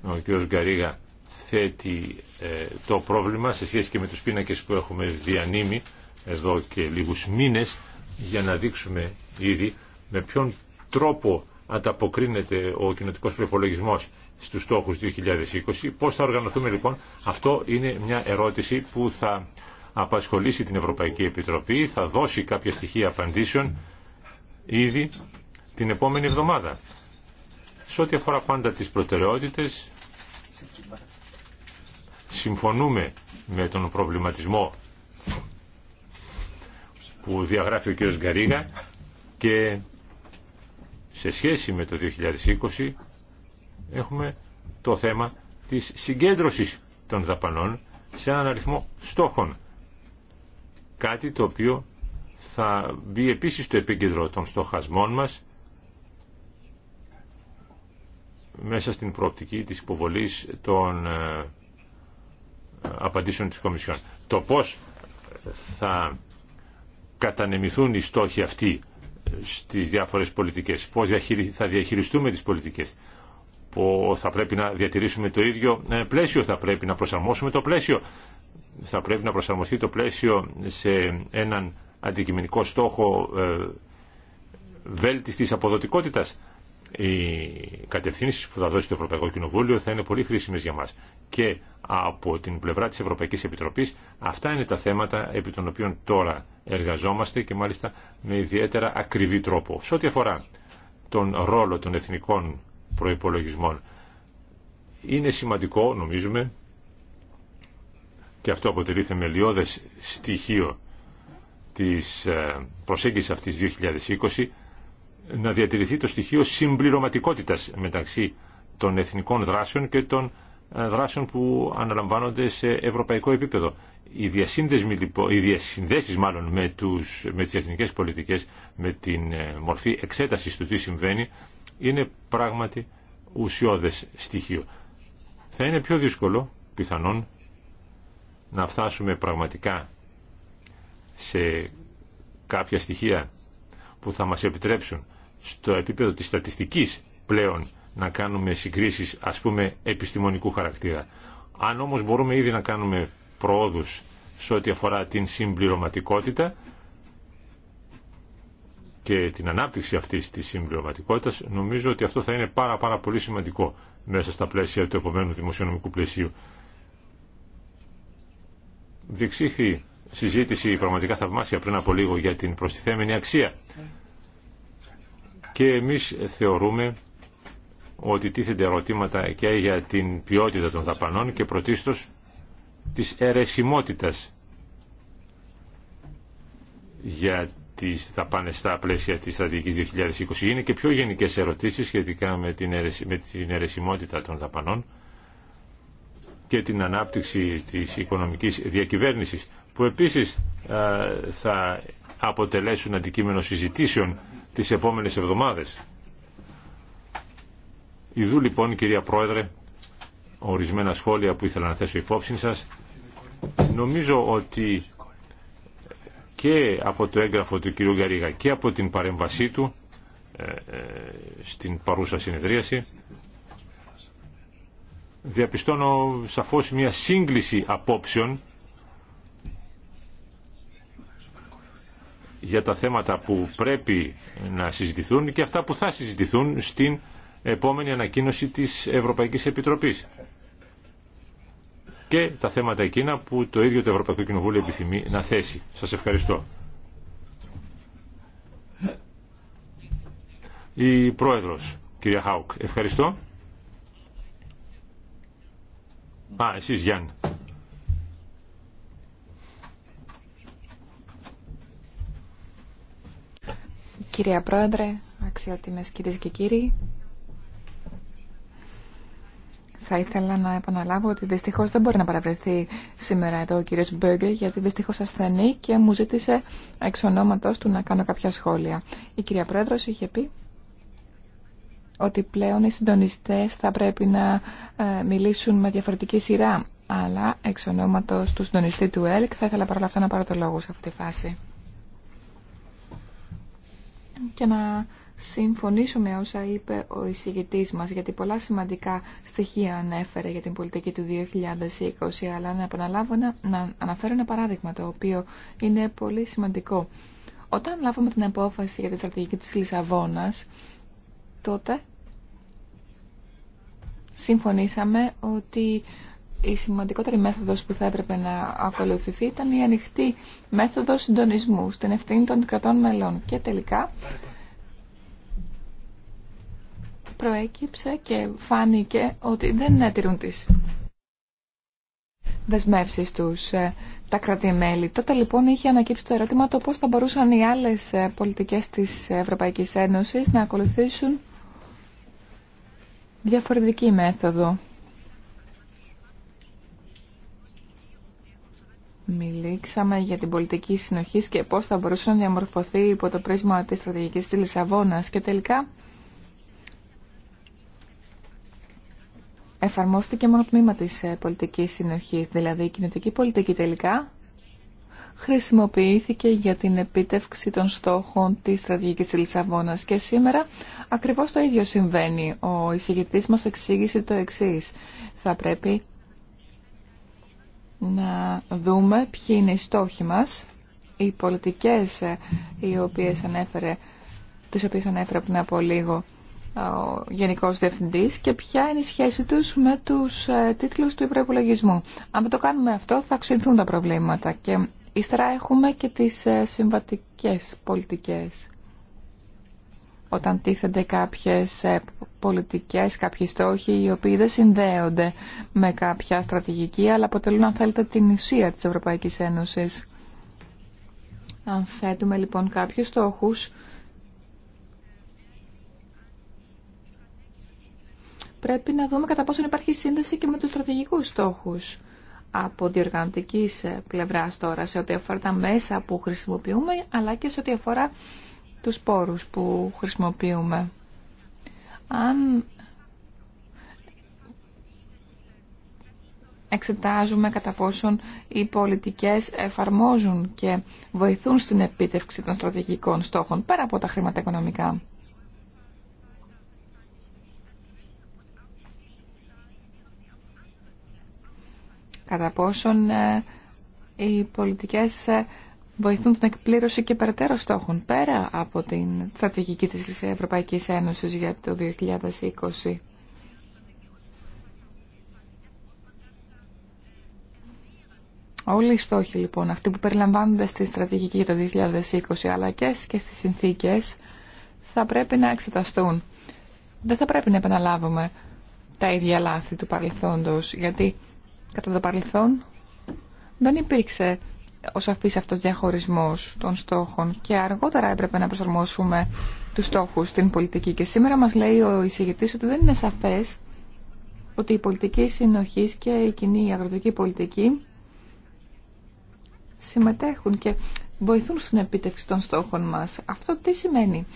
[SPEAKER 4] Ο κ. Γκαρίγα θέτει ε, το πρόβλημα σε σχέση και με τους πίνακες που έχουμε διανύμει εδώ και λίγους μήνες για να δείξουμε ήδη με ποιον τρόπο ανταποκρίνεται ο κοινοτικός προπολογισμό στους στόχους 2020. Πώς θα οργανωθούμε λοιπόν. Αυτό είναι μια ερώτηση που θα απασχολήσει την Ευρωπαϊκή Επιτροπή, θα δώσει κάποια στοιχεία απαντήσεων ήδη την επόμενη εβδομάδα. Σε ό,τι αφορά πάντα τις προτεραιότητες, συμφωνούμε με τον προβληματισμό που διαγράφει ο κ. Γκαρίγα και σε σχέση με το 2020 έχουμε το θέμα της συγκέντρωσης των δαπανών σε έναν αριθμό στόχων. Κάτι το οποίο θα μπει επίσης στο επίκεντρο των στοχασμών μας μέσα στην προοπτική της υποβολής των ε, απαντήσεων της Κομισιόν. Το πώς θα κατανεμηθούν οι στόχοι αυτοί στις διάφορες πολιτικές, πώς θα διαχειριστούμε τις πολιτικές, που θα πρέπει να διατηρήσουμε το ίδιο ε, πλαίσιο, θα πρέπει να προσαρμόσουμε το πλαίσιο, θα πρέπει να προσαρμοστεί το πλαίσιο σε έναν αντικειμενικό στόχο ε, βέλτιστης αποδοτικότητας οι κατευθύνσει που θα δώσει το Ευρωπαϊκό Κοινοβούλιο θα είναι πολύ χρήσιμε για μα. Και από την πλευρά τη Ευρωπαϊκή Επιτροπή, αυτά είναι τα θέματα επί των οποίων τώρα εργαζόμαστε και μάλιστα με ιδιαίτερα ακριβή τρόπο. Σε ό,τι αφορά τον ρόλο των εθνικών προπολογισμών, είναι σημαντικό, νομίζουμε, και αυτό αποτελεί θεμελιώδες στοιχείο της ε, προσέγγισης αυτής 2020, να διατηρηθεί το στοιχείο συμπληρωματικότητας μεταξύ των εθνικών δράσεων και των ε, δράσεων που αναλαμβάνονται σε ευρωπαϊκό επίπεδο. Οι, λοιπόν, οι διασυνδέσεις μάλλον με, τους, με τις εθνικές πολιτικές, με την ε, μορφή εξέτασης του τι συμβαίνει, είναι πράγματι ουσιώδες στοιχείο. Θα είναι πιο δύσκολο, πιθανόν, να φτάσουμε πραγματικά σε κάποια στοιχεία που θα μας επιτρέψουν στο επίπεδο της στατιστικής πλέον να κάνουμε συγκρίσεις ας πούμε επιστημονικού χαρακτήρα. Αν όμως μπορούμε ήδη να κάνουμε πρόοδους σε ό,τι αφορά την συμπληρωματικότητα και την ανάπτυξη αυτής της συμπληρωματικότητας νομίζω ότι αυτό θα είναι πάρα πάρα πολύ σημαντικό μέσα στα πλαίσια του επομένου δημοσιονομικού πλαισίου. Διεξήχθη συζήτηση πραγματικά θαυμάσια πριν από λίγο για την προστιθέμενη αξία και εμείς θεωρούμε ότι τίθενται ερωτήματα και για την ποιότητα των δαπανών και πρωτίστως της αιρεσιμότητας για τις δαπάνες στα πλαίσια της στρατηγικής 2020. Είναι και πιο γενικές ερωτήσεις σχετικά με την, αιρεσι, με την αιρεσιμότητα των δαπανών και την ανάπτυξη της οικονομικής διακυβέρνησης που επίσης ε, θα αποτελέσουν αντικείμενο συζητήσεων τις επόμενες εβδομάδες. Ιδού λοιπόν κυρία Πρόεδρε ορισμένα σχόλια που ήθελα να θέσω υπόψη σας. Νομίζω ότι και από το έγγραφο του κυρίου Γαρίγα και από την παρέμβασή του ε, ε, στην παρούσα συνεδρίαση διαπιστώνω σαφώς μια σύγκληση απόψεων για τα θέματα που πρέπει να συζητηθούν και αυτά που θα συζητηθούν στην επόμενη ανακοίνωση της Ευρωπαϊκής Επιτροπής. Και τα θέματα εκείνα που το ίδιο το Ευρωπαϊκό Κοινοβούλιο επιθυμεί να θέσει. Σας ευχαριστώ. Η Πρόεδρος, κυρία Χάουκ. Ευχαριστώ. Α, εσείς Γιάννη.
[SPEAKER 1] Κυρία Πρόεδρε, αξιότιμες κυρίες και κύριοι, θα ήθελα να επαναλάβω ότι δυστυχώς δεν μπορεί να παραβρεθεί σήμερα εδώ ο κύριος Μπέγκε, γιατί δυστυχώς ασθενεί και μου ζήτησε εξ ονόματος του να κάνω κάποια σχόλια. Η κυρία Πρόεδρος είχε πει ότι πλέον οι συντονιστές θα πρέπει να ε, μιλήσουν με διαφορετική σειρά. Αλλά εξ ονόματος του συντονιστή του ΕΛΚ θα ήθελα παρόλα αυτά να πάρω το λόγο σε αυτή τη φάση και να συμφωνήσω με όσα είπε ο εισηγητής μας, γιατί πολλά σημαντικά στοιχεία ανέφερε για την πολιτική του 2020, αλλά να επαναλάβω να αναφέρω ένα παράδειγμα το οποίο είναι πολύ σημαντικό. Όταν λάβαμε την απόφαση για τη στρατηγική της Λισαβόνας, τότε συμφωνήσαμε ότι η σημαντικότερη μέθοδος που θα έπρεπε να ακολουθηθεί ήταν η ανοιχτή μέθοδος συντονισμού στην ευθύνη των κρατών μελών. Και τελικά προέκυψε και φάνηκε ότι δεν έτηρουν τις δεσμεύσεις τους ε, τα κράτη-μέλη. Τότε λοιπόν είχε ανακύψει το ερώτημα το πώς θα μπορούσαν οι άλλες ε, πολιτικές της Ευρωπαϊκής Ένωσης να ακολουθήσουν διαφορετική μέθοδο. Μιλήξαμε για την πολιτική συνοχή και πώς θα μπορούσε να διαμορφωθεί υπό το πρίσμα της στρατηγική τη Λισαβόνα και τελικά εφαρμόστηκε μόνο τμήμα της ε, πολιτικής συνοχής, δηλαδή η κοινωτική πολιτική τελικά χρησιμοποιήθηκε για την επίτευξη των στόχων της στρατηγικής της Λισαβόνας και σήμερα ακριβώς το ίδιο συμβαίνει. Ο εισηγητής μας εξήγησε το εξής. Θα πρέπει να δούμε ποιοι είναι οι στόχοι μας, οι πολιτικές ε, οι οποίες ανέφερε, τις οποίες ανέφερε πριν από λίγο ο Γενικός Διευθυντής και ποια είναι η σχέση τους με τους ε, τίτλους του προπολογισμού. Αν το κάνουμε αυτό θα ξυνθούν τα προβλήματα και ύστερα έχουμε και τις ε, συμβατικές πολιτικές όταν τίθενται κάποιες ε, πολιτικές, κάποιοι στόχοι οι οποίοι δεν συνδέονται με κάποια στρατηγική αλλά αποτελούν αν θέλετε την ουσία της Ευρωπαϊκής Ένωσης. Αν θέτουμε λοιπόν κάποιους στόχους πρέπει να δούμε κατά πόσο υπάρχει σύνδεση και με τους στρατηγικούς στόχους από διοργανωτικής ε, πλευράς τώρα σε ό,τι αφορά τα μέσα που χρησιμοποιούμε αλλά και σε ό,τι αφορά τους πόρους που χρησιμοποιούμε. Αν εξετάζουμε κατά πόσον οι πολιτικές εφαρμόζουν και βοηθούν στην επίτευξη των στρατηγικών στόχων πέρα από τα χρήματα οικονομικά. Κατά πόσον ε, οι πολιτικές ε, βοηθούν την εκπλήρωση και περαιτέρω στόχων πέρα από την στρατηγική της Ευρωπαϊκής Ένωσης για το 2020. Όλοι οι στόχοι λοιπόν, αυτοί που περιλαμβάνονται στη στρατηγική για το 2020 αλλά και στις συνθήκες θα πρέπει να εξεταστούν. Δεν θα πρέπει να επαναλάβουμε τα ίδια λάθη του παρελθόντος γιατί κατά το παρελθόν δεν υπήρξε ο σαφής αυτός διαχωρισμός των στόχων και αργότερα έπρεπε να προσαρμόσουμε τους στόχους στην πολιτική. Και σήμερα μας λέει ο εισηγητής ότι δεν είναι σαφές ότι η πολιτική συνοχή και η κοινή αγροτική πολιτική συμμετέχουν και βοηθούν στην επίτευξη των στόχων μας. Αυτό τι σημαίνει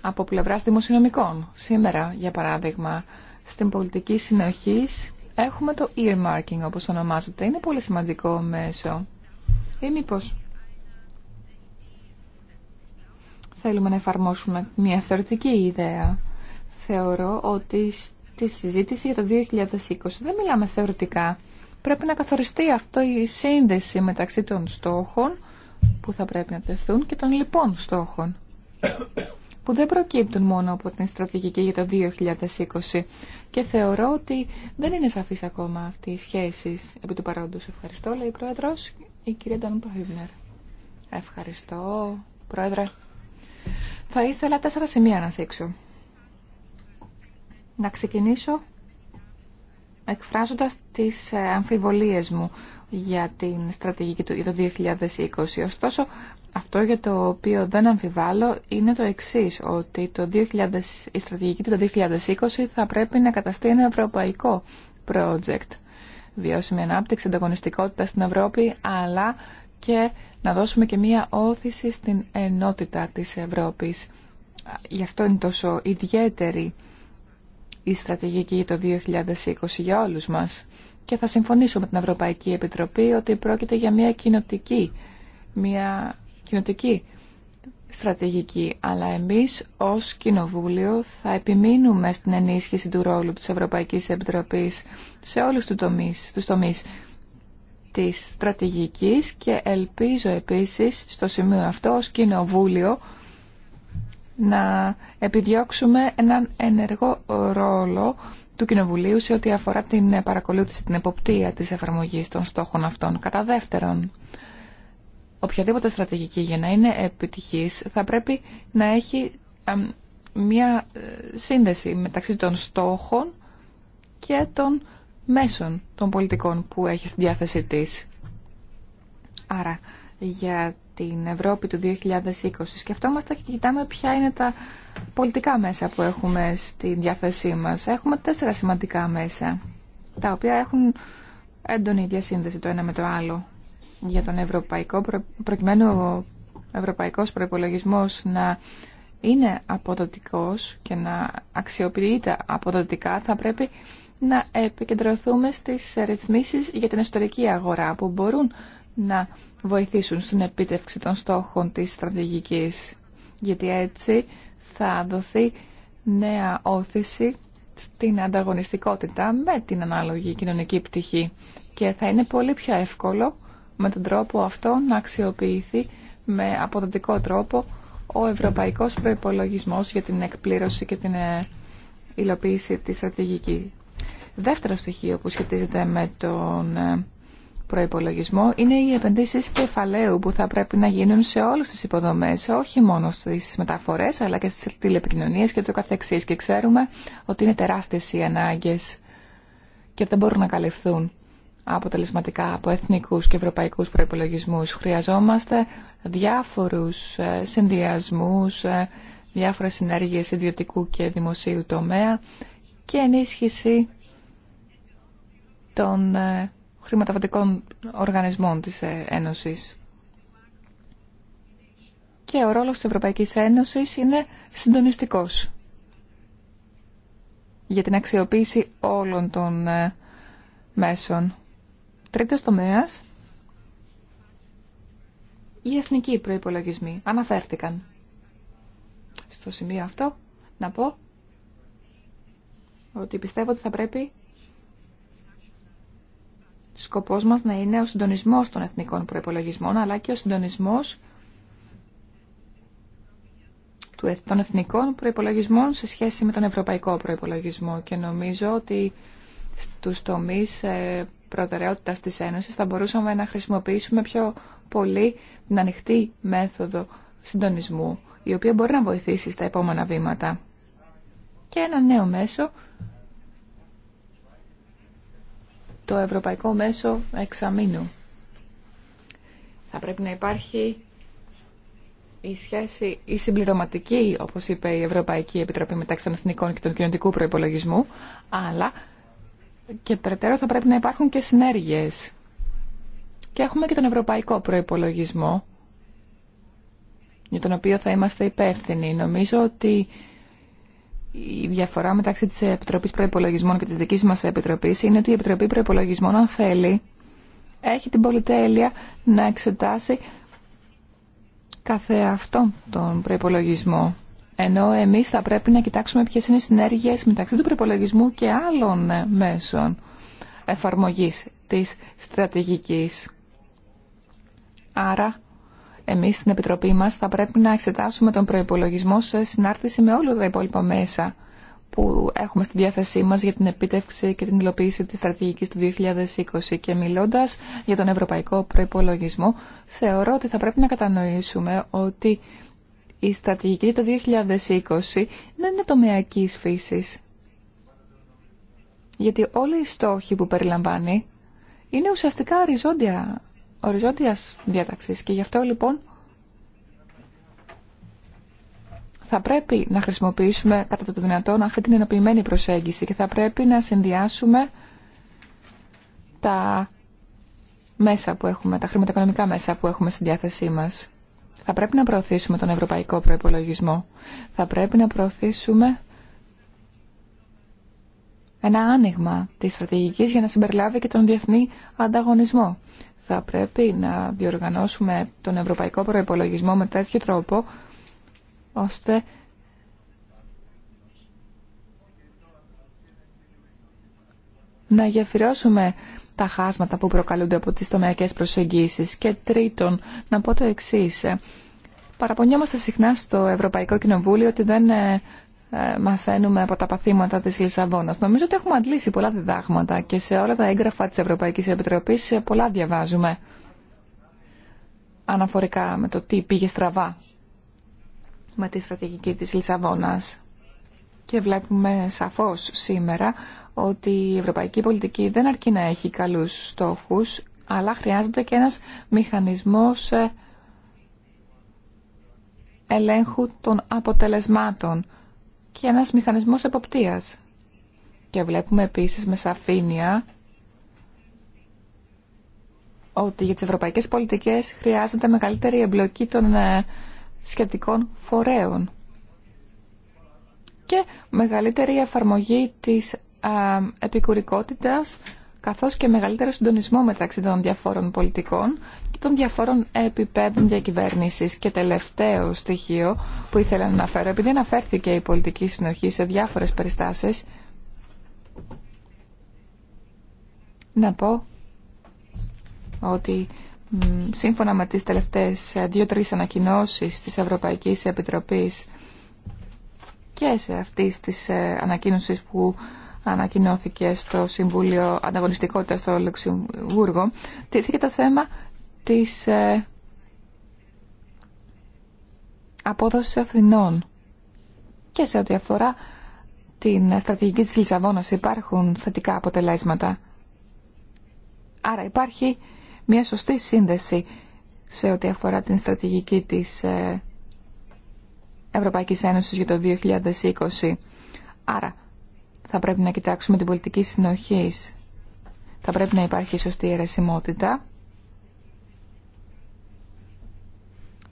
[SPEAKER 1] από πλευράς δημοσιονομικών. Σήμερα, για παράδειγμα, στην πολιτική συνοχής έχουμε το earmarking όπως ονομάζεται. Είναι πολύ σημαντικό μέσο ή ε, μήπω, θέλουμε να εφαρμόσουμε μια θεωρητική ιδέα. Θεωρώ ότι στη συζήτηση για το 2020 δεν μιλάμε θεωρητικά. Πρέπει να καθοριστεί αυτό η σύνδεση μεταξύ των στόχων που θα πρέπει να τεθούν και των λοιπών στόχων που δεν προκύπτουν μόνο από την στρατηγική για το 2020 και θεωρώ ότι δεν είναι σαφής ακόμα αυτή η σχέση επί του παρόντος. Ευχαριστώ, λέει η Πρόεδρος η κυρία Ντανούμπα Χίμπνερ. Ευχαριστώ, Πρόεδρε. Θα ήθελα τέσσερα σημεία να θίξω. Να ξεκινήσω εκφράζοντας τις ε, αμφιβολίες μου για την στρατηγική του το 2020. Ωστόσο, αυτό για το οποίο δεν αμφιβάλλω είναι το εξής, ότι το η στρατηγική του το 2020 θα πρέπει να καταστεί ένα ευρωπαϊκό project βιώσιμη ανάπτυξη, ανταγωνιστικότητα στην Ευρώπη, αλλά και να δώσουμε και μία όθηση στην ενότητα της Ευρώπης. Γι' αυτό είναι τόσο ιδιαίτερη η στρατηγική το 2020 για όλους μας. Και θα συμφωνήσω με την Ευρωπαϊκή Επιτροπή ότι πρόκειται για μία κοινοτική, μία κοινοτική στρατηγική, αλλά εμείς ως Κοινοβούλιο θα επιμείνουμε στην ενίσχυση του ρόλου της Ευρωπαϊκής Επιτροπής σε όλους τους τομείς, τους τομείς της στρατηγικής και ελπίζω επίσης στο σημείο αυτό ως κοινοβούλιο να επιδιώξουμε έναν ενεργό ρόλο του Κοινοβουλίου σε ό,τι αφορά την παρακολούθηση, την εποπτεία της εφαρμογής των στόχων αυτών. Κατά δεύτερον, οποιαδήποτε στρατηγική για να είναι επιτυχής θα πρέπει να έχει μια ε, σύνδεση μεταξύ των στόχων και των μέσων των πολιτικών που έχει στη διάθεσή της. Άρα, για την Ευρώπη του 2020 σκεφτόμαστε και κοιτάμε ποια είναι τα πολιτικά μέσα που έχουμε στη διάθεσή μας. Έχουμε τέσσερα σημαντικά μέσα, τα οποία έχουν έντονη διασύνδεση το ένα με το άλλο. Για τον ευρωπαϊκό, προ... προκειμένου ο ευρωπαϊκός προϋπολογισμός να είναι αποδοτικός και να αξιοποιείται αποδοτικά, θα πρέπει να επικεντρωθούμε στις ρυθμίσεις για την ιστορική αγορά που μπορούν να βοηθήσουν στην επίτευξη των στόχων της στρατηγικής. Γιατί έτσι θα δοθεί νέα όθηση στην ανταγωνιστικότητα με την ανάλογη κοινωνική πτυχή και θα είναι πολύ πιο εύκολο με τον τρόπο αυτό να αξιοποιηθεί με αποδοτικό τρόπο ο ευρωπαϊκός προϋπολογισμός για την εκπλήρωση και την ε, υλοποίηση της στρατηγικής Δεύτερο στοιχείο που σχετίζεται με τον ε, προϋπολογισμό είναι οι επενδύσεις κεφαλαίου που θα πρέπει να γίνουν σε όλες τις υποδομές, όχι μόνο στις μεταφορές αλλά και στις τηλεπικοινωνίες και το καθεξής. Και ξέρουμε ότι είναι τεράστιες οι ανάγκες και δεν μπορούν να καλυφθούν αποτελεσματικά από εθνικούς και ευρωπαϊκούς προϋπολογισμούς. Χρειαζόμαστε διάφορους ε, συνδυασμούς, ε, διάφορες συνέργειες ιδιωτικού και δημοσίου τομέα και ενίσχυση των ε, χρηματοδοτικών οργανισμών της ε, Ένωσης. Και ο ρόλος της Ευρωπαϊκής Ένωσης είναι συντονιστικός για την αξιοποίηση όλων των ε, μέσων. Τρίτος τομέας, οι εθνικοί προϋπολογισμοί αναφέρθηκαν. Στο σημείο αυτό να πω ότι πιστεύω ότι θα πρέπει Σκοπός μας να είναι ο συντονισμός των εθνικών προϋπολογισμών, αλλά και ο συντονισμός των εθνικών προϋπολογισμών σε σχέση με τον ευρωπαϊκό προϋπολογισμό. Και νομίζω ότι στους τομείς ε, προτεραιότητας της Ένωσης θα μπορούσαμε να χρησιμοποιήσουμε πιο πολύ την ανοιχτή μέθοδο συντονισμού, η οποία μπορεί να βοηθήσει στα επόμενα βήματα. Και ένα νέο μέσο το Ευρωπαϊκό Μέσο Εξαμήνου. Θα πρέπει να υπάρχει η σχέση, η συμπληρωματική, όπως είπε η Ευρωπαϊκή Επιτροπή μεταξύ των Εθνικών και των Κοινωνικού Προϋπολογισμού, αλλά και περαιτέρω θα πρέπει να υπάρχουν και συνέργειες. Και έχουμε και τον Ευρωπαϊκό Προϋπολογισμό, για τον οποίο θα είμαστε υπεύθυνοι. Νομίζω ότι η διαφορά μεταξύ της Επιτροπής Προϋπολογισμών και της δικής μας Επιτροπής είναι ότι η Επιτροπή Προϋπολογισμών, αν θέλει, έχει την πολυτέλεια να εξετάσει κάθε αυτό τον προϋπολογισμό. Ενώ εμείς θα πρέπει να κοιτάξουμε ποιες είναι οι συνέργειες μεταξύ του προϋπολογισμού και άλλων μέσων εφαρμογής της στρατηγικής. Άρα εμείς στην Επιτροπή μας θα πρέπει να εξετάσουμε τον προπολογισμό σε συνάρτηση με όλα τα υπόλοιπα μέσα που έχουμε στη διάθεσή μας για την επίτευξη και την υλοποίηση της στρατηγικής του 2020 και μιλώντας για τον ευρωπαϊκό προϋπολογισμό θεωρώ ότι θα πρέπει να κατανοήσουμε ότι η στρατηγική του 2020 δεν είναι τομεακής φύσης γιατί όλοι οι στόχοι που περιλαμβάνει είναι ουσιαστικά οριζόντια οριζόντιας διάταξης και γι' αυτό λοιπόν θα πρέπει να χρησιμοποιήσουμε κατά το δυνατόν αυτή την ενοποιημένη προσέγγιση και θα πρέπει να συνδυάσουμε τα μέσα που έχουμε, τα χρηματοοικονομικά μέσα που έχουμε στη διάθεσή μας. Θα πρέπει να προωθήσουμε τον ευρωπαϊκό προϋπολογισμό. Θα πρέπει να προωθήσουμε ένα άνοιγμα της στρατηγικής για να συμπεριλάβει και τον διεθνή ανταγωνισμό θα πρέπει να διοργανώσουμε τον ευρωπαϊκό προϋπολογισμό με τέτοιο τρόπο ώστε να γεφυρώσουμε τα χάσματα που προκαλούνται από τις τομεακές προσεγγίσεις. Και τρίτον, να πω το εξής. Ε, παραπονιόμαστε συχνά στο Ευρωπαϊκό Κοινοβούλιο ότι δεν ε, ε, μαθαίνουμε από τα παθήματα της Λισαβόνας. Νομίζω ότι έχουμε αντλήσει πολλά διδάγματα και σε όλα τα έγγραφα της Ευρωπαϊκής Επιτροπής ε, πολλά διαβάζουμε αναφορικά με το τι πήγε στραβά με τη στρατηγική της Λισαβόνας. Και βλέπουμε σαφώς σήμερα ότι η ευρωπαϊκή πολιτική δεν αρκεί να έχει καλούς στόχους, αλλά χρειάζεται και ένας μηχανισμός ε, ελέγχου των αποτελεσμάτων και ένας μηχανισμός εποπτείας. Και βλέπουμε επίσης με σαφήνεια ότι για τις ευρωπαϊκές πολιτικές χρειάζεται μεγαλύτερη εμπλοκή των ε, σχετικών φορέων και μεγαλύτερη εφαρμογή της επικουρικότητας καθώς και μεγαλύτερο συντονισμό μεταξύ των διαφόρων πολιτικών και των διαφόρων επιπέδων διακυβέρνησης. Και τελευταίο στοιχείο που ήθελα να αναφέρω, επειδή αναφέρθηκε η πολιτική συνοχή σε διάφορες περιστάσεις, να πω ότι σύμφωνα με τις τελευταίες δύο-τρεις ανακοινώσεις της Ευρωπαϊκής Επιτροπής και σε αυτή της ε, ανακοίνωση που ανακοινώθηκε στο Συμβούλιο Ανταγωνιστικότητας στο Λεξιμβούργο, τίθηκε το θέμα της ε, απόδοσης και σε ό,τι αφορά την στρατηγική της Λισαβόνας υπάρχουν θετικά αποτελέσματα. Άρα υπάρχει μια σωστή σύνδεση σε ό,τι αφορά την στρατηγική της ε, Ευρωπαϊκής Ένωσης για το 2020. Άρα θα πρέπει να κοιτάξουμε την πολιτική συνοχή. Θα πρέπει να υπάρχει σωστή αιρεσιμότητα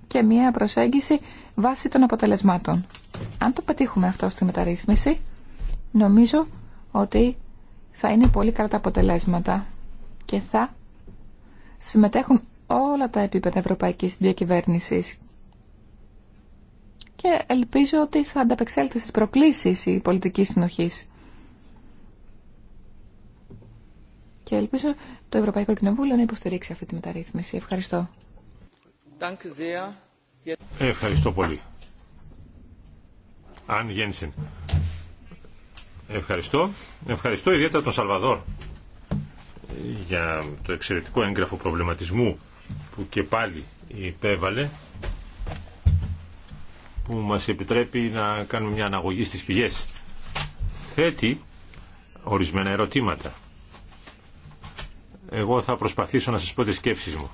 [SPEAKER 1] και μια προσέγγιση βάσει των αποτελεσμάτων. Αν το πετύχουμε αυτό στη μεταρρύθμιση, νομίζω ότι θα είναι πολύ καλά τα αποτελέσματα και θα συμμετέχουν όλα τα επίπεδα ευρωπαϊκής διακυβέρνησης και ελπίζω ότι θα ανταπεξέλθει στις προκλήσεις η πολιτική συνοχής. και ελπίζω το Ευρωπαϊκό Κοινοβούλιο να υποστηρίξει αυτή τη μεταρρύθμιση. Ευχαριστώ.
[SPEAKER 4] Ευχαριστώ πολύ. Αν Γένσεν. Ευχαριστώ. Ευχαριστώ ιδιαίτερα τον Σαλβαδόρ για το εξαιρετικό έγγραφο προβληματισμού που και πάλι υπέβαλε που μας επιτρέπει να κάνουμε μια αναγωγή στις πηγές. Θέτει ορισμένα ερωτήματα εγώ θα προσπαθήσω να σας πω τις σκέψεις μου.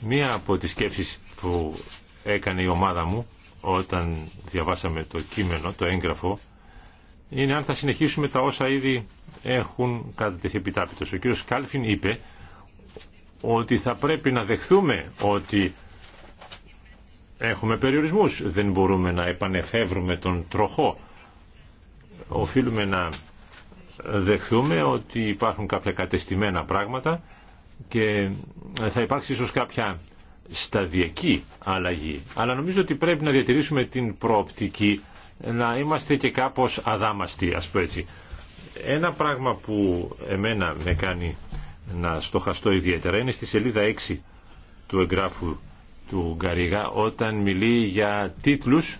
[SPEAKER 4] Μία από τις σκέψεις που έκανε η ομάδα μου όταν διαβάσαμε το κείμενο, το έγγραφο, είναι αν θα συνεχίσουμε τα όσα ήδη έχουν κατατεθεί επιτάπητος. Ο κύριος Κάλφιν είπε ότι θα πρέπει να δεχθούμε ότι έχουμε περιορισμούς. Δεν μπορούμε να επανεφεύρουμε τον τροχό. Οφείλουμε να δεχθούμε ότι υπάρχουν κάποια κατεστημένα πράγματα και θα υπάρξει ίσως κάποια σταδιακή αλλαγή. Αλλά νομίζω ότι πρέπει να διατηρήσουμε την προοπτική να είμαστε και κάπως αδάμαστοι, ας πω έτσι. Ένα πράγμα που εμένα με κάνει να στοχαστώ ιδιαίτερα είναι στη σελίδα 6 του εγγράφου του Γκαρίγα όταν μιλεί για τίτλους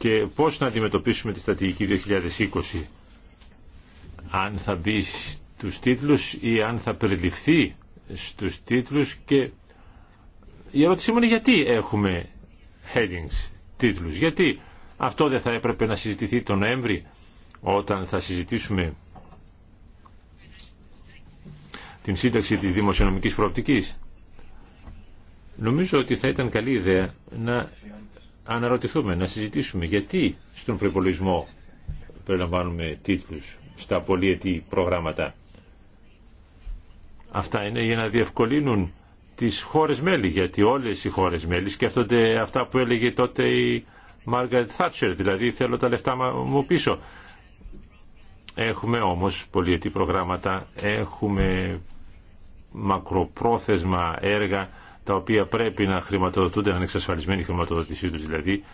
[SPEAKER 4] και πώς να αντιμετωπίσουμε τη στρατηγική 2020 αν θα μπει στους τίτλους ή αν θα περιληφθεί στους τίτλους και η ερώτησή μου είναι γιατί έχουμε headings, τίτλους, γιατί αυτό δεν θα έπρεπε να συζητηθεί τον Νοέμβρη όταν θα συζητήσουμε την σύνταξη της δημοσιονομικής προοπτικής. Νομίζω ότι θα ήταν καλή ιδέα να αναρωτηθούμε, να συζητήσουμε γιατί στον προπολογισμό περιλαμβάνουμε τίτλους στα πολιετή προγράμματα. Αυτά είναι για να διευκολύνουν τις χώρες μέλη, γιατί όλες οι χώρες μέλη σκέφτονται αυτά που έλεγε τότε η Margaret Θάτσερ, δηλαδή θέλω τα λεφτά μου πίσω. Έχουμε όμως πολιετή προγράμματα, έχουμε μακροπρόθεσμα έργα, τα οποία πρέπει να χρηματοδοτούνται, να είναι εξασφαλισμένη η χρηματοδότησή τους δηλαδή.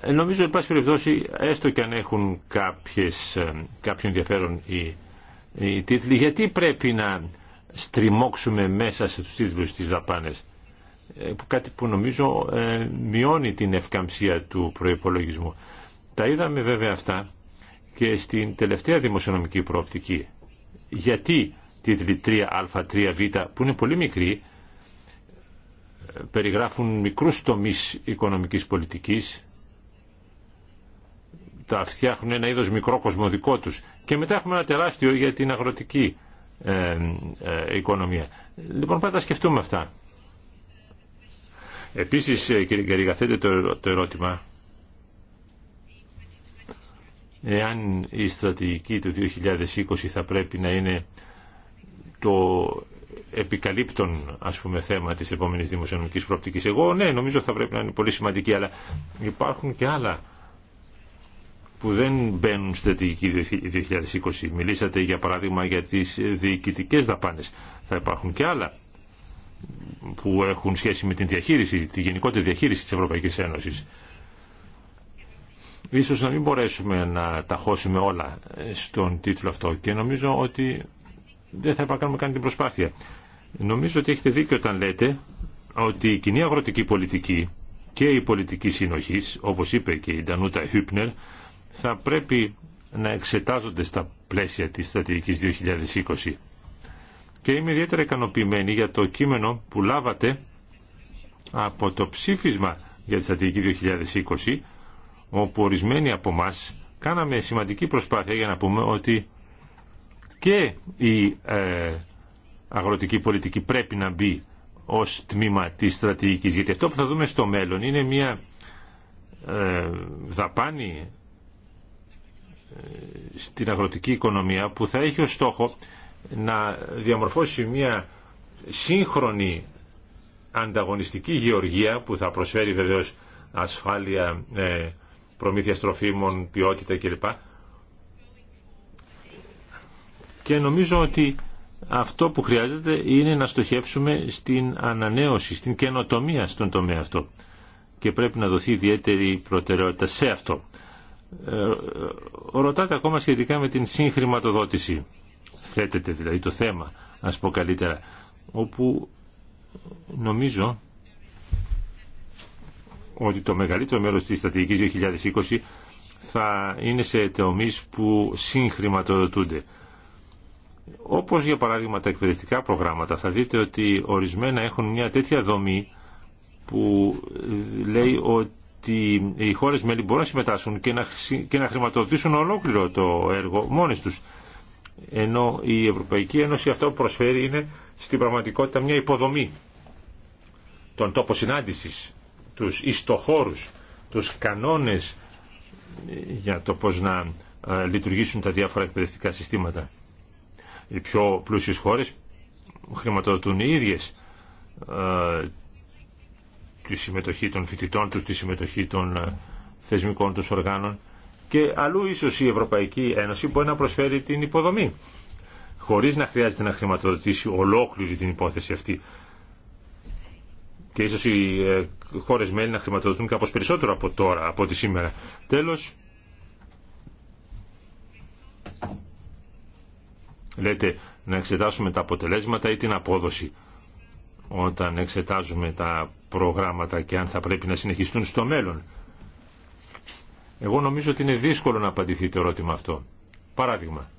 [SPEAKER 4] Ε, νομίζω, εν πάση περιπτώσει, έστω και αν έχουν κάποιες, ε, κάποιο ενδιαφέρον οι, οι τίτλοι, γιατί πρέπει να στριμώξουμε μέσα σε τους τίτλους τις δαπάνες, ε, κάτι που νομίζω μειώνει την ευκαμψία του προϋπολογισμού. Τα είδαμε βέβαια αυτά και στην τελευταία δημοσιονομική προοπτική. Γιατί τίτλοι 3α, 3β που είναι πολύ μικροί περιγράφουν μικρούς τομείς οικονομικής πολιτικής, τα φτιάχνουν ένα είδος μικρό κοσμοδικό τους και μετά έχουμε ένα τεράστιο για την αγροτική ε, ε, οικονομία. Λοιπόν, πάντα σκεφτούμε αυτά. Επίσης, ε, κύριε Γκαρίγα, το, το ερώτημα εάν η στρατηγική του 2020 θα πρέπει να είναι το επικαλύπτων ας πούμε θέμα της επόμενης δημοσιονομικής προοπτικής. Εγώ ναι νομίζω θα πρέπει να είναι πολύ σημαντική αλλά υπάρχουν και άλλα που δεν μπαίνουν στη στρατηγική 2020. Μιλήσατε για παράδειγμα για τις διοικητικές δαπάνες. Θα υπάρχουν και άλλα που έχουν σχέση με την διαχείριση, τη γενικότερη διαχείριση της Ευρωπαϊκής Ένωσης. Ίσως να μην μπορέσουμε να ταχώσουμε όλα στον τίτλο αυτό και νομίζω ότι δεν θα επακάνουμε καν την προσπάθεια. Νομίζω ότι έχετε δίκιο όταν λέτε ότι η κοινή αγροτική πολιτική και η πολιτική συνοχή, όπως είπε και η Ντανούτα Χούπνερ, θα πρέπει να εξετάζονται στα πλαίσια της στρατηγικής 2020. Και είμαι ιδιαίτερα ικανοποιημένη για το κείμενο που λάβατε από το ψήφισμα για τη στρατηγική 2020, όπου ορισμένοι από εμά κάναμε σημαντική προσπάθεια για να πούμε ότι και η ε, αγροτική πολιτική πρέπει να μπει ως τμήμα της στρατηγικής. Γιατί αυτό που θα δούμε στο μέλλον είναι μια ε, δαπάνη ε, στην αγροτική οικονομία που θα έχει ως στόχο να διαμορφώσει μια σύγχρονη ανταγωνιστική γεωργία που θα προσφέρει βεβαίως ασφάλεια, προμήθεια τροφίμων, ποιότητα κλπ. Και νομίζω ότι αυτό που χρειάζεται είναι να στοχεύσουμε στην ανανέωση, στην καινοτομία στον τομέα αυτό. Και πρέπει να δοθεί ιδιαίτερη προτεραιότητα σε αυτό. Ε, ε, ρωτάτε ακόμα σχετικά με την συγχρηματοδότηση. Θέτεται δηλαδή το θέμα, ας πω καλύτερα, όπου νομίζω ότι το μεγαλύτερο μέρος της στρατηγικής 2020 θα είναι σε τομείς που συγχρηματοδοτούνται. Όπως για παράδειγμα τα εκπαιδευτικά προγράμματα θα δείτε ότι ορισμένα έχουν μια τέτοια δομή που λέει ότι οι χώρες μέλη μπορούν να συμμετάσχουν και να χρηματοδοτήσουν ολόκληρο το έργο μόνες τους. Ενώ η Ευρωπαϊκή Ένωση αυτό που προσφέρει είναι στην πραγματικότητα μια υποδομή τον τόπο συνάντησης, τους ιστοχώρους, τους κανόνες για το πώς να ε, λειτουργήσουν τα διάφορα εκπαιδευτικά συστήματα. Οι πιο πλούσιες χώρες χρηματοδοτούν οι ίδιες ε, τη συμμετοχή των φοιτητών τους, τη συμμετοχή των ε, θεσμικών τους οργάνων και αλλού ίσως η Ευρωπαϊκή Ένωση μπορεί να προσφέρει την υποδομή χωρίς να χρειάζεται να χρηματοδοτήσει ολόκληρη την υπόθεση αυτή και ίσως οι ε, χώρες μέλη να χρηματοδοτούν κάπως περισσότερο από τώρα, από τη σήμερα. Τέλος, Λέτε να εξετάσουμε τα αποτελέσματα ή την απόδοση όταν εξετάζουμε τα προγράμματα και αν θα πρέπει να συνεχιστούν στο μέλλον. Εγώ νομίζω ότι είναι δύσκολο να απαντηθεί το ερώτημα αυτό. Παράδειγμα,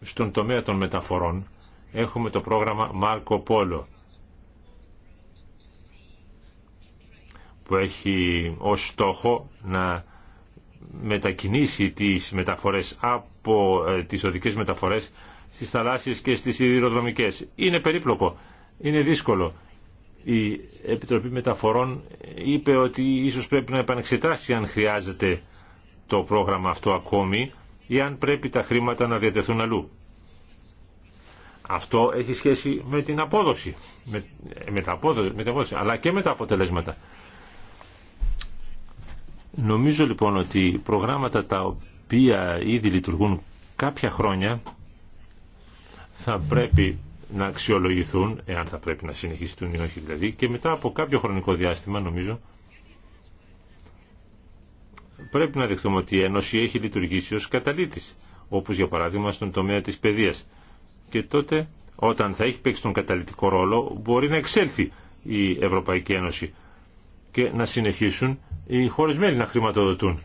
[SPEAKER 4] στον τομέα των μεταφορών έχουμε το πρόγραμμα Μάρκο Πόλο που έχει ως στόχο να μετακινήσει τις μεταφορές από ε, τις οδικές μεταφορές στις θαλάσσιες και στις ιδηροδρομικές. Είναι περίπλοκο, είναι δύσκολο. Η Επιτροπή Μεταφορών είπε ότι ίσως πρέπει να επανεξετάσει αν χρειάζεται το πρόγραμμα αυτό ακόμη ή αν πρέπει τα χρήματα να διατεθούν αλλού. Αυτό έχει σχέση με την απόδοση, με, με, τα απόδοση αλλά και με τα αποτελέσματα. Νομίζω λοιπόν ότι προγράμματα τα οποία ήδη λειτουργούν κάποια χρόνια θα πρέπει να αξιολογηθούν, εάν θα πρέπει να συνεχιστούν ή όχι δηλαδή, και μετά από κάποιο χρονικό διάστημα νομίζω πρέπει να δεχτούμε ότι η Ένωση έχει λειτουργήσει ως καταλήτης, όπως για παράδειγμα στον τομέα της παιδείας. Και τότε όταν θα έχει παίξει τον καταλητικό ρόλο μπορεί να δεχθουμε οτι η Ευρωπαϊκή Ένωση και να συνεχίσουν οι χώρες μέλη να χρηματοδοτούν.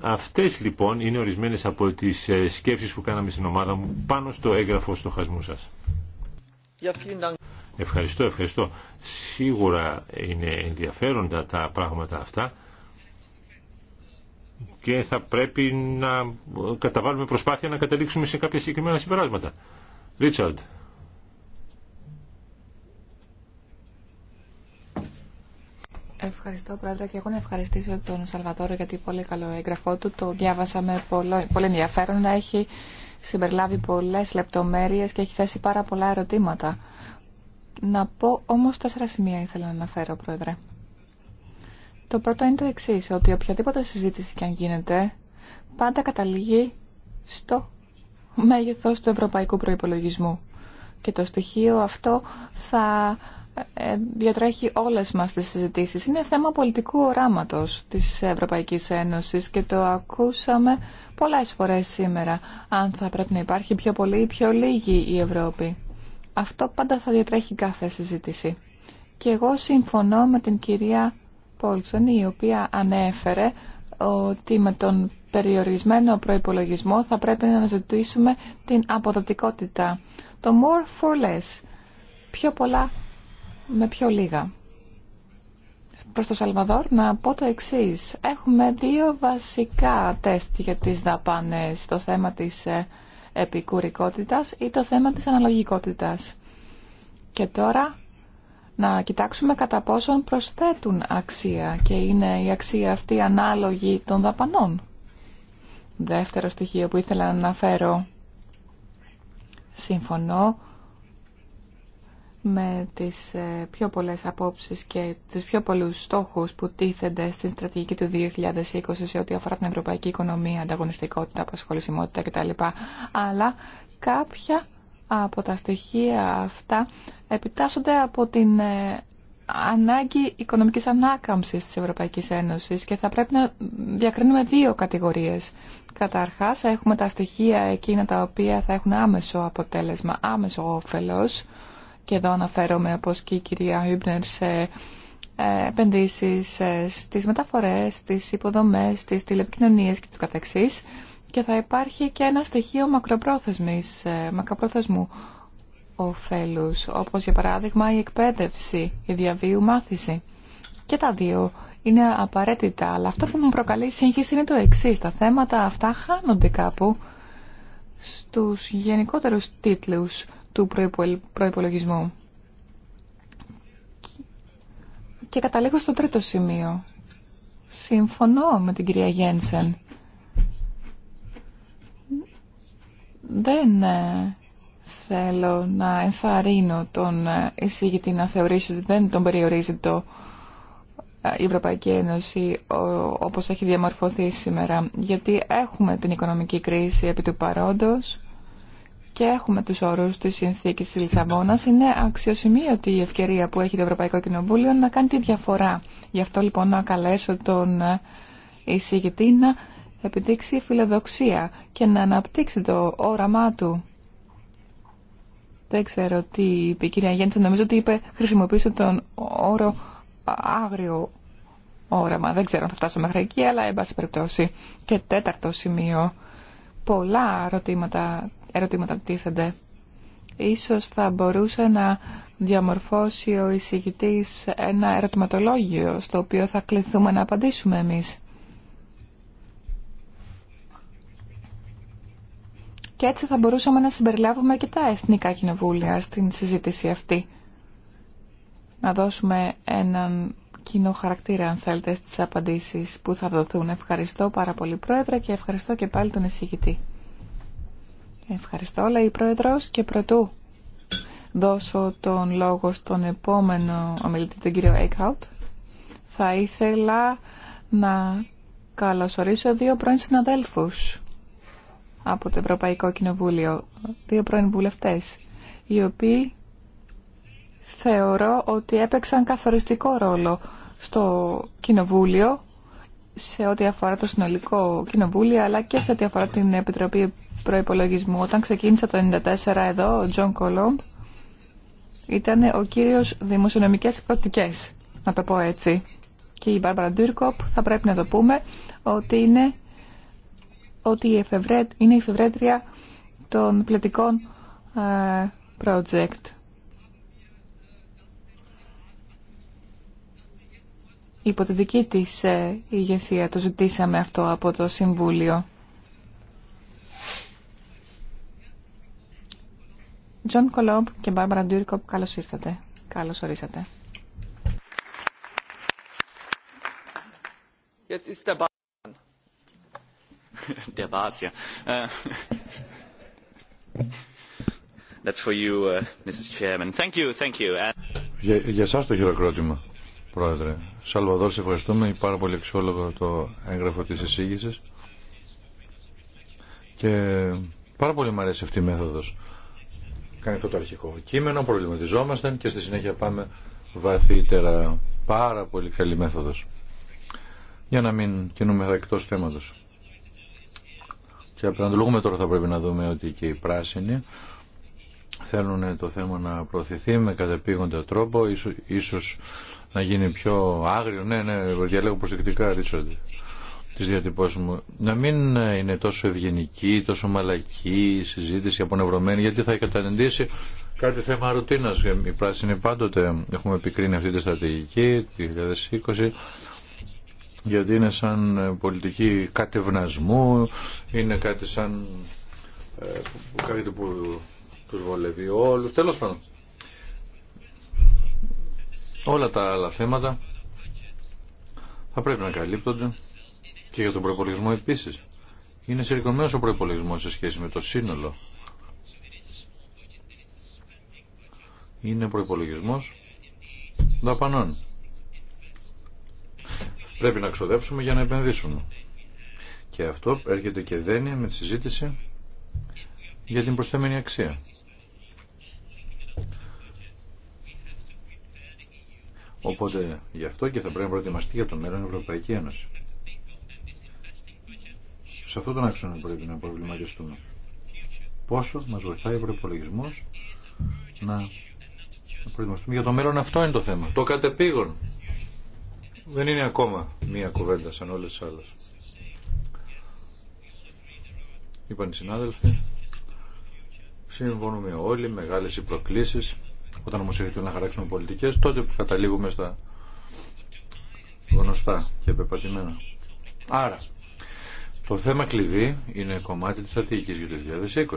[SPEAKER 4] Αυτές λοιπόν είναι ορισμένες από τις ε, σκέψεις που κάναμε στην ομάδα μου πάνω στο έγγραφο χασμού σας. Ευχαριστώ, ευχαριστώ. Σίγουρα είναι ενδιαφέροντα τα πράγματα αυτά και θα πρέπει να ε, καταβάλουμε προσπάθεια να καταλήξουμε σε κάποια συγκεκριμένα συμπεράσματα. Ρίτσαρντ.
[SPEAKER 1] Ευχαριστώ, Πρόεδρε, και εγώ να ευχαριστήσω τον Σαλβατόρο για την πολύ καλό έγγραφό του. Το διάβασα με πολύ, πολύ ενδιαφέρον. Έχει συμπεριλάβει πολλές λεπτομέρειες και έχει θέσει πάρα πολλά ερωτήματα. Να πω όμως τέσσερα σημεία ήθελα να αναφέρω, Πρόεδρε. Το πρώτο είναι το εξή ότι οποιαδήποτε συζήτηση και αν γίνεται, πάντα καταλήγει στο μέγεθος του ευρωπαϊκού προϋπολογισμού. Και το στοιχείο αυτό θα ε, διατρέχει όλες μας τις συζητήσεις. Είναι θέμα πολιτικού οράματος της Ευρωπαϊκής Ένωσης και το ακούσαμε πολλές φορές σήμερα. Αν θα πρέπει να υπάρχει πιο πολύ ή πιο λίγη η Ευρώπη. Αυτό πάντα θα διατρέχει κάθε συζήτηση. Και εγώ συμφωνώ με την κυρία Πόλτσον η οποία ανέφερε ότι με τον περιορισμένο προϋπολογισμό θα πρέπει να αναζητήσουμε την αποδοτικότητα. Το more for less. Πιο πολλά με πιο λίγα. Προς το Σαλβαδόρ να πω το εξής. Έχουμε δύο βασικά τεστ για τις δαπάνες. Το θέμα της ε, επικουρικότητας ή το θέμα της αναλογικότητας. Και τώρα να κοιτάξουμε κατά πόσον προσθέτουν αξία και είναι η αξία αυτή ανάλογη των δαπανών. Δεύτερο στοιχείο που ήθελα να αναφέρω. Συμφωνώ με τις ε, πιο πολλές απόψεις και τους πιο πολλούς στόχους που τίθενται στην στρατηγική του 2020 σε ό,τι αφορά την ευρωπαϊκή οικονομία, ανταγωνιστικότητα, απασχολησιμότητα κτλ. Αλλά κάποια από τα στοιχεία αυτά επιτάσσονται από την ε, ανάγκη οικονομικής ανάκαμψης της Ευρωπαϊκής Ένωσης και θα πρέπει να διακρίνουμε δύο κατηγορίες. Καταρχάς, έχουμε τα στοιχεία εκείνα τα οποία θα έχουν άμεσο αποτέλεσμα, άμεσο όφελος, και εδώ αναφέρομαι όπως και η κυρία Χίμπνερ σε ε, επενδύσεις ε, στις μεταφορές, στις υποδομές, στις τηλεπικοινωνίες και του καθεξής και θα υπάρχει και ένα στοιχείο μακροπρόθεσμης, ε, μακροπρόθεσμου ωφέλους, όπως για παράδειγμα η εκπαίδευση, η διαβίου μάθηση. Και τα δύο είναι απαραίτητα, αλλά αυτό που μου προκαλεί σύγχυση είναι το εξή. Τα θέματα αυτά χάνονται κάπου στους γενικότερους τίτλους του προϋπολογισμού. Και καταλήγω στο τρίτο σημείο. Συμφωνώ με την κυρία Γένσεν. Δεν ε, θέλω να ενθαρρύνω τον ε, εισηγητή να θεωρήσει ότι δεν τον περιορίζει το ε, η Ευρωπαϊκή Ένωση όπως έχει διαμορφωθεί σήμερα. Γιατί έχουμε την οικονομική κρίση επί του παρόντος και έχουμε τους όρους της συνθήκης της Λισαβόνας, είναι αξιοσημείωτη η ευκαιρία που έχει το Ευρωπαϊκό Κοινοβούλιο να κάνει τη διαφορά. Γι' αυτό λοιπόν να καλέσω τον εισηγητή να επιδείξει φιλοδοξία και να αναπτύξει το όραμά του. Δεν ξέρω τι είπε η κυρία Γέντσα, νομίζω ότι είπε χρησιμοποιήσε τον όρο άγριο όραμα. Δεν ξέρω αν θα φτάσω μέχρι εκεί, αλλά εν περιπτώσει. Και τέταρτο σημείο. Πολλά ερωτήματα ερωτήματα τίθενται. Ίσως θα μπορούσε να διαμορφώσει ο εισηγητής ένα ερωτηματολόγιο στο οποίο θα κληθούμε να απαντήσουμε εμείς. Και έτσι θα μπορούσαμε να συμπεριλάβουμε και τα εθνικά κοινοβούλια στην συζήτηση αυτή. Να δώσουμε έναν κοινό χαρακτήρα, αν θέλετε, στις απαντήσεις που θα δοθούν. Ευχαριστώ πάρα πολύ, Πρόεδρε, και ευχαριστώ και πάλι τον εισηγητή. Ευχαριστώ, λέει η Πρόεδρος και πρωτού δώσω τον λόγο στον επόμενο ομιλητή, τον κύριο Έκχαουτ. Θα ήθελα να καλωσορίσω δύο πρώην συναδέλφους από το Ευρωπαϊκό Κοινοβούλιο, δύο πρώην βουλευτές, οι οποίοι θεωρώ ότι έπαιξαν καθοριστικό ρόλο στο Κοινοβούλιο σε ό,τι αφορά το συνολικό Κοινοβούλιο αλλά και σε ό,τι αφορά την Επιτροπή προϋπολογισμού. Όταν ξεκίνησα το 1994 εδώ, ο Τζον Κολόμπ ήταν ο κύριος δημοσιονομικές προοπτικές, να το πω έτσι. Και η Μπάρμπαρα Ντούρκοπ θα πρέπει να το πούμε ότι είναι, ότι η εφευρέ, είναι η εφευρέτρια των πλετικών ε, project. Υπό τη δική της ε, ηγεσία το ζητήσαμε αυτό από το Συμβούλιο. Τζον Κολόμπ και Μπάρμπαρα Ντούρκοπ, καλώς ήρθατε. Καλώς ορίσατε.
[SPEAKER 2] Jetzt ist der <laughs> Der war's, ja. Äh. That's for you, äh, Mrs. Chairman. Thank you, thank you.
[SPEAKER 3] Για, για σας το χειροκρότημα, Πρόεδρε. Σαλβαδόρ, σε ευχαριστούμε. Πάρα πολύ αξιόλογο το έγγραφο της εισήγησης. Και πάρα πολύ μου αρέσει αυτή η μέθοδος κάνει αυτό το αρχικό κείμενο, προβληματιζόμαστε και στη συνέχεια πάμε βαθύτερα. Πάρα πολύ καλή μέθοδος. Για να μην κινούμε εκτός θέματος. Και απέναντιλογούμε τώρα θα πρέπει να δούμε ότι και οι πράσινοι θέλουν το θέμα να προωθηθεί με κατεπήγοντα τρόπο, ίσως, ίσως να γίνει πιο άγριο. Ναι, ναι, διαλέγω προσεκτικά, Ρίτσαρντ τις διατυπώσεις μου να μην είναι τόσο ευγενική, τόσο μαλακή η συζήτηση απονευρωμένη γιατί θα καταντήσει κάτι θέμα ρουτίνας. Η πράσινη πάντοτε έχουμε επικρίνει αυτή τη στρατηγική του 2020 γιατί είναι σαν πολιτική κατευνασμού, είναι κάτι σαν ε, κάτι που τους βολεύει όλους. Τέλος πάντων, όλα τα άλλα θέματα θα πρέπει να καλύπτονται και για τον προπολογισμό επίσης. Είναι συρρικωμένος ο προπολογισμό σε σχέση με το σύνολο. Είναι προπολογισμό δαπανών. Πρέπει να ξοδέψουμε για να επενδύσουμε. Και αυτό έρχεται και δένεια με τη συζήτηση για την προσθέμενη αξία. Οπότε γι' αυτό και θα πρέπει να προετοιμαστεί για το μέλλον Ευρωπαϊκή Ένωση. Σε αυτόν τον άξονα πρέπει να προβληματιστούμε. Πόσο μα βοηθάει ο προπολογισμό να προετοιμαστούμε για το μέλλον. Αυτό είναι το θέμα. Το κατεπήγον. Δεν είναι ακόμα μία κουβέντα σαν όλε τι άλλε. Είπαν οι συνάδελφοι, συμφωνούμε όλοι, μεγάλε οι προκλήσει. Όταν όμω έρχεται να χαράξουμε πολιτικέ τότε που καταλήγουμε στα γνωστά και πεπατημένα. Άρα, το θέμα κλειδί είναι κομμάτι της στρατηγικής για το 2020.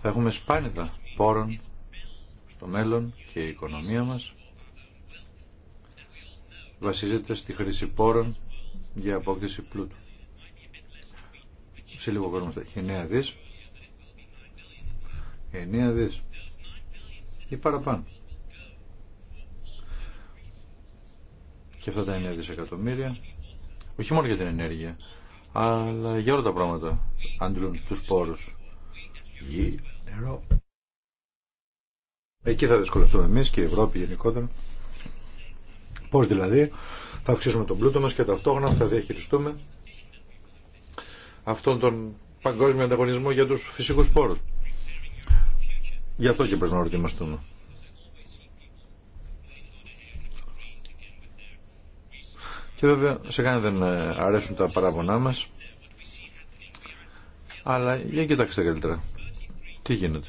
[SPEAKER 3] Θα έχουμε σπάνιτα πόρων στο μέλλον και η οικονομία μας βασίζεται στη χρήση πόρων για απόκτηση πλούτου. Σε λίγο κόσμο έχει 9 δις 9 δις ή παραπάνω. Και αυτά τα 9 δισεκατομμύρια όχι μόνο για την ενέργεια, αλλά για όλα τα πράγματα αντλούν τους πόρους. Γη, νερό. Εκεί θα δυσκολευτούμε εμείς και η Ευρώπη γενικότερα. Πώς δηλαδή θα αυξήσουμε τον πλούτο μας και ταυτόχρονα θα διαχειριστούμε αυτόν τον παγκόσμιο ανταγωνισμό για τους φυσικούς πόρους. Γι' αυτό και πρέπει να ρωτήμαστούμε. Και βέβαια σε κανένα δεν ε, αρέσουν τα παράπονά μας. Αλλά για κοιτάξτε καλύτερα. Τι γίνεται.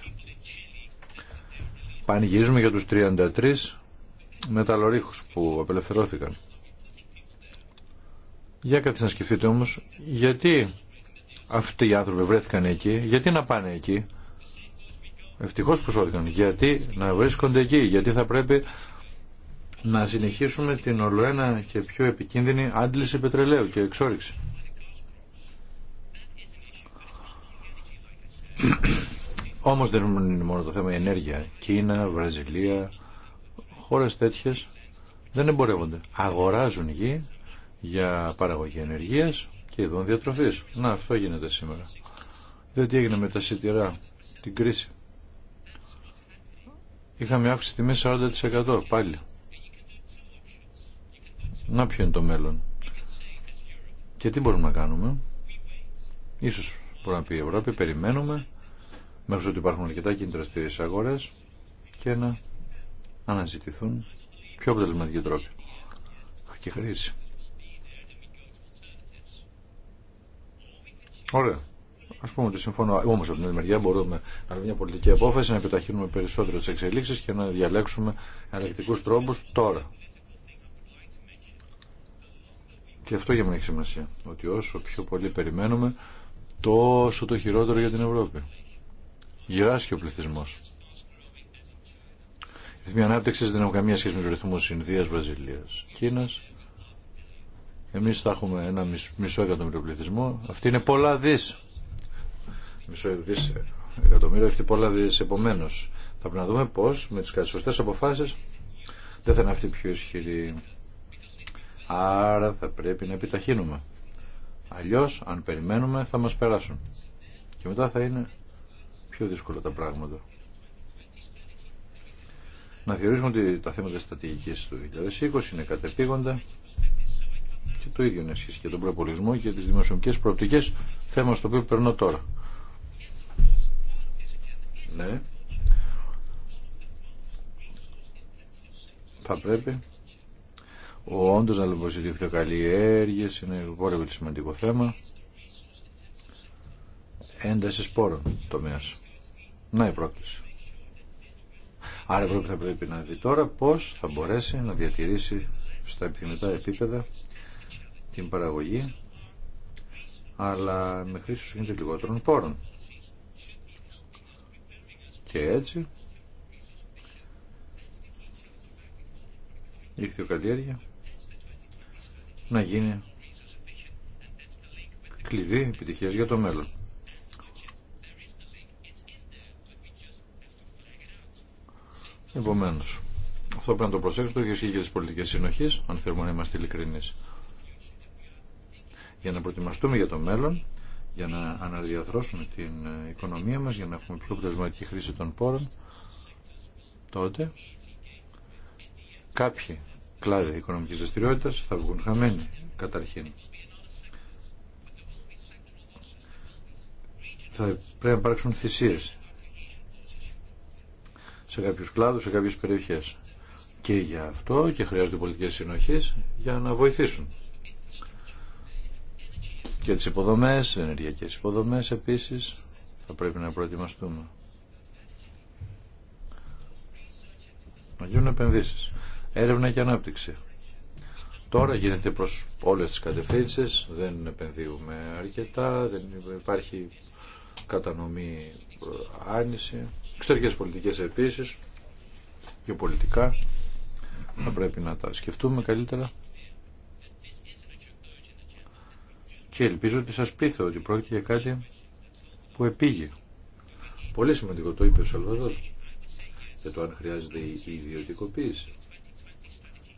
[SPEAKER 3] Πανηγυρίζουμε για τους 33 μεταλλορίχους που απελευθερώθηκαν. Για κάτι να σκεφτείτε όμως γιατί αυτοί οι άνθρωποι βρέθηκαν εκεί, γιατί να πάνε εκεί. Ευτυχώς που σώθηκαν. Γιατί να βρίσκονται εκεί, γιατί θα πρέπει να συνεχίσουμε την ολοένα και πιο επικίνδυνη άντληση πετρελαίου και εξόριξη. Όμως δεν είναι μόνο το θέμα η ενέργεια. Κίνα, Βραζιλία, χώρες τέτοιες δεν εμπορεύονται. Αγοράζουν γη για παραγωγή ενεργείας και ειδών διατροφής. Να, αυτό γίνεται σήμερα. Δεν τι έγινε με τα σιτηρά, την κρίση. Είχαμε αύξηση τιμή 40% πάλι. Να ποιο είναι το μέλλον. Και τι μπορούμε να κάνουμε. Ίσως μπορεί να πει η Ευρώπη, περιμένουμε μέχρι ότι υπάρχουν αρκετά κίνητρα στις αγορές και να αναζητηθούν πιο αποτελεσματικοί τρόποι και χρήση. Ωραία. Α πούμε ότι συμφωνώ. Όμω από την άλλη μεριά μπορούμε να μια πολιτική απόφαση, να επιταχύνουμε περισσότερο τι εξελίξει και να διαλέξουμε εναλλακτικού τρόπου τώρα. Και αυτό για μένα έχει σημασία. Ότι όσο πιο πολύ περιμένουμε, τόσο το χειρότερο για την Ευρώπη. Γυράσκει ο πληθυσμό. Οι ρυθμοί ανάπτυξη δεν έχουν καμία σχέση με του ρυθμού Ινδία, Βραζιλία, Κίνα. Εμεί θα έχουμε ένα μισό εκατομμύριο πληθυσμό. Αυτή είναι πολλά δι. Μισό εκατομμύριο, αυτή πολλά δι. Επομένω, θα πρέπει να δούμε πώ με τι σωστέ αποφάσει δεν θα είναι αυτή πιο ισχυρή. Άρα θα πρέπει να επιταχύνουμε. Αλλιώς, αν περιμένουμε, θα μας περάσουν. Και μετά θα είναι πιο δύσκολα τα πράγματα. Να θεωρήσουμε ότι τα θέματα στρατηγικής του 2020 είναι κατεπήγοντα και το ίδιο είναι σχέση και τον προεπολισμό και τις δημοσιονομικές προοπτικές θέμα στο οποίο περνώ τώρα. Ναι. Θα πρέπει ο όντω να λεμπορήσει δικτυοκαλλιέργειες είναι πολύ πολύ σημαντικό θέμα ένταση σπόρων τομέα. να η πρόκληση άρα η θα πρέπει να δει τώρα πως θα μπορέσει να διατηρήσει στα επιθυμητά επίπεδα την παραγωγή αλλά με χρήση γίνεται λιγότερων πόρων και έτσι η ηχθειοκαλλιέργεια να γίνει κλειδί επιτυχίας για το μέλλον. Επομένω, αυτό πρέπει να το προσέξουμε. Το ίδιο ισχύει για τι πολιτικέ αν θέλουμε να είμαστε ειλικρινεί. Για να προετοιμαστούμε για το μέλλον, για να αναδιαθρώσουμε την οικονομία μα, για να έχουμε πιο αποτελεσματική χρήση των πόρων, τότε κάποιοι κλάδοι οικονομικής δραστηριότητα θα βγουν χαμένοι καταρχήν. Θα πρέπει να υπάρξουν θυσίες σε κάποιους κλάδους, σε κάποιες περιοχές. Και για αυτό και χρειάζονται πολιτικές συνοχές για να βοηθήσουν. Και τις υποδομές, ενεργειακές υποδομές επίσης, θα πρέπει να προετοιμαστούμε. Να γίνουν επενδύσεις έρευνα και ανάπτυξη. Τώρα γίνεται προς όλες τις κατευθύνσεις, δεν επενδύουμε αρκετά, δεν υπάρχει κατανομή άνηση, εξωτερικές πολιτικές επίσης, γεωπολιτικά, θα πρέπει να τα σκεφτούμε καλύτερα. Και ελπίζω ότι σας πείθω ότι πρόκειται για κάτι που επήγε. Πολύ σημαντικό το είπε ο Σαλβαδόρ για το αν χρειάζεται η ιδιωτικοποίηση.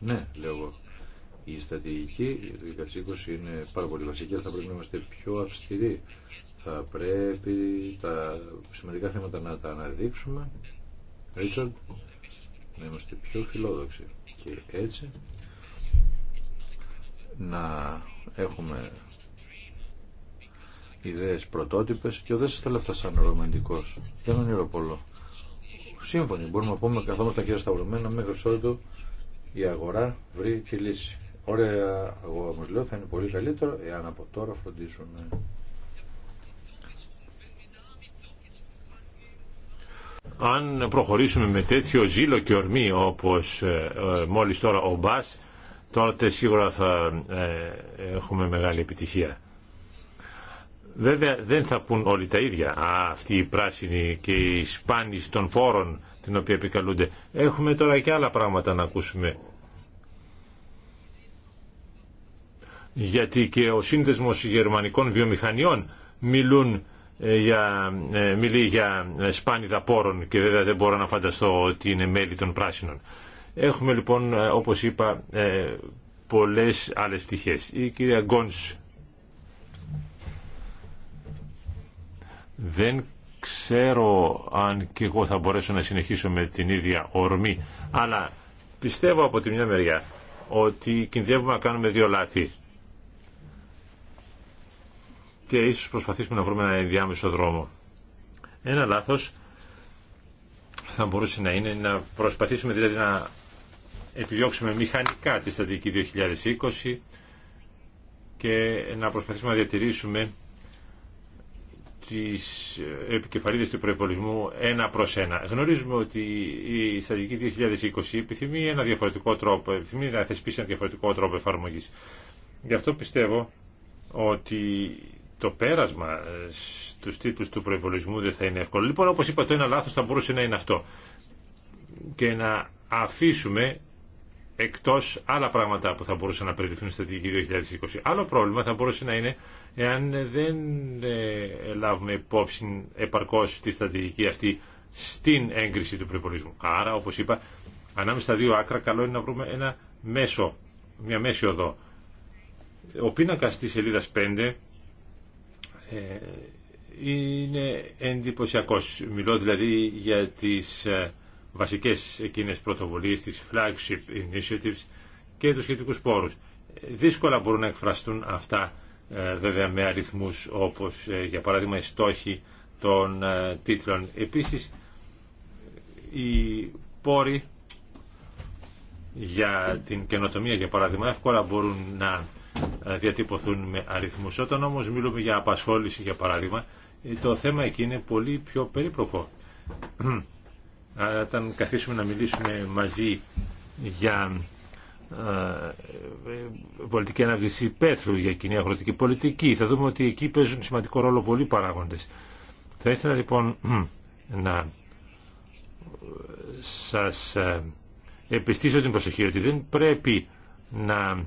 [SPEAKER 3] Ναι, λέω εγώ. Η στρατηγική η 2020 είναι πάρα πολύ βασική, αλλά θα πρέπει να είμαστε πιο αυστηροί. Θα πρέπει τα σημαντικά θέματα να τα αναδείξουμε, Ρίτσαρντ, να είμαστε πιο φιλόδοξοι και έτσι να έχουμε ιδέες πρωτότυπες και δεν σας θέλω αυτά σαν ρομαντικός. Δεν ονειροπολώ. Σύμφωνοι, μπορούμε να πούμε καθόμαστε τα χέρια σταυρωμένα μέχρι ότου η αγορά βρει τη λύση. Ωραία, εγώ όμω λέω θα είναι πολύ καλύτερο εάν από τώρα φροντίσουμε.
[SPEAKER 4] Αν προχωρήσουμε με τέτοιο ζήλο και ορμή όπως ε, ε, μόλις τώρα ο Μπάς, τότε σίγουρα θα ε, έχουμε μεγάλη επιτυχία. Βέβαια δεν θα πούν όλοι τα ίδια. Α, αυτοί οι πράσινοι και οι σπάνιοι των πόρων την οποία επικαλούνται. Έχουμε τώρα και άλλα πράγματα να ακούσουμε. Γιατί και ο σύνδεσμος γερμανικών βιομηχανιών μιλούν ε, για, ε, μιλεί για ε, σπάνιδα πόρων και βέβαια δεν μπορώ να φανταστώ ότι είναι μέλη των πράσινων. Έχουμε λοιπόν, όπως είπα, πολλές άλλες πτυχές. Η κυρία Γκόνς δεν ξέρω αν και εγώ θα μπορέσω να συνεχίσω με την ίδια ορμή, αλλά πιστεύω από τη μια μεριά ότι κινδυνεύουμε να κάνουμε δύο λάθη και ίσως προσπαθήσουμε να βρούμε ένα ενδιάμεσο δρόμο. Ένα λάθος θα μπορούσε να είναι να προσπαθήσουμε δηλαδή να επιδιώξουμε μηχανικά τη στατική 2020 και να προσπαθήσουμε να διατηρήσουμε τις επικεφαλίδες του προπολογισμού ένα προς ένα. Γνωρίζουμε ότι η στρατηγική 2020 επιθυμεί ένα διαφορετικό τρόπο, επιθυμεί να θεσπίσει ένα διαφορετικό τρόπο εφαρμογής. Γι' αυτό πιστεύω ότι το πέρασμα ε, στους τίτλους του προπολογισμού δεν θα είναι εύκολο. Λοιπόν, όπως είπα, το ένα λάθος θα μπορούσε να είναι αυτό. Και να αφήσουμε εκτός άλλα πράγματα που θα μπορούσαν να περιληφθούν στη στρατηγική 2020. Άλλο πρόβλημα θα μπορούσε να είναι εάν δεν ε, λάβουμε υπόψη επαρκώς τη στρατηγική αυτή στην έγκριση του προπολογισμού. Άρα, όπως είπα, ανάμεσα στα δύο άκρα καλό είναι να βρούμε ένα μέσο, μια μέση οδό. Ο πίνακα τη σελίδα 5 ε, είναι εντυπωσιακό, Μιλώ δηλαδή για τις ε, βασικές εκείνες πρωτοβουλίες, τις flagship initiatives και τους σχετικούς πόρους. Δύσκολα μπορούν να εκφραστούν αυτά ε, βέβαια με αριθμούς όπως ε, για παράδειγμα οι στόχοι των ε, τίτλων. Επίσης οι πόροι για την καινοτομία για παράδειγμα εύκολα μπορούν να διατυπωθούν με αριθμούς. Όταν όμως μιλούμε για απασχόληση για παράδειγμα το θέμα εκεί είναι πολύ πιο περίπλοκο. Αν όταν καθίσουμε να μιλήσουμε μαζί για ε, πολιτική αναβληση πέθρου, για κοινή αγροτική πολιτική, θα δούμε ότι εκεί παίζουν σημαντικό ρόλο πολλοί παράγοντες. Θα ήθελα λοιπόν <clears throat> να σας ε, επιστήσω την προσοχή ότι δεν πρέπει να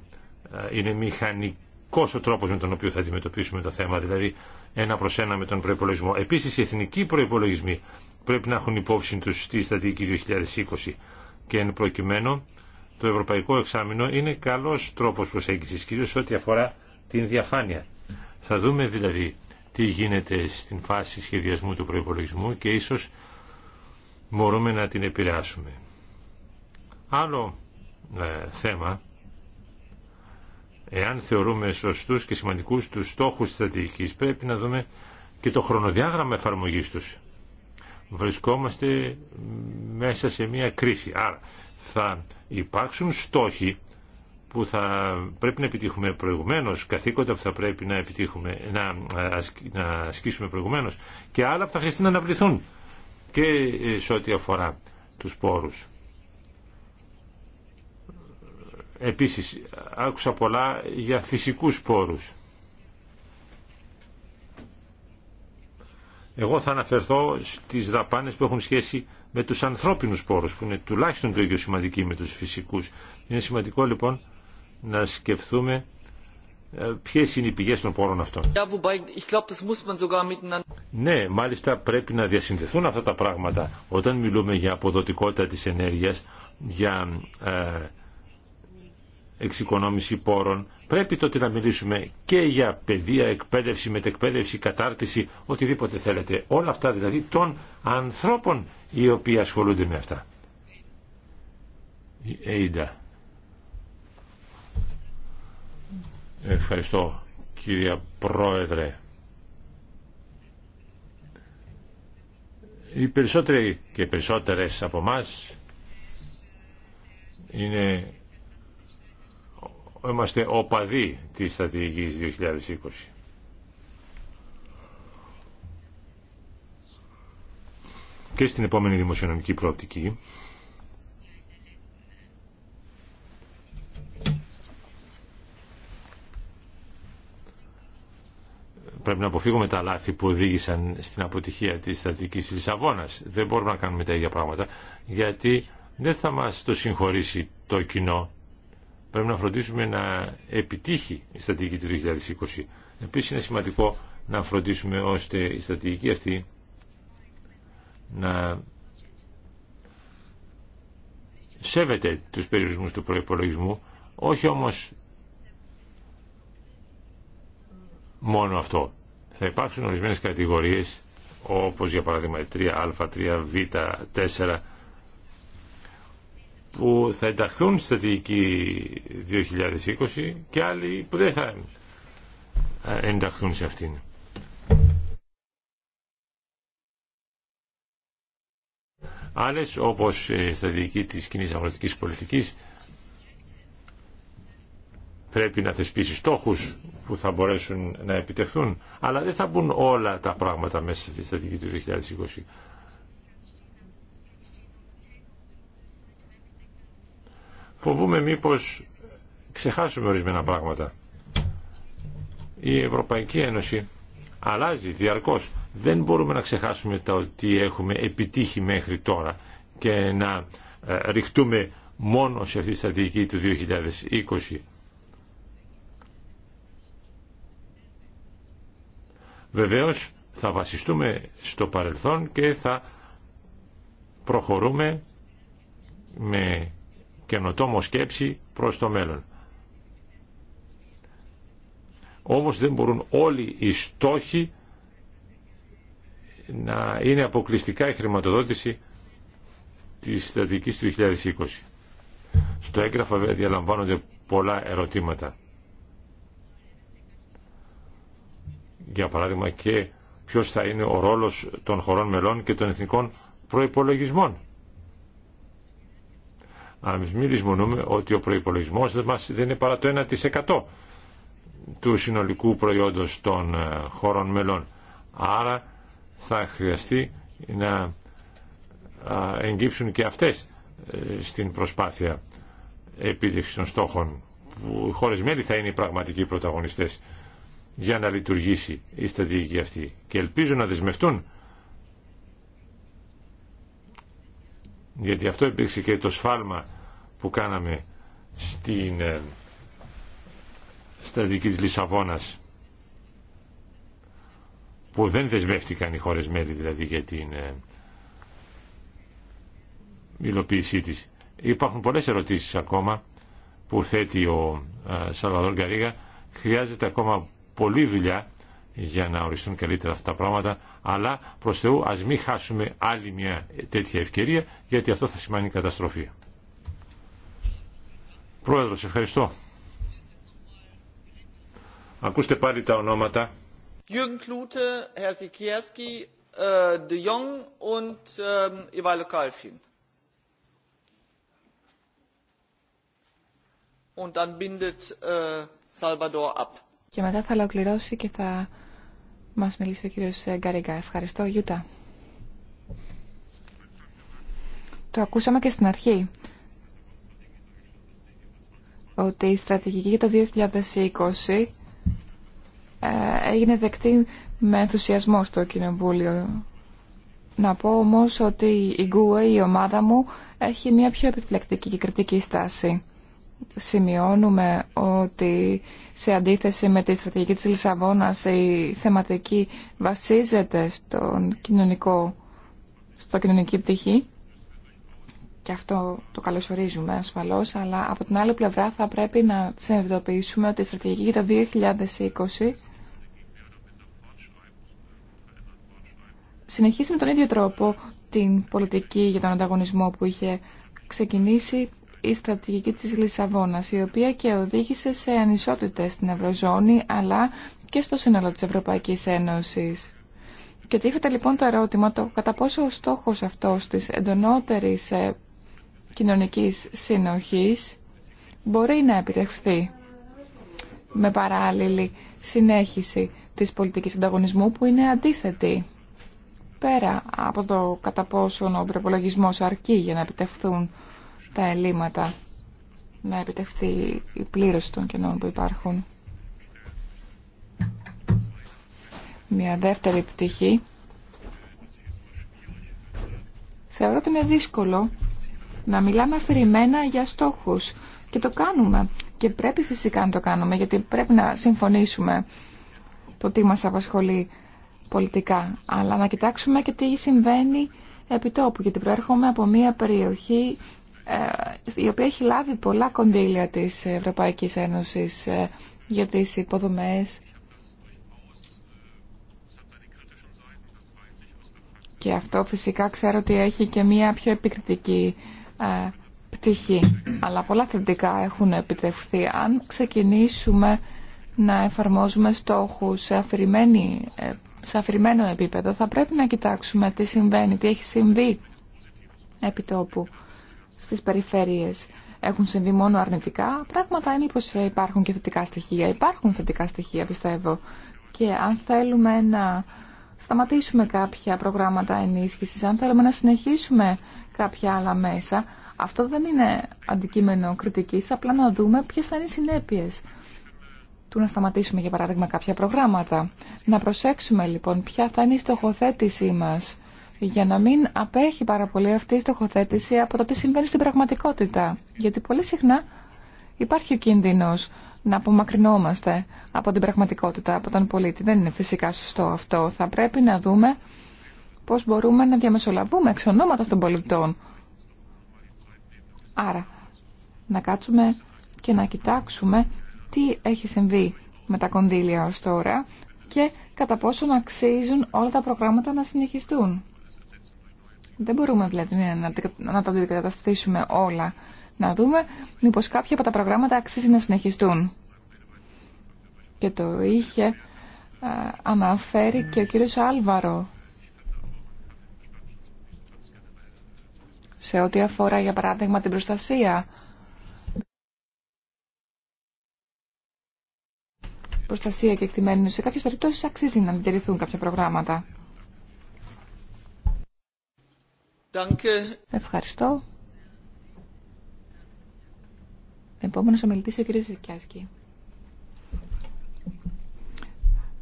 [SPEAKER 4] ε, είναι μηχανικός ο τρόπος με τον οποίο θα αντιμετωπίσουμε το θέμα, δηλαδή ένα προς ένα με τον προϋπολογισμό. Επίσης οι εθνικοί προϋπολογισμοί πρέπει να έχουν υπόψη τους στη στατική 2020 και εν προκειμένου το ευρωπαϊκό εξάμεινο είναι καλός τρόπος προσέγγισης κυρίως ό,τι αφορά την διαφάνεια. Θα δούμε δηλαδή τι γίνεται στην φάση σχεδιασμού του προϋπολογισμού και ίσως μπορούμε να την επηρεάσουμε. Άλλο ε, θέμα, εάν θεωρούμε σωστούς και σημαντικούς τους στόχους της στρατηγικής, πρέπει να δούμε και το χρονοδιάγραμμα εφαρμογής τους βρισκόμαστε μέσα σε μια κρίση. Άρα θα υπάρξουν στόχοι που θα πρέπει να επιτύχουμε προηγουμένως, καθήκοντα που θα πρέπει να, επιτύχουμε, να, ασκήσουμε προηγουμένως και άλλα που θα χρειαστεί να αναβληθούν και ε, σε ό,τι αφορά τους πόρους. Επίσης, άκουσα πολλά για φυσικούς πόρους. Εγώ θα αναφερθώ στις δαπάνες που έχουν σχέση με τους ανθρώπινους πόρους, που είναι τουλάχιστον το ίδιο σημαντικοί με τους φυσικούς. Είναι σημαντικό λοιπόν να σκεφτούμε ε, ποιε είναι οι πηγέ των πόρων αυτών. Ναι, μάλιστα πρέπει να διασυνδεθούν αυτά τα πράγματα. Όταν μιλούμε για αποδοτικότητα τη ενέργειας, για ε, εξοικονόμηση πόρων, Πρέπει τότε να μιλήσουμε και για παιδεία, εκπαίδευση, μετεκπαίδευση, κατάρτιση, οτιδήποτε θέλετε. Όλα αυτά δηλαδή των ανθρώπων οι οποίοι ασχολούνται με αυτά. ΕΙΔΑ. Ευχαριστώ κύριε Πρόεδρε. Οι περισσότεροι και περισσότερες από μας είναι είμαστε οπαδοί της στρατηγικής 2020. Και στην επόμενη δημοσιονομική προοπτική πρέπει να αποφύγουμε τα λάθη που οδήγησαν στην αποτυχία της στρατηγικής Λισαβόνας. Δεν μπορούμε να κάνουμε τα ίδια πράγματα γιατί δεν θα μας το συγχωρήσει το κοινό Πρέπει να φροντίσουμε να επιτύχει η στρατηγική του 2020. Επίσης είναι σημαντικό να φροντίσουμε ώστε η στρατηγική αυτή να σέβεται τους περιορισμούς του προϋπολογισμού, όχι όμως μόνο αυτό. Θα υπάρξουν ορισμένες κατηγορίες, όπως για παράδειγμα 3α, 3β, 4, που θα ενταχθούν στη στρατηγική 2020 και άλλοι που δεν θα ε, ενταχθούν σε αυτήν. Άλλες όπως ε, η στρατηγική της κοινή αγροτικής πολιτικής πρέπει να θεσπίσει στόχους που θα μπορέσουν να επιτευχθούν αλλά δεν θα μπουν όλα τα πράγματα μέσα στη στρατηγική του 2020. Φοβούμε μήπως ξεχάσουμε ορισμένα πράγματα. Η Ευρωπαϊκή Ένωση αλλάζει διαρκώς. Δεν μπορούμε να ξεχάσουμε τα ότι έχουμε επιτύχει μέχρι τώρα και να ε, ρηχτούμε μόνο σε αυτή τη στρατηγική του 2020. Βεβαίως θα βασιστούμε στο παρελθόν και θα προχωρούμε με καινοτόμο σκέψη προς το μέλλον. Όμως δεν μπορούν όλοι οι στόχοι να είναι αποκλειστικά η χρηματοδότηση της στατικής του 2020. Στο έγγραφο διαλαμβάνονται πολλά ερωτήματα. Για παράδειγμα και ποιος θα είναι ο ρόλος των χωρών μελών και των εθνικών προϋπολογισμών. Αλλά μη λησμονούμε ότι ο προπολογισμό μας δεν είναι παρά το 1% του συνολικού προϊόντος των ε, χωρών μελών. Άρα θα χρειαστεί να ε, εγγύψουν και αυτές ε, στην προσπάθεια επίτευξης των στόχων που οι χώρες μέλη θα είναι οι πραγματικοί πρωταγωνιστές για να λειτουργήσει η στρατηγική αυτή και ελπίζω να δεσμευτούν γιατί αυτό υπήρξε και το σφάλμα που κάναμε στην ε, στρατηγική της Λισαβόνας που δεν δεσμεύτηκαν οι χώρες μέλη δηλαδή για την ε, υλοποίησή της. Υπάρχουν πολλές ερωτήσεις ακόμα που θέτει ο ε, Σαλβαδόρ Γκαρίγα. Χρειάζεται ακόμα πολλή δουλειά για να οριστούν καλύτερα αυτά τα πράγματα, αλλά προς Θεού ας μην χάσουμε άλλη μια τέτοια ευκαιρία, γιατί αυτό θα σημαίνει καταστροφή. Πρόεδρος, ευχαριστώ. Ακούστε πάλι τα ονόματα.
[SPEAKER 2] Jürgen Klute, Herr Sikierski, äh, De Jong und ähm, Ivalo Kalfin. Und dann bindet äh, Salvador ab.
[SPEAKER 1] Και μετά θα ολοκληρώσει και θα μας μιλήσει ο κύριος Γκαρίγκα. Ευχαριστώ, Γιούτα. Το ακούσαμε και στην αρχή ότι η στρατηγική για το 2020 ε, έγινε δεκτή με ενθουσιασμό στο Κοινοβούλιο. Να πω όμως ότι η ΓΚΟΕ, η ομάδα μου, έχει μια πιο επιφυλακτική και κριτική στάση σημειώνουμε ότι σε αντίθεση με τη στρατηγική της Λισαβόνας η θεματική βασίζεται στον κοινωνικό, στο κοινωνική πτυχή και αυτό το καλωσορίζουμε ασφαλώς, αλλά από την άλλη πλευρά θα πρέπει να συνειδητοποιήσουμε ότι η στρατηγική για το 2020 συνεχίζει με τον ίδιο τρόπο την πολιτική για τον ανταγωνισμό που είχε ξεκινήσει η στρατηγική της Λισαβόνας, η οποία και οδήγησε σε ανισότητες στην Ευρωζώνη, αλλά και στο σύνολο της Ευρωπαϊκής Ένωσης. Και τίθεται λοιπόν το ερώτημα το κατά πόσο ο στόχος αυτός της εντονότερης ε, κοινωνικής συνοχής μπορεί να επιτευχθεί με παράλληλη συνέχιση της πολιτικής ανταγωνισμού που είναι αντίθετη πέρα από το κατά πόσο ο προπολογισμό αρκεί για να επιτευχθούν τα ελλείμματα, να επιτευχθεί η πλήρωση των κενών που υπάρχουν. Μια δεύτερη πτυχή. Θεωρώ ότι είναι δύσκολο να μιλάμε αφηρημένα για στόχους και το κάνουμε και πρέπει φυσικά να το κάνουμε γιατί πρέπει να συμφωνήσουμε το τι μας απασχολεί πολιτικά αλλά να κοιτάξουμε και τι συμβαίνει επιτόπου, γιατί προέρχομαι από μια περιοχή ε, η οποία έχει λάβει πολλά κονδύλια της Ευρωπαϊκής Ένωσης ε, για τις υποδομές και αυτό φυσικά ξέρω ότι έχει και μία πιο επικριτική ε, πτυχή αλλά πολλά θετικά έχουν επιτευχθεί αν ξεκινήσουμε να εφαρμόζουμε στόχους σε, σε αφηρημένο επίπεδο θα πρέπει να κοιτάξουμε τι συμβαίνει, τι έχει συμβεί επί τόπου στις περιφέρειες έχουν συμβεί μόνο αρνητικά πράγματα ή μήπως υπάρχουν και θετικά στοιχεία. Υπάρχουν θετικά στοιχεία πιστεύω και αν θέλουμε να σταματήσουμε κάποια προγράμματα ενίσχυσης, αν θέλουμε να συνεχίσουμε κάποια άλλα μέσα, αυτό δεν είναι αντικείμενο κριτικής, απλά να δούμε ποιες θα είναι οι συνέπειες του να σταματήσουμε για παράδειγμα κάποια προγράμματα. Να προσέξουμε λοιπόν ποια θα είναι η στοχοθέτησή μας για να μην απέχει πάρα πολύ αυτή η στοχοθέτηση από το τι συμβαίνει στην πραγματικότητα. Γιατί πολύ συχνά υπάρχει ο κίνδυνος να απομακρυνόμαστε από την πραγματικότητα, από τον πολίτη. Δεν είναι φυσικά σωστό αυτό. Θα πρέπει να δούμε πώς μπορούμε να διαμεσολαβούμε εξ ονόματος των πολιτών. Άρα, να κάτσουμε και να κοιτάξουμε τι έχει συμβεί με τα κονδύλια ως τώρα και κατά πόσο αξίζουν όλα τα προγράμματα να συνεχιστούν. Δεν μπορούμε δηλαδή να, τα αντικαταστήσουμε όλα. Να δούμε μήπως κάποια από τα προγράμματα αξίζει να συνεχιστούν. Και το είχε αναφέρει και ο κύριος Άλβαρο σε ό,τι αφορά για παράδειγμα την προστασία προστασία και εκτιμένη σε κάποιες περιπτώσεις αξίζει να διατηρηθούν κάποια προγράμματα Ευχαριστώ. Επόμενο ομιλητή ο κ. Σικιάσκη.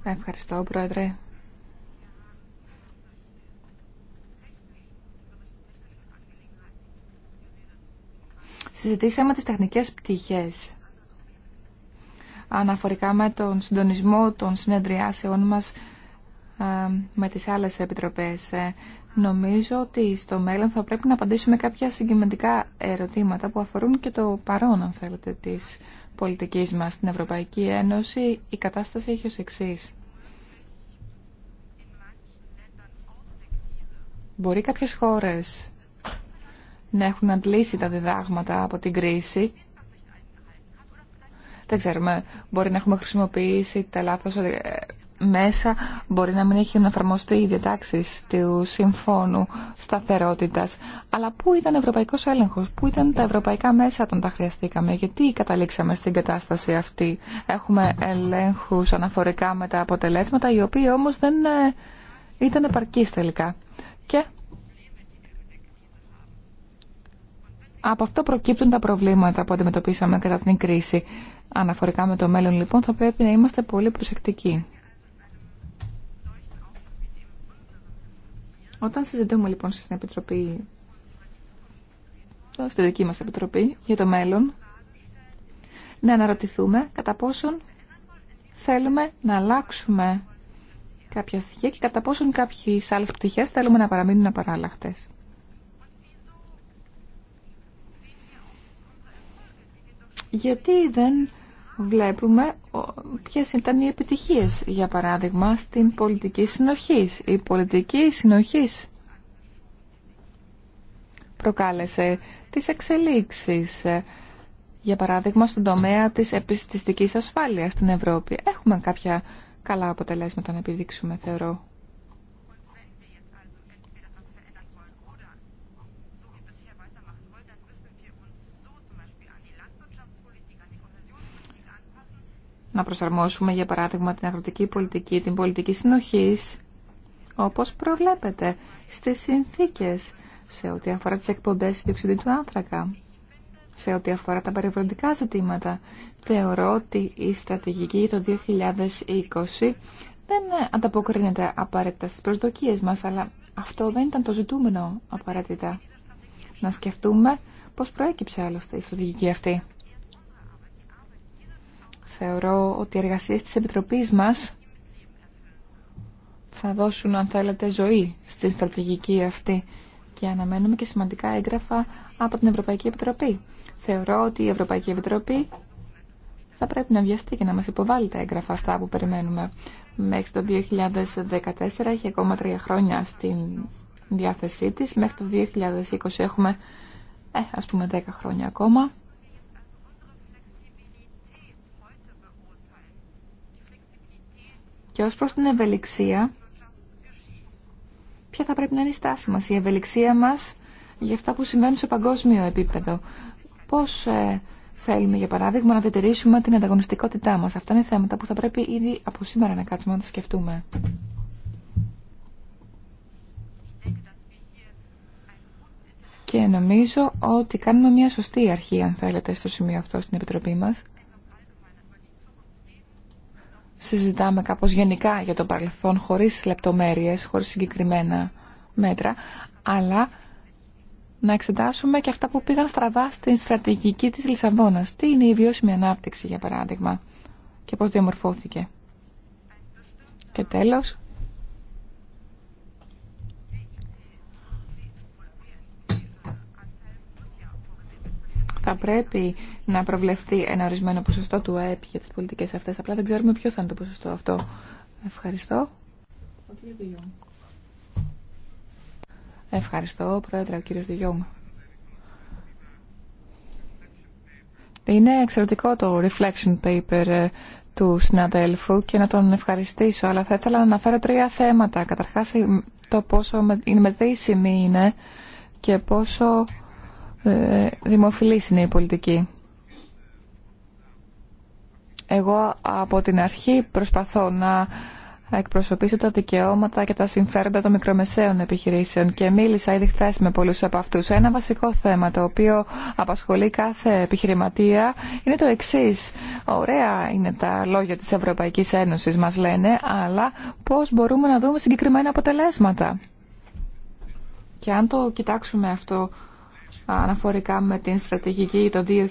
[SPEAKER 1] Ευχαριστώ, Πρόεδρε. Συζητήσαμε τις τεχνικές πτυχές αναφορικά με τον συντονισμό των συνεδριάσεών μας ε, με τις άλλες επιτροπές. Ε, Νομίζω ότι στο μέλλον θα πρέπει να απαντήσουμε κάποια συγκεκριμένα ερωτήματα που αφορούν και το παρόν, αν θέλετε, της πολιτική μας στην Ευρωπαϊκή Ένωση. Η κατάσταση έχει ω εξή. Μπορεί κάποιες χώρες να έχουν αντλήσει τα διδάγματα από την κρίση. Δεν ξέρουμε, μπορεί να έχουμε χρησιμοποιήσει τα λάθος ε, μέσα μπορεί να μην έχει εφαρμοστεί οι διατάξει του Συμφώνου Σταθερότητα. Αλλά πού ήταν ο Ευρωπαϊκό Έλεγχο, πού ήταν τα ευρωπαϊκά μέσα όταν τα χρειαστήκαμε, γιατί καταλήξαμε στην κατάσταση αυτή. Έχουμε ελέγχου αναφορικά με τα αποτελέσματα, οι οποίοι όμω δεν ε, ήταν επαρκεί τελικά. Και από αυτό προκύπτουν τα προβλήματα που αντιμετωπίσαμε κατά την κρίση. Αναφορικά με το μέλλον λοιπόν θα πρέπει να είμαστε πολύ προσεκτικοί. Όταν συζητούμε λοιπόν στην Επιτροπή, στη δική μας Επιτροπή για το μέλλον, να αναρωτηθούμε κατά πόσον θέλουμε να αλλάξουμε κάποια στοιχεία και κατά πόσον κάποιες άλλες πτυχές θέλουμε να παραμείνουν απαράλλαχτες. Γιατί δεν βλέπουμε ποιε ήταν οι επιτυχίες, για παράδειγμα, στην πολιτική συνοχής. Η πολιτική συνοχής προκάλεσε τις εξελίξεις, για παράδειγμα, στον τομέα της επιστηστικής ασφάλειας στην Ευρώπη. Έχουμε κάποια καλά αποτελέσματα να επιδείξουμε, θεωρώ. να προσαρμόσουμε για παράδειγμα την αγροτική πολιτική, την πολιτική συνοχής, όπως προβλέπεται στις συνθήκες σε ό,τι αφορά τις εκπομπές του του άνθρακα, σε ό,τι αφορά τα περιβαλλοντικά ζητήματα. Θεωρώ ότι η στρατηγική το 2020 δεν ανταποκρίνεται απαραίτητα στις προσδοκίες μας, αλλά αυτό δεν ήταν το ζητούμενο απαραίτητα. Να σκεφτούμε πώς προέκυψε άλλωστε η στρατηγική αυτή. Θεωρώ ότι οι εργασίες της Επιτροπής μας θα δώσουν, αν θέλετε, ζωή στην στρατηγική αυτή και αναμένουμε και σημαντικά έγγραφα από την Ευρωπαϊκή Επιτροπή. Θεωρώ ότι η Ευρωπαϊκή Επιτροπή θα πρέπει να βιαστεί και να μας υποβάλει τα έγγραφα αυτά που περιμένουμε. Μέχρι το 2014 έχει ακόμα τρία χρόνια στην διάθεσή της. Μέχρι το 2020 έχουμε, ε, ας πούμε, 10 χρόνια ακόμα. Και ως προς την ευελιξία, ποια θα πρέπει να είναι η στάση μας, η ευελιξία μας για αυτά που συμβαίνουν σε παγκόσμιο επίπεδο. Πώς ε, θέλουμε, για παράδειγμα, να διατηρήσουμε την ανταγωνιστικότητά μας. Αυτά είναι θέματα που θα πρέπει ήδη από σήμερα να κάτσουμε να τα σκεφτούμε. Και νομίζω ότι κάνουμε μια σωστή αρχή, αν θέλετε, στο σημείο αυτό στην Επιτροπή μας συζητάμε κάπως γενικά για το παρελθόν, χωρίς λεπτομέρειες, χωρίς συγκεκριμένα μέτρα, αλλά να εξετάσουμε και αυτά που πήγαν στραβά στην στρατηγική της Λισαβόνας. Τι είναι η βιώσιμη ανάπτυξη, για παράδειγμα, και πώς διαμορφώθηκε. Και τέλος, θα πρέπει να προβλεφθεί ένα ορισμένο ποσοστό του ΑΕΠ για τις πολιτικές αυτές. Απλά δεν ξέρουμε ποιο θα είναι το ποσοστό αυτό. Ευχαριστώ. Ευχαριστώ, Πρόεδρε, ο κύριος Διγιώμ. Είναι εξαιρετικό το reflection paper ε, του συναδέλφου και να τον ευχαριστήσω, αλλά θα ήθελα να αναφέρω τρία θέματα. Καταρχάς, το πόσο είναι μετρήσιμη είναι και πόσο ε, δημοφιλής είναι η πολιτική. Εγώ από την αρχή προσπαθώ να εκπροσωπήσω τα δικαιώματα και τα συμφέροντα των μικρομεσαίων επιχειρήσεων και μίλησα ήδη χθε με πολλού από αυτού. Ένα βασικό θέμα το οποίο απασχολεί κάθε επιχειρηματία είναι το εξή. Ωραία είναι τα λόγια τη Ευρωπαϊκή Ένωση, μα λένε, αλλά πώ μπορούμε να δούμε συγκεκριμένα αποτελέσματα. Και αν το κοιτάξουμε αυτό αναφορικά με την στρατηγική το 2020,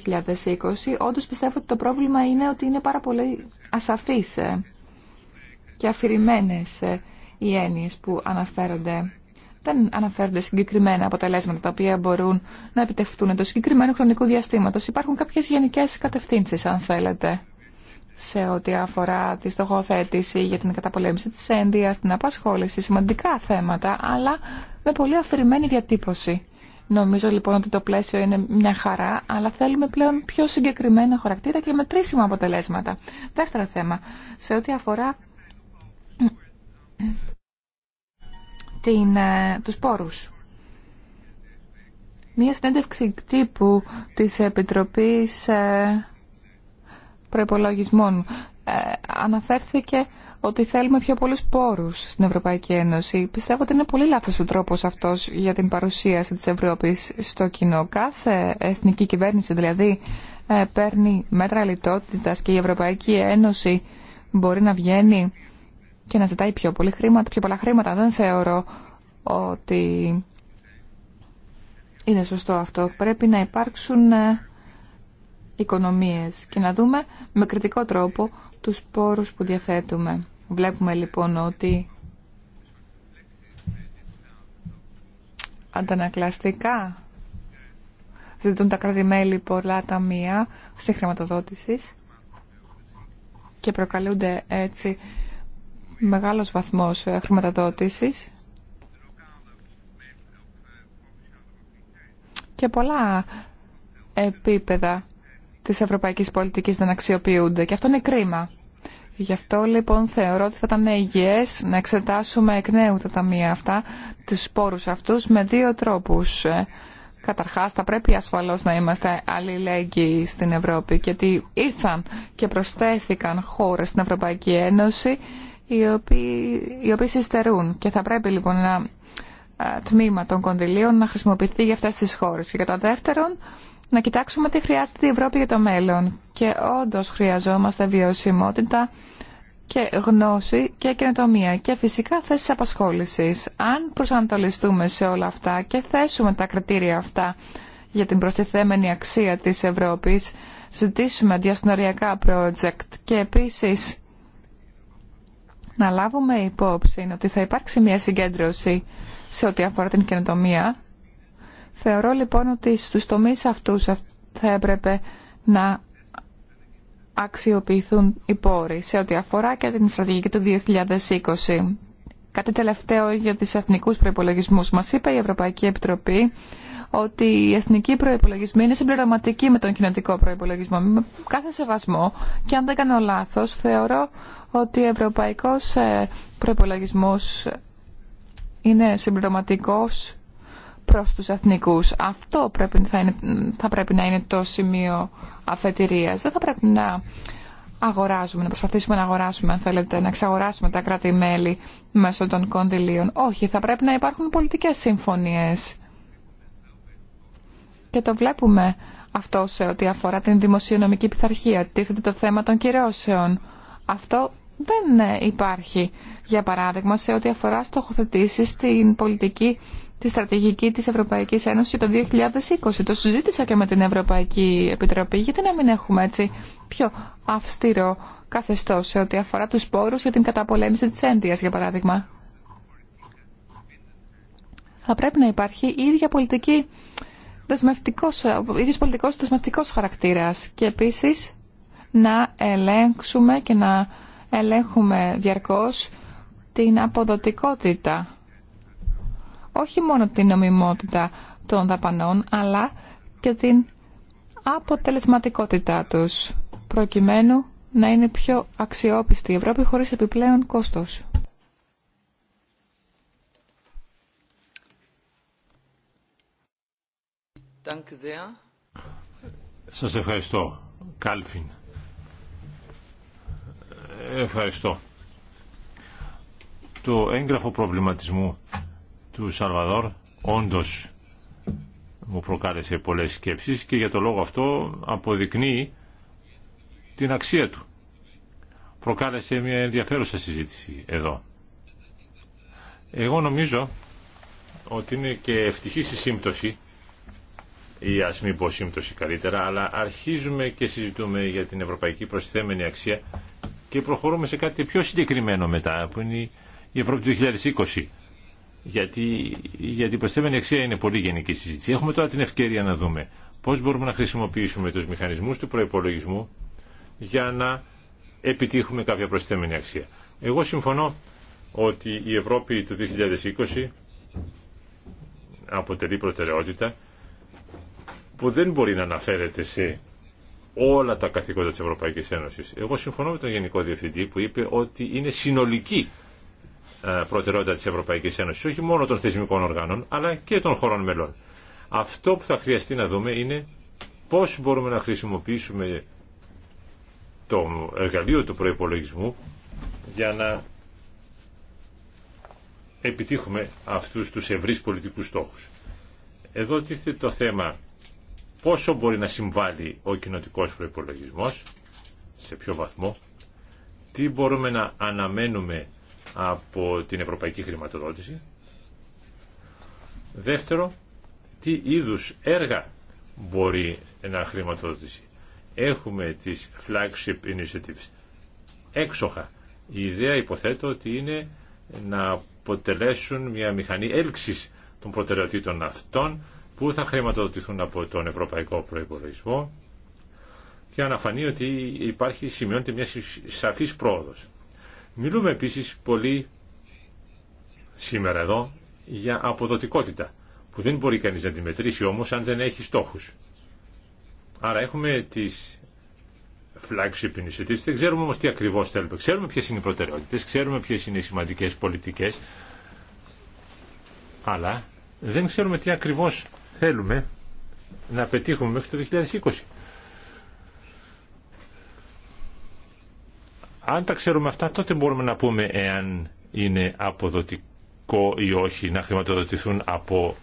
[SPEAKER 1] όντως πιστεύω ότι το πρόβλημα είναι ότι είναι πάρα πολύ ασαφείς ε, και αφηρημένες ε, οι έννοιες που αναφέρονται. Δεν αναφέρονται συγκεκριμένα αποτελέσματα τα οποία μπορούν να επιτευχθούν το συγκεκριμένου χρονικού διαστήματος. Υπάρχουν κάποιες γενικές κατευθύνσεις, αν θέλετε, σε ό,τι αφορά τη στοχοθέτηση για την καταπολέμηση της ένδυας, την απασχόληση, σημαντικά θέματα, αλλά με πολύ αφηρημένη διατύπωση. Νομίζω λοιπόν ότι το πλαίσιο είναι μια χαρά, αλλά θέλουμε πλέον πιο συγκεκριμένα χαρακτήρα και μετρήσιμα αποτελέσματα. Δεύτερο θέμα, σε ό,τι αφορά την, ε, τους πόρους. Μία συνέντευξη τύπου της Επιτροπής ε, Προϋπολογισμών ε, αναφέρθηκε ότι θέλουμε πιο πολλούς πόρους στην Ευρωπαϊκή Ένωση. Πιστεύω ότι είναι πολύ λάθος ο τρόπος αυτός για την παρουσίαση της Ευρώπης στο κοινό. Κάθε εθνική κυβέρνηση δηλαδή ε, παίρνει μέτρα λιτότητας και η Ευρωπαϊκή Ένωση μπορεί να βγαίνει και να ζητάει πιο, πολύ χρήματα, πιο πολλά χρήματα. Δεν θεωρώ ότι είναι σωστό αυτό. Πρέπει να υπάρξουν ε, οικονομίες και να δούμε με κριτικό τρόπο τους πόρους που διαθέτουμε. Βλέπουμε λοιπόν ότι αντανακλαστικά ζητούν τα κράτη-μέλη πολλά ταμεία χρηματοδότηση και προκαλούνται έτσι μεγάλος βαθμός ε, χρηματοδότησης και πολλά επίπεδα Τη Ευρωπαϊκή πολιτική δεν αξιοποιούνται και αυτό είναι κρίμα. Γι' αυτό λοιπόν θεωρώ ότι θα ήταν υγιέ να εξετάσουμε εκ νέου τα ταμεία αυτά, του σπόρου αυτού με δύο τρόπου. Καταρχά, θα πρέπει ασφαλώ να είμαστε αλληλέγγυοι στην Ευρώπη, γιατί ήρθαν και προσθέθηκαν χώρε στην Ευρωπαϊκή Ένωση οι οποίοι, οι οποίοι συστερούν και θα πρέπει λοιπόν ένα ε, τμήμα των κονδυλίων να χρησιμοποιηθεί για αυτές τις χώρες. Και κατά δεύτερον, να κοιτάξουμε τι χρειάζεται η Ευρώπη για το μέλλον. Και όντω χρειαζόμαστε βιωσιμότητα και γνώση και καινοτομία και φυσικά θέσεις απασχόλησης. Αν προσανατολιστούμε σε όλα αυτά και θέσουμε τα κριτήρια αυτά για την προστιθέμενη αξία της Ευρώπης, ζητήσουμε διασυνοριακά project και επίσης να λάβουμε υπόψη ότι θα υπάρξει μια συγκέντρωση σε ό,τι αφορά την καινοτομία Θεωρώ λοιπόν ότι στους τομείς αυτούς θα έπρεπε να αξιοποιηθούν οι πόροι σε ό,τι αφορά και την στρατηγική του 2020. Κάτι τελευταίο για τις εθνικούς προϋπολογισμούς. Μας είπε η Ευρωπαϊκή Επιτροπή ότι οι εθνικοί προϋπολογισμοί είναι συμπληρωματικοί με τον κοινοτικό προϋπολογισμό. Με κάθε σεβασμό και αν δεν κάνω λάθος θεωρώ ότι ο ευρωπαϊκός ε, προϋπολογισμός είναι συμπληρωματικός προς τους εθνικούς. Αυτό πρέπει, θα, είναι, θα πρέπει να είναι το σημείο αφετηρίας. Δεν θα πρέπει να αγοράζουμε, να προσπαθήσουμε να αγοράσουμε, αν θέλετε, να εξαγοράσουμε τα κράτη-μέλη μέσω των κονδυλίων. Όχι, θα πρέπει να υπάρχουν πολιτικές συμφωνίες. Και το βλέπουμε αυτό σε ό,τι αφορά την δημοσιονομική πειθαρχία. Τίθεται το θέμα των κυρώσεων. Αυτό δεν ε, υπάρχει, για παράδειγμα, σε ό,τι αφορά στοχοθετήσεις στην πολιτική τη στρατηγική της Ευρωπαϊκής Ένωσης το 2020. Το συζήτησα και με την Ευρωπαϊκή Επιτροπή. Γιατί να μην έχουμε έτσι πιο αυστηρό καθεστώς σε ό,τι αφορά τους πόρους για την καταπολέμηση της έντιας για παράδειγμα. Θα πρέπει να υπάρχει η ίδια πολιτική δεσμευτικός, ίδιος πολιτικός δεσμευτικός χαρακτήρας και επίσης να ελέγξουμε και να ελέγχουμε διαρκώς την αποδοτικότητα όχι μόνο την νομιμότητα των δαπανών, αλλά και την αποτελεσματικότητά τους, προκειμένου να είναι πιο αξιόπιστη η Ευρώπη χωρίς επιπλέον κόστος.
[SPEAKER 4] Σας ευχαριστώ, Κάλφιν. Ευχαριστώ. Το έγγραφο προβληματισμού του Σαλβαδόρ όντως μου προκάλεσε πολλές σκέψεις και για το λόγο αυτό αποδεικνύει την αξία του. Προκάλεσε μια ενδιαφέρουσα συζήτηση εδώ. Εγώ νομίζω ότι είναι και ευτυχής η σύμπτωση ή ας μην πω σύμπτωση καλύτερα, αλλά αρχίζουμε και συζητούμε για την ευρωπαϊκή προστιθέμενη αξία και προχωρούμε σε κάτι πιο συγκεκριμένο μετά, που είναι η Ευρώπη του 2020 γιατί, γιατί η προστέμενη αξία είναι πολύ γενική συζήτηση. Έχουμε τώρα την ευκαιρία να δούμε πώς μπορούμε να χρησιμοποιήσουμε τους μηχανισμούς του προϋπολογισμού για να επιτύχουμε κάποια προσθέμενη αξία. Εγώ συμφωνώ ότι η Ευρώπη του 2020 αποτελεί προτεραιότητα που δεν μπορεί να αναφέρεται σε όλα τα καθήκοντα της Ευρωπαϊκής Ένωσης. Εγώ συμφωνώ με τον Γενικό Διευθυντή που είπε ότι είναι συνολική ε, προτεραιότητα της Ευρωπαϊκής Ένωσης, όχι μόνο των θεσμικών οργάνων, αλλά και των χωρών μελών. Αυτό που θα χρειαστεί να δούμε είναι πώς μπορούμε να χρησιμοποιήσουμε το εργαλείο του προϋπολογισμού για να επιτύχουμε αυτούς τους ευρύς πολιτικούς στόχους. Εδώ τίθεται το θέμα πόσο μπορεί να συμβάλλει ο κοινοτικός προϋπολογισμός, σε ποιο βαθμό, τι μπορούμε να αναμένουμε από την ευρωπαϊκή χρηματοδότηση. Δεύτερο, τι είδους έργα μπορεί να χρηματοδοτήσει. Έχουμε τις flagship initiatives. Έξοχα. Η ιδέα υποθέτω ότι είναι να αποτελέσουν μια μηχανή έλξης των προτεραιοτήτων αυτών που θα χρηματοδοτηθούν από τον Ευρωπαϊκό Προϋπολογισμό και αναφανεί ότι υπάρχει, σημειώνεται μια σαφής πρόοδος. Μιλούμε επίσης πολύ σήμερα εδώ για αποδοτικότητα, που δεν μπορεί κανείς να τη μετρήσει όμως αν δεν έχει στόχους. Άρα έχουμε τις flagship initiatives, δεν ξέρουμε όμως τι ακριβώς θέλουμε. Ξέρουμε ποιες είναι οι προτεραιότητες, ξέρουμε ποιες είναι οι σημαντικές πολιτικές, αλλά δεν ξέρουμε τι ακριβώς θέλουμε να πετύχουμε μέχρι το 2020. Αν τα ξέρουμε αυτά, τότε μπορούμε να πούμε εάν είναι αποδοτικό ή όχι να χρηματοδοτηθούν από,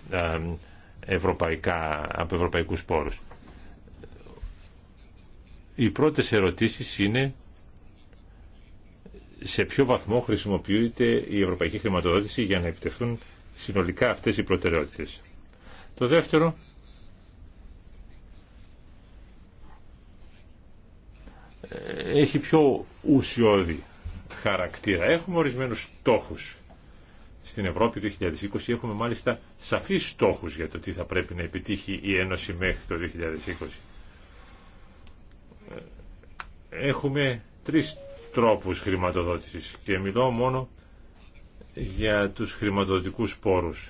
[SPEAKER 4] ευρωπαϊκά, από ευρωπαϊκούς πόρους. Οι πρώτες ερωτήσεις είναι σε ποιο βαθμό χρησιμοποιείται η ευρωπαϊκή χρηματοδότηση για να επιτευχθούν συνολικά αυτές οι προτεραιότητες. Το δεύτερο έχει πιο ουσιώδη χαρακτήρα. Έχουμε ορισμένους στόχους. Στην Ευρώπη 2020 έχουμε μάλιστα σαφείς στόχους για το τι θα πρέπει να επιτύχει η Ένωση μέχρι το 2020. Έχουμε τρεις τρόπους χρηματοδότησης και μιλώ μόνο για τους χρηματοδοτικούς πόρους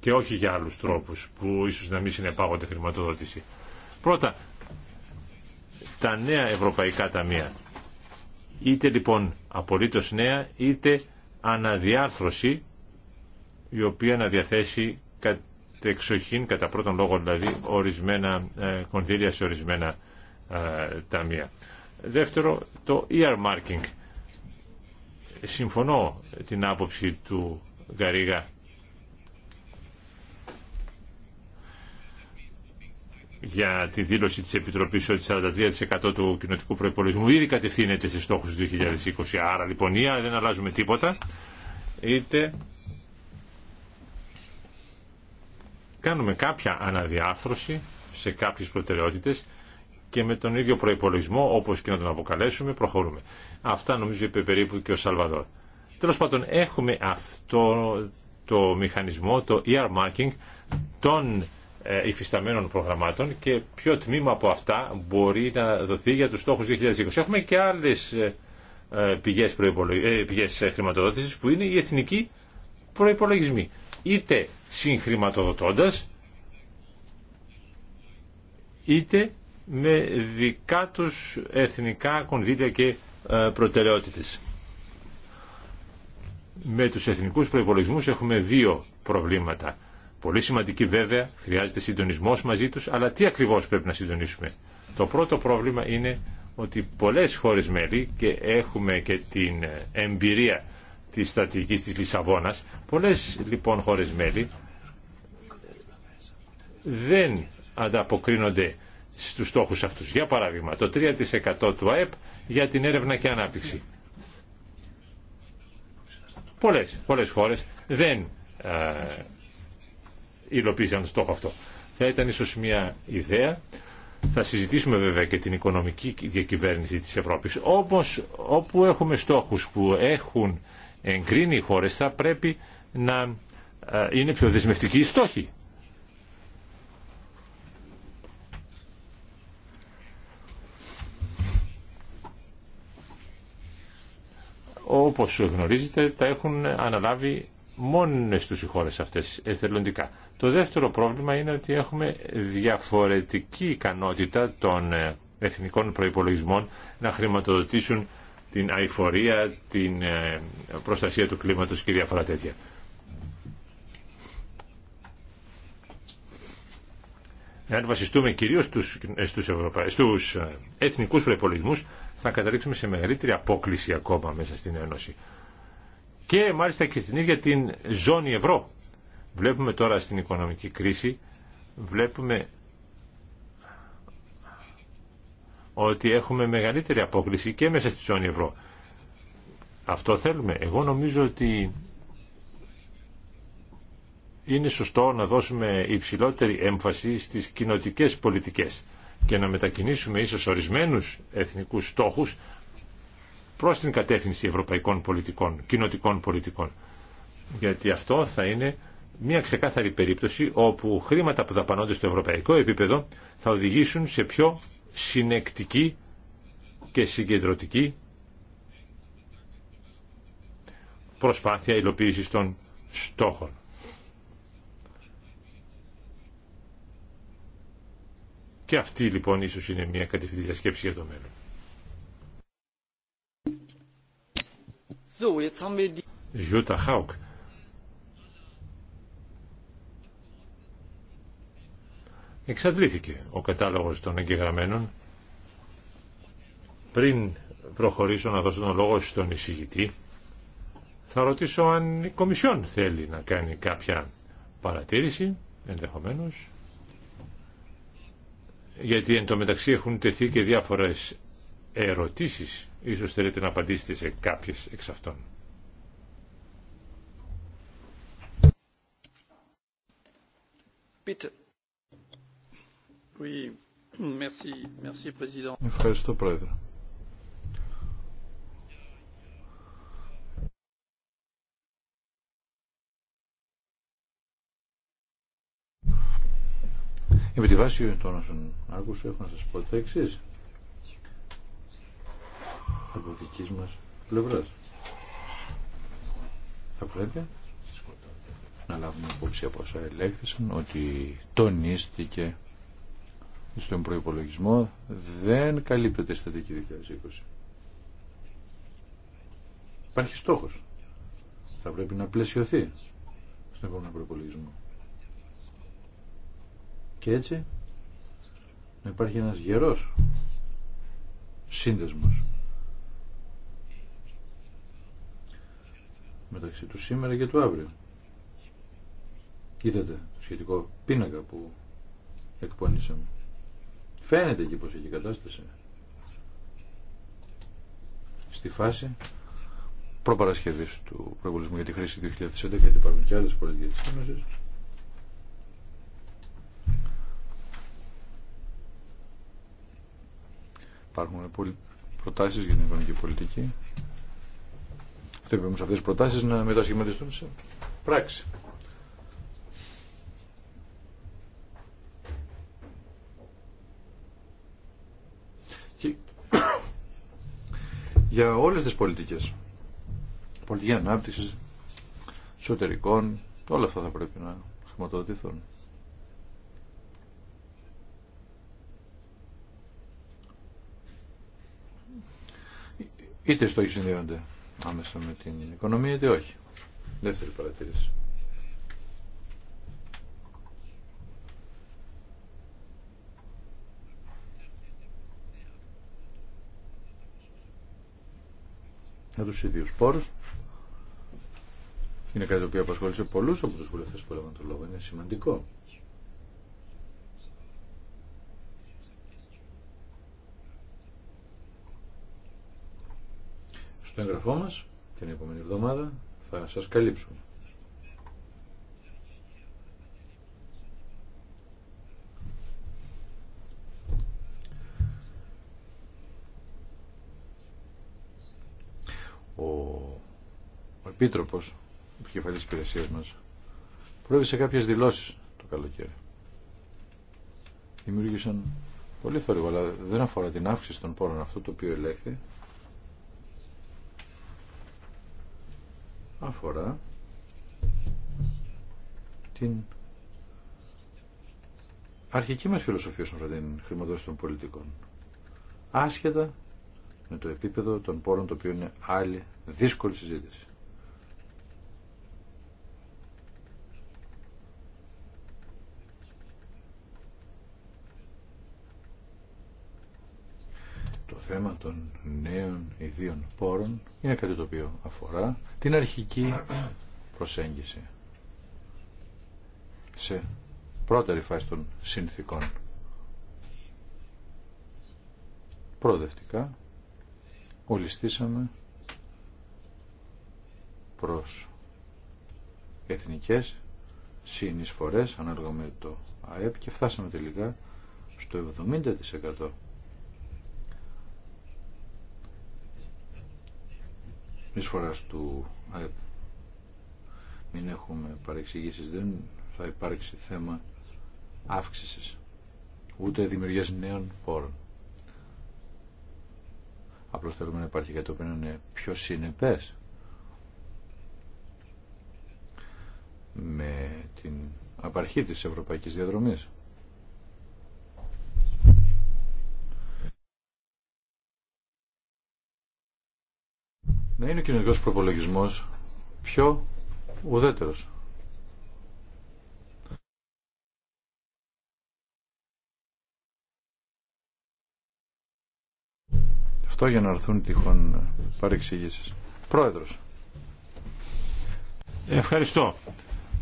[SPEAKER 4] και όχι για άλλους τρόπους που ίσως να μην συνεπάγονται χρηματοδότηση. Πρώτα, τα νέα ευρωπαϊκά ταμεία. Είτε λοιπόν απολύτως νέα, είτε αναδιάρθρωση η οποία να διαθέσει εξοχήν, κατά πρώτον λόγο δηλαδή, ορισμένα ε, κονδύλια σε ορισμένα ε, ταμεία. Δεύτερο, το earmarking. Συμφωνώ την άποψη του Γαρίγα για τη δήλωση της Επιτροπής ότι 43% του κοινοτικού προϋπολογισμού ήδη κατευθύνεται σε στόχους του 2020. Άρα λοιπόν ή δεν αλλάζουμε τίποτα, είτε κάνουμε κάποια αναδιάρθρωση σε κάποιες προτεραιότητες και με τον ίδιο προϋπολογισμό, όπως και να τον αποκαλέσουμε, προχωρούμε. Αυτά νομίζω είπε περίπου και ο Σαλβαδόρ. Τέλος πάντων, έχουμε αυτό το μηχανισμό, το earmarking των ε, υφισταμένων προγραμμάτων και ποιο τμήμα από αυτά μπορεί να δοθεί για τους στόχους 2020. Έχουμε και άλλες ε, ε, πηγές, πηγές χρηματοδότησης που είναι οι εθνικοί προϋπολογισμοί. Είτε συγχρηματοδοτώντας, είτε με δικά τους εθνικά κονδύλια και προτεραιότητες. Με τους εθνικούς προϋπολογισμούς έχουμε δύο προβλήματα Πολύ σημαντική βέβαια, χρειάζεται συντονισμό μαζί του, αλλά τι ακριβώ πρέπει να συντονίσουμε. Το πρώτο πρόβλημα είναι ότι πολλέ χώρε μέλη και έχουμε και την εμπειρία τη στρατηγική τη Λισαβόνα, πολλέ λοιπόν χώρε μέλη δεν ανταποκρίνονται στου στόχου αυτού. Για παράδειγμα, το 3% του ΑΕΠ για την έρευνα και ανάπτυξη. Πολλέ πολλές χώρε δεν ε, υλοποίησαν το στόχο αυτό. Θα ήταν ίσως μια ιδέα. Θα συζητήσουμε βέβαια και την οικονομική διακυβέρνηση της Ευρώπης. Όπως όπου έχουμε στόχους που έχουν εγκρίνει οι χώρες θα πρέπει να ε, είναι πιο δεσμευτικοί οι στόχοι. Όπως γνωρίζετε τα έχουν αναλάβει μόνες τους οι χώρες αυτές εθελοντικά. Το δεύτερο πρόβλημα είναι ότι έχουμε διαφορετική ικανότητα των ε, εθνικών προϋπολογισμών να χρηματοδοτήσουν την αηφορία, την ε, προστασία του κλίματος και διάφορα τέτοια. Εάν βασιστούμε κυρίως στους, ε, στους, Ευρωπα... στους εθνικούς προϋπολογισμούς, θα καταλήξουμε σε μεγαλύτερη απόκληση ακόμα μέσα στην Ένωση και μάλιστα και στην ίδια την ζώνη ευρώ. Βλέπουμε τώρα στην οικονομική κρίση, βλέπουμε ότι έχουμε μεγαλύτερη απόκληση και μέσα στη ζώνη ευρώ. Αυτό θέλουμε. Εγώ νομίζω ότι είναι σωστό να δώσουμε υψηλότερη έμφαση στις κοινοτικές πολιτικές και να μετακινήσουμε ίσως ορισμένους εθνικούς στόχους προς την κατεύθυνση ευρωπαϊκών πολιτικών, κοινοτικών πολιτικών. Γιατί αυτό θα είναι μια ξεκάθαρη περίπτωση όπου χρήματα που δαπανώνται στο ευρωπαϊκό επίπεδο θα οδηγήσουν σε πιο συνεκτική και συγκεντρωτική προσπάθεια υλοποίησης των στόχων. Και αυτή λοιπόν ίσως είναι μια κατευθυντική σκέψη για το μέλλον.
[SPEAKER 2] So, jetzt haben wir
[SPEAKER 4] Εξαντλήθηκε ο κατάλογος των εγγεγραμμένων. Πριν προχωρήσω να δώσω τον λόγο στον εισηγητή, θα ρωτήσω αν η Κομισιόν θέλει να κάνει κάποια παρατήρηση, ενδεχομένως, γιατί εν τω μεταξύ έχουν τεθεί και διάφορες ερωτήσεις Ίσως θέλετε να απαντήσετε σε κάποιες εξ αυτών.
[SPEAKER 3] Ευχαριστώ, Πρόεδρε. Επί τη βάση των όσων άκουσα, έχω να σας πω τα εξής από δική μας πλευρά. Θα πρέπει να λάβουμε υπόψη από όσα ελέγχθησαν ότι τονίστηκε στον προϋπολογισμό δεν καλύπτεται η στατική 2020. Υπάρχει στόχος. Θα πρέπει να πλαισιωθεί στον επόμενο προϋπολογισμό. Και έτσι να υπάρχει ένας γερός σύνδεσμος μεταξύ του σήμερα και του αύριο. Είδατε το σχετικό πίνακα που εκπονήσαμε. Φαίνεται εκεί πως έχει κατάσταση. Στη φάση προπαρασκευής του προεγγολισμού για τη χρήση 2011 γιατί υπάρχουν και άλλες πολιτικές της Ένωσης. Υπάρχουν προτάσεις για την οικονομική πολιτική θα πρέπει όμως αυτές τις προτάσεις να μετασχηματιστούν σε πράξη. <coughs> για όλες τις πολιτικές, πολιτική ανάπτυξη, εσωτερικών, όλα αυτά θα πρέπει να χρηματοδοτηθούν. Είτε έχει συνδέονται άμεσα με την οικονομία ή όχι. Δεύτερη παρατήρηση. με τους ίδιους πόρους. Είναι κάτι το οποίο απασχόλησε πολλούς από τους βουλευτές που έλαβαν το λόγο. Είναι σημαντικό. στο εγγραφό μας την επόμενη εβδομάδα θα σας καλύψουμε. Ο, ο Επίτροπος, ο επικεφαλής υπηρεσίας μας, πρόεδρε κάποιες δηλώσεις το καλοκαίρι. Δημιούργησαν πολύ θόρυβο, αλλά δεν αφορά την αύξηση των πόρων αυτού το οποίο ελέγχθη, αφορά την αρχική μας φιλοσοφία όσον αφορά την χρηματοδότηση των πολιτικών. Άσχετα με το επίπεδο των πόρων, το οποίο είναι άλλη δύσκολη συζήτηση. θέμα των νέων ιδίων πόρων είναι κάτι το οποίο αφορά την αρχική προσέγγιση σε πρώτερη φάση των συνθήκων. Προοδευτικά ολιστήσαμε προς εθνικές συνεισφορές ανάλογα με το ΑΕΠ και φτάσαμε τελικά στο 70% εισφοράς του ΑΕΠ. Μην έχουμε παρεξηγήσεις, δεν θα υπάρξει θέμα αύξησης, ούτε δημιουργίας νέων πόρων. Απλώς θέλουμε να υπάρχει κάτι που είναι πιο συνεπές με την απαρχή της ευρωπαϊκής διαδρομής. να είναι ο κοινωνικό προπολογισμό πιο ουδέτερος. Αυτό για να έρθουν τυχόν παρεξηγήσει.
[SPEAKER 4] Πρόεδρο. Ευχαριστώ.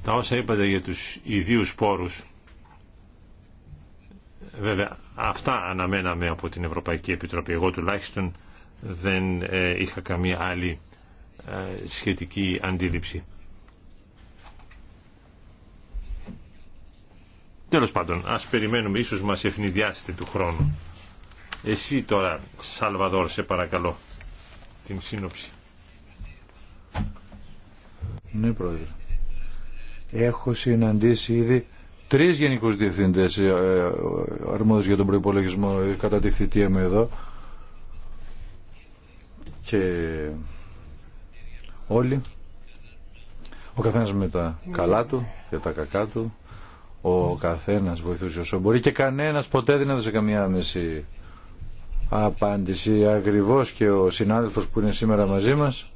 [SPEAKER 4] Τα όσα είπατε για τους ιδίους πόρους, βέβαια αυτά αναμέναμε από την Ευρωπαϊκή Επιτροπή, εγώ τουλάχιστον δεν ε, είχα καμία άλλη ε, σχετική αντίληψη. Τέλος πάντων, ας περιμένουμε, ίσως μας ευνηδιάσετε του χρόνου. Εσύ τώρα, Σαλβαδόρ, σε παρακαλώ, την σύνοψη.
[SPEAKER 3] Ναι, Πρόεδρε. Έχω συναντήσει ήδη τρεις γενικούς διευθυντές ε, αρμόδιους για τον προϋπολογισμό κατά τη θητεία μου εδώ και όλοι ο καθένας με τα καλά του και τα κακά του ο καθένας βοηθούσε όσο μπορεί και κανένας ποτέ δεν έδωσε καμία άμεση απάντηση ακριβώς και ο συνάδελφος που είναι σήμερα μαζί μας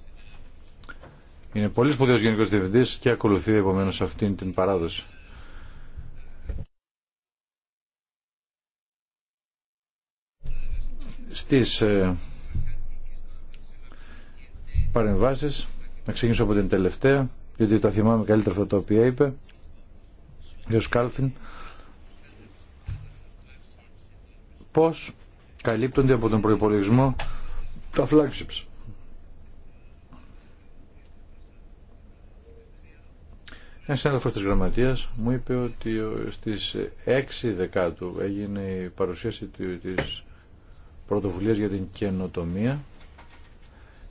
[SPEAKER 3] είναι πολύ σπουδαίος γενικός διευθυντής και ακολουθεί επομένως αυτήν την παράδοση. Στις ε, παρεμβάσεις. Να ξεκινήσω από την τελευταία, γιατί τα θυμάμαι καλύτερα αυτά τα οποία είπε. Ο Σκάλφιν. Πώς καλύπτονται από τον προϋπολογισμό τα flagships. Ένα συνάδελφο τη Γραμματεία μου είπε ότι στι 6 Δεκάτου έγινε η παρουσίαση τη πρωτοβουλία για την καινοτομία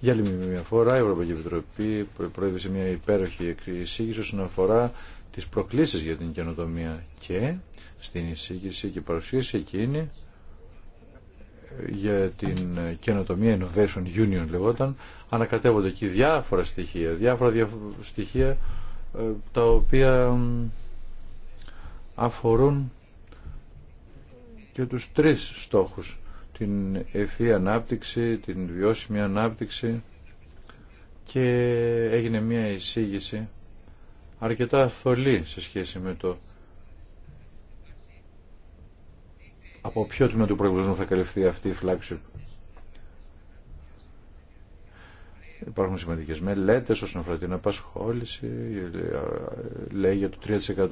[SPEAKER 3] για άλλη μια φορά η Ευρωπαϊκή Επιτροπή προέβησε μια υπέροχη εισήγηση όσον αφορά τις προκλήσεις για την καινοτομία και στην εισήγηση και παρουσίαση εκείνη για την καινοτομία Innovation Union λεγόταν ανακατεύονται εκεί διάφορα στοιχεία διάφορα στοιχεία ε, τα οποία αφορούν και τους τρεις στόχους την ευφύ ανάπτυξη, την βιώσιμη ανάπτυξη και έγινε μια εισήγηση αρκετά θολή σε σχέση με το από ποιο τμήμα του προεκλογισμού θα καλυφθεί αυτή η φλάξη. Υπάρχουν σημαντικέ μελέτε όσον αφορά την απασχόληση. Λέει για το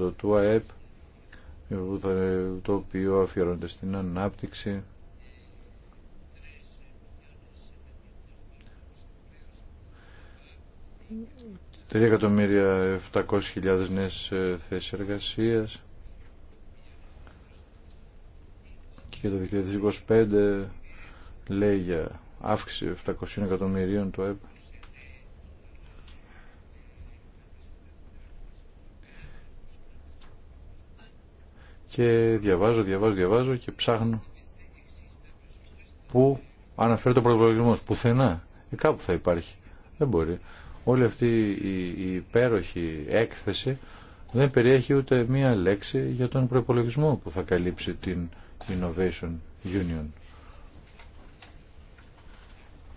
[SPEAKER 3] 3% του ΑΕΠ, το οποίο αφιερώνεται στην ανάπτυξη. 3 εκατομμύρια 700.000 νέες ε, θέσεις εργασίας και το 2025 λέει για αύξηση 700 εκατομμυρίων το ΕΠ. Και διαβάζω, διαβάζω, διαβάζω και ψάχνω πού αναφέρει το πρωτοπολογισμός. Πουθενά. ή ε, κάπου θα υπάρχει. Δεν μπορεί όλη αυτή η υπέροχη έκθεση δεν περιέχει ούτε μία λέξη για τον προπολογισμό που θα καλύψει την Innovation Union.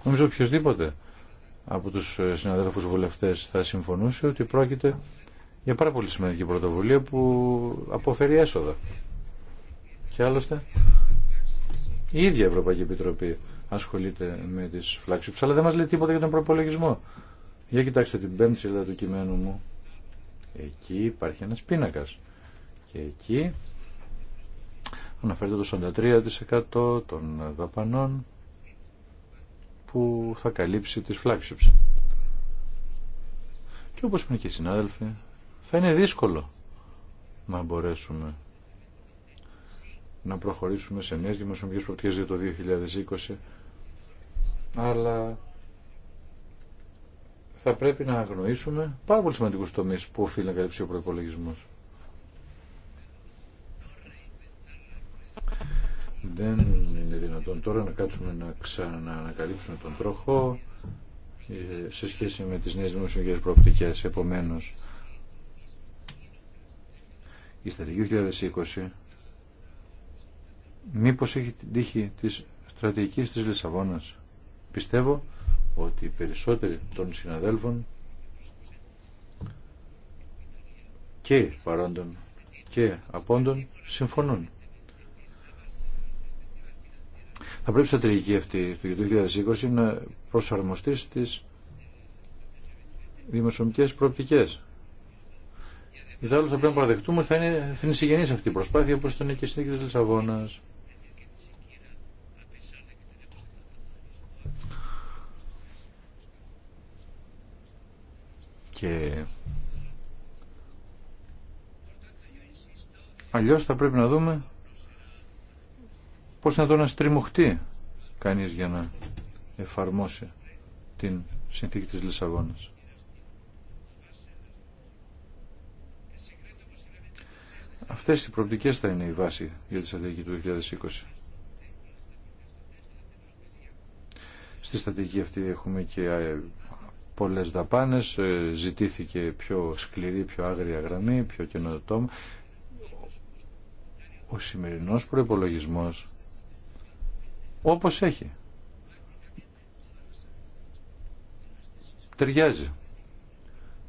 [SPEAKER 3] Νομίζω οποιοδήποτε από τους συναδέλφους βουλευτές θα συμφωνούσε ότι πρόκειται για πάρα πολύ σημαντική πρωτοβουλία που αποφέρει έσοδα. Και άλλωστε η ίδια Ευρωπαϊκή Επιτροπή ασχολείται με τις φλάξεις αλλά δεν μας λέει τίποτα για τον προπολογισμό. Για κοιτάξτε την πέμπτη σελίδα του κειμένου μου. Εκεί υπάρχει ένας πίνακας. Και εκεί αναφέρεται το 43% των δαπανών που θα καλύψει τις flagships. Και όπως είπαν και οι συνάδελφοι, θα είναι δύσκολο να μπορέσουμε να προχωρήσουμε σε νέες δημοσιομικές προοπτικές για το 2020, αλλά θα πρέπει να αγνοήσουμε πάρα πολύ σημαντικού τομεί που οφείλει να καλύψει ο προπολογισμό. Δεν είναι δυνατόν τώρα να κάτσουμε να ξαναανακαλύψουμε τον τροχό ε, σε σχέση με τις νέες δημοσιογικές προοπτικές. Επομένως, η στρατηγική 2020 μήπως έχει την τύχη της στρατηγικής της Λισαβόνας. Πιστεύω ότι οι περισσότεροι των συναδέλφων και παρόντων και απόντων συμφωνούν. Θα πρέπει η στρατηγική αυτή του 2020 να προσαρμοστεί στις δημοσιομικές προοπτικές. Για θα πρέπει να παραδεχτούμε θα είναι, θα είναι αυτή η προσπάθεια όπως ήταν και η συνθήκη της Λισαβόνας. και αλλιώς θα πρέπει να δούμε πώς να το να κανείς για να εφαρμόσει την συνθήκη της Λισαβόνας. Αυτές οι προοπτικές θα είναι η βάση για τη στρατηγική του 2020. Στη στρατηγική αυτή έχουμε και πολλές δαπάνες, ε, ζητήθηκε πιο σκληρή, πιο άγρια γραμμή, πιο καινοτόμα. Ο σημερινός προϋπολογισμός, όπως έχει, ταιριάζει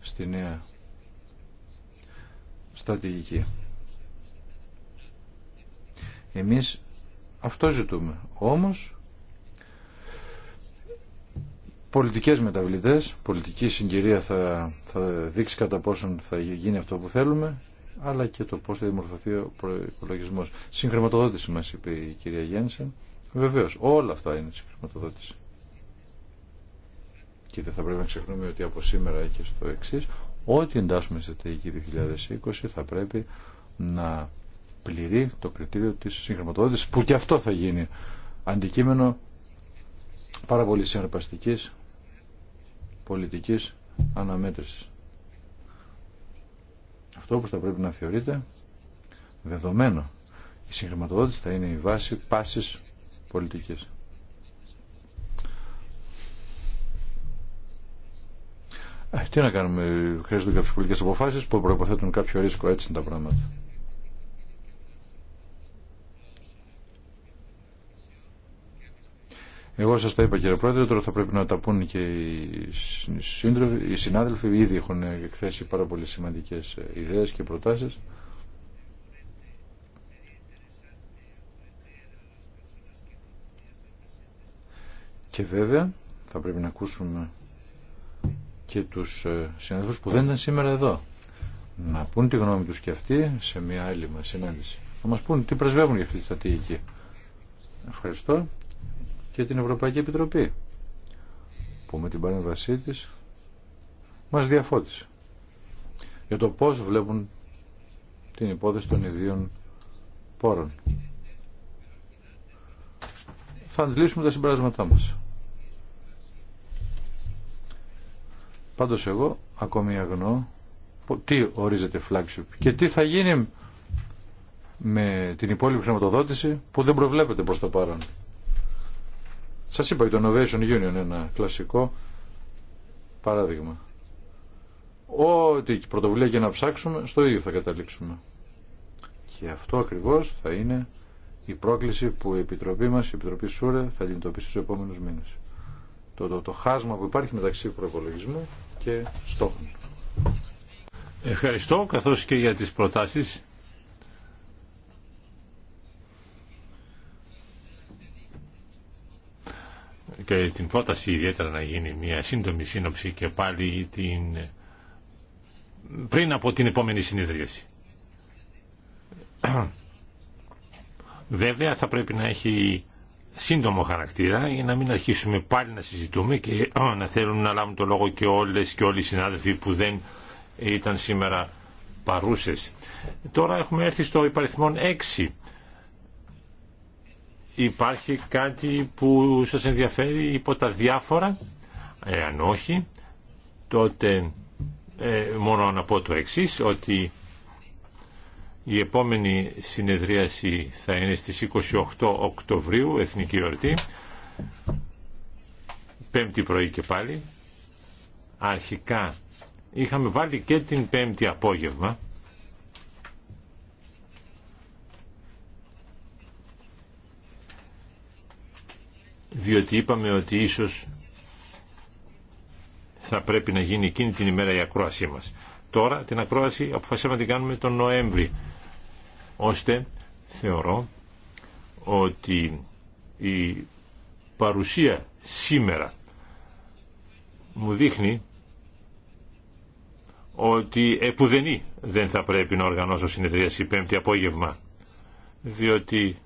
[SPEAKER 3] στη νέα στρατηγική. Εμείς αυτό ζητούμε. Όμως πολιτικές μεταβλητές, πολιτική συγκυρία θα, θα δείξει κατά πόσον θα γίνει αυτό που θέλουμε, αλλά και το πώς θα δημορφωθεί ο προϋπολογισμός. Συγχρηματοδότηση μας είπε η κυρία Γένσεν. Βεβαίως, όλα αυτά είναι συγχρηματοδότηση. Και δεν θα πρέπει να ξεχνούμε ότι από σήμερα και στο εξή, ό,τι εντάσσουμε στη στρατηγική 2020 θα πρέπει να πληρεί το κριτήριο της συγχρηματοδότησης, που και αυτό θα γίνει αντικείμενο πάρα πολύ συναρπαστικής πολιτικής αναμέτρησης. Αυτό όπως θα πρέπει να θεωρείται δεδομένο. Η συγχρηματοδότηση θα είναι η βάση πάσης πολιτικής. Ε, τι να κάνουμε, χρειάζονται κάποιε πολιτικέ αποφάσει που προποθέτουν κάποιο ρίσκο. Έτσι είναι τα πράγματα. Εγώ σα τα είπα κύριε Πρόεδρε, τώρα θα πρέπει να τα πούν και οι, συνάδελφοι. Ήδη έχουν εκθέσει πάρα πολύ σημαντικέ ε, ιδέε και προτάσει. Και βέβαια θα πρέπει να ακούσουμε και τους ε, συναδέλφους που δεν ήταν σήμερα εδώ. Να πούν τη γνώμη τους και αυτοί σε μια άλλη μας συνάντηση. Να μας πούν τι πρεσβεύουν για αυτή τη στρατηγική. Ευχαριστώ και την Ευρωπαϊκή Επιτροπή που με την παρέμβασή της μας διαφώτισε για το πώς βλέπουν την υπόθεση των ιδίων πόρων. Θα αντλήσουμε τα συμπεράσματά μας. Πάντως εγώ ακόμη αγνώ τι ορίζεται flagship και τι θα γίνει με την υπόλοιπη χρηματοδότηση που δεν προβλέπεται προς το παρόν. Σας είπα το Innovation Union ένα κλασικό παράδειγμα. Ό,τι πρωτοβουλία και να ψάξουμε, στο ίδιο θα καταλήξουμε. Και αυτό ακριβώς θα είναι η πρόκληση που η Επιτροπή μας, η Επιτροπή ΣΟΥΡΕ, θα αντιμετωπίσει στους επόμενους μήνες. Το, χάσμα που υπάρχει μεταξύ προπολογισμού
[SPEAKER 4] και στόχων. Ευχαριστώ καθώς και για τις προτάσεις και την πρόταση ιδιαίτερα να γίνει μια σύντομη σύνοψη και πάλι την... πριν από την επόμενη συνεδρίαση. Βέβαια θα πρέπει να έχει σύντομο χαρακτήρα για να μην αρχίσουμε πάλι να συζητούμε και να θέλουν να λάβουν το λόγο και όλες και όλοι οι συνάδελφοι που δεν ήταν σήμερα παρούσες. Τώρα έχουμε έρθει στο υπαριθμόν 6 Υπάρχει κάτι που σας ενδιαφέρει υπό τα διάφορα. αν όχι, τότε ε, μόνο να πω το εξής, ότι η επόμενη συνεδρίαση θα είναι στις 28 Οκτωβρίου, Εθνική Ορτή, πέμπτη πρωί και πάλι. Αρχικά είχαμε βάλει και την πέμπτη απόγευμα, διότι είπαμε ότι ίσως θα πρέπει να γίνει εκείνη την ημέρα η ακρόασή μας. Τώρα την ακρόαση αποφασίσαμε να την κάνουμε τον Νοέμβρη, ώστε θεωρώ ότι η παρουσία σήμερα μου δείχνει ότι επουδενή δεν θα πρέπει να οργανώσω συνεδρίαση πέμπτη απόγευμα, διότι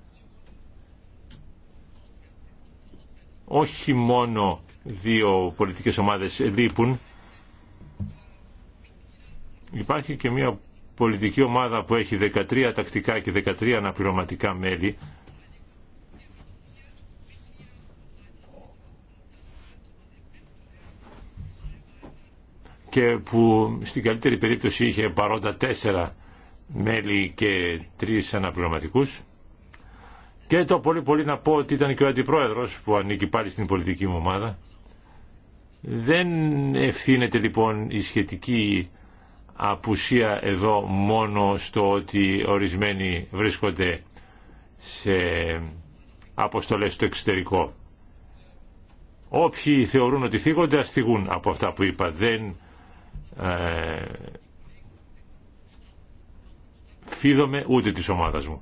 [SPEAKER 4] όχι μόνο δύο πολιτικές ομάδες λείπουν, υπάρχει και μια πολιτική ομάδα που έχει 13 τακτικά και 13 αναπληρωματικά μέλη, και που στην καλύτερη περίπτωση είχε παρόντα τέσσερα μέλη και τρεις αναπληρωματικούς. Και το πολύ πολύ να πω ότι ήταν και ο αντιπρόεδρος που ανήκει πάλι στην πολιτική μου ομάδα. Δεν ευθύνεται λοιπόν η σχετική απουσία εδώ μόνο στο ότι ορισμένοι βρίσκονται σε αποστολές στο εξωτερικό. Όποιοι θεωρούν ότι θίγονται αστιγούν από αυτά που είπα. Δεν ε, φίδομαι ούτε της ομάδας μου.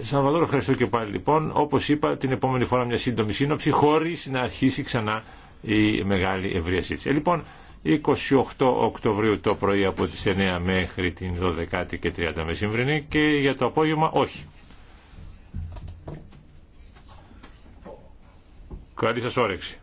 [SPEAKER 4] Σαν ευχαριστώ και πάλι λοιπόν. Όπως είπα, την επόμενη φορά μια σύντομη σύνοψη, χωρίς να αρχίσει ξανά η μεγάλη ευρεία σύντηση. Ε, λοιπόν, 28 Οκτωβρίου το πρωί από τις 9 μέχρι την 12η και 30 μεσημβρινή και για το απόγευμα όχι. Καλή σας όρεξη.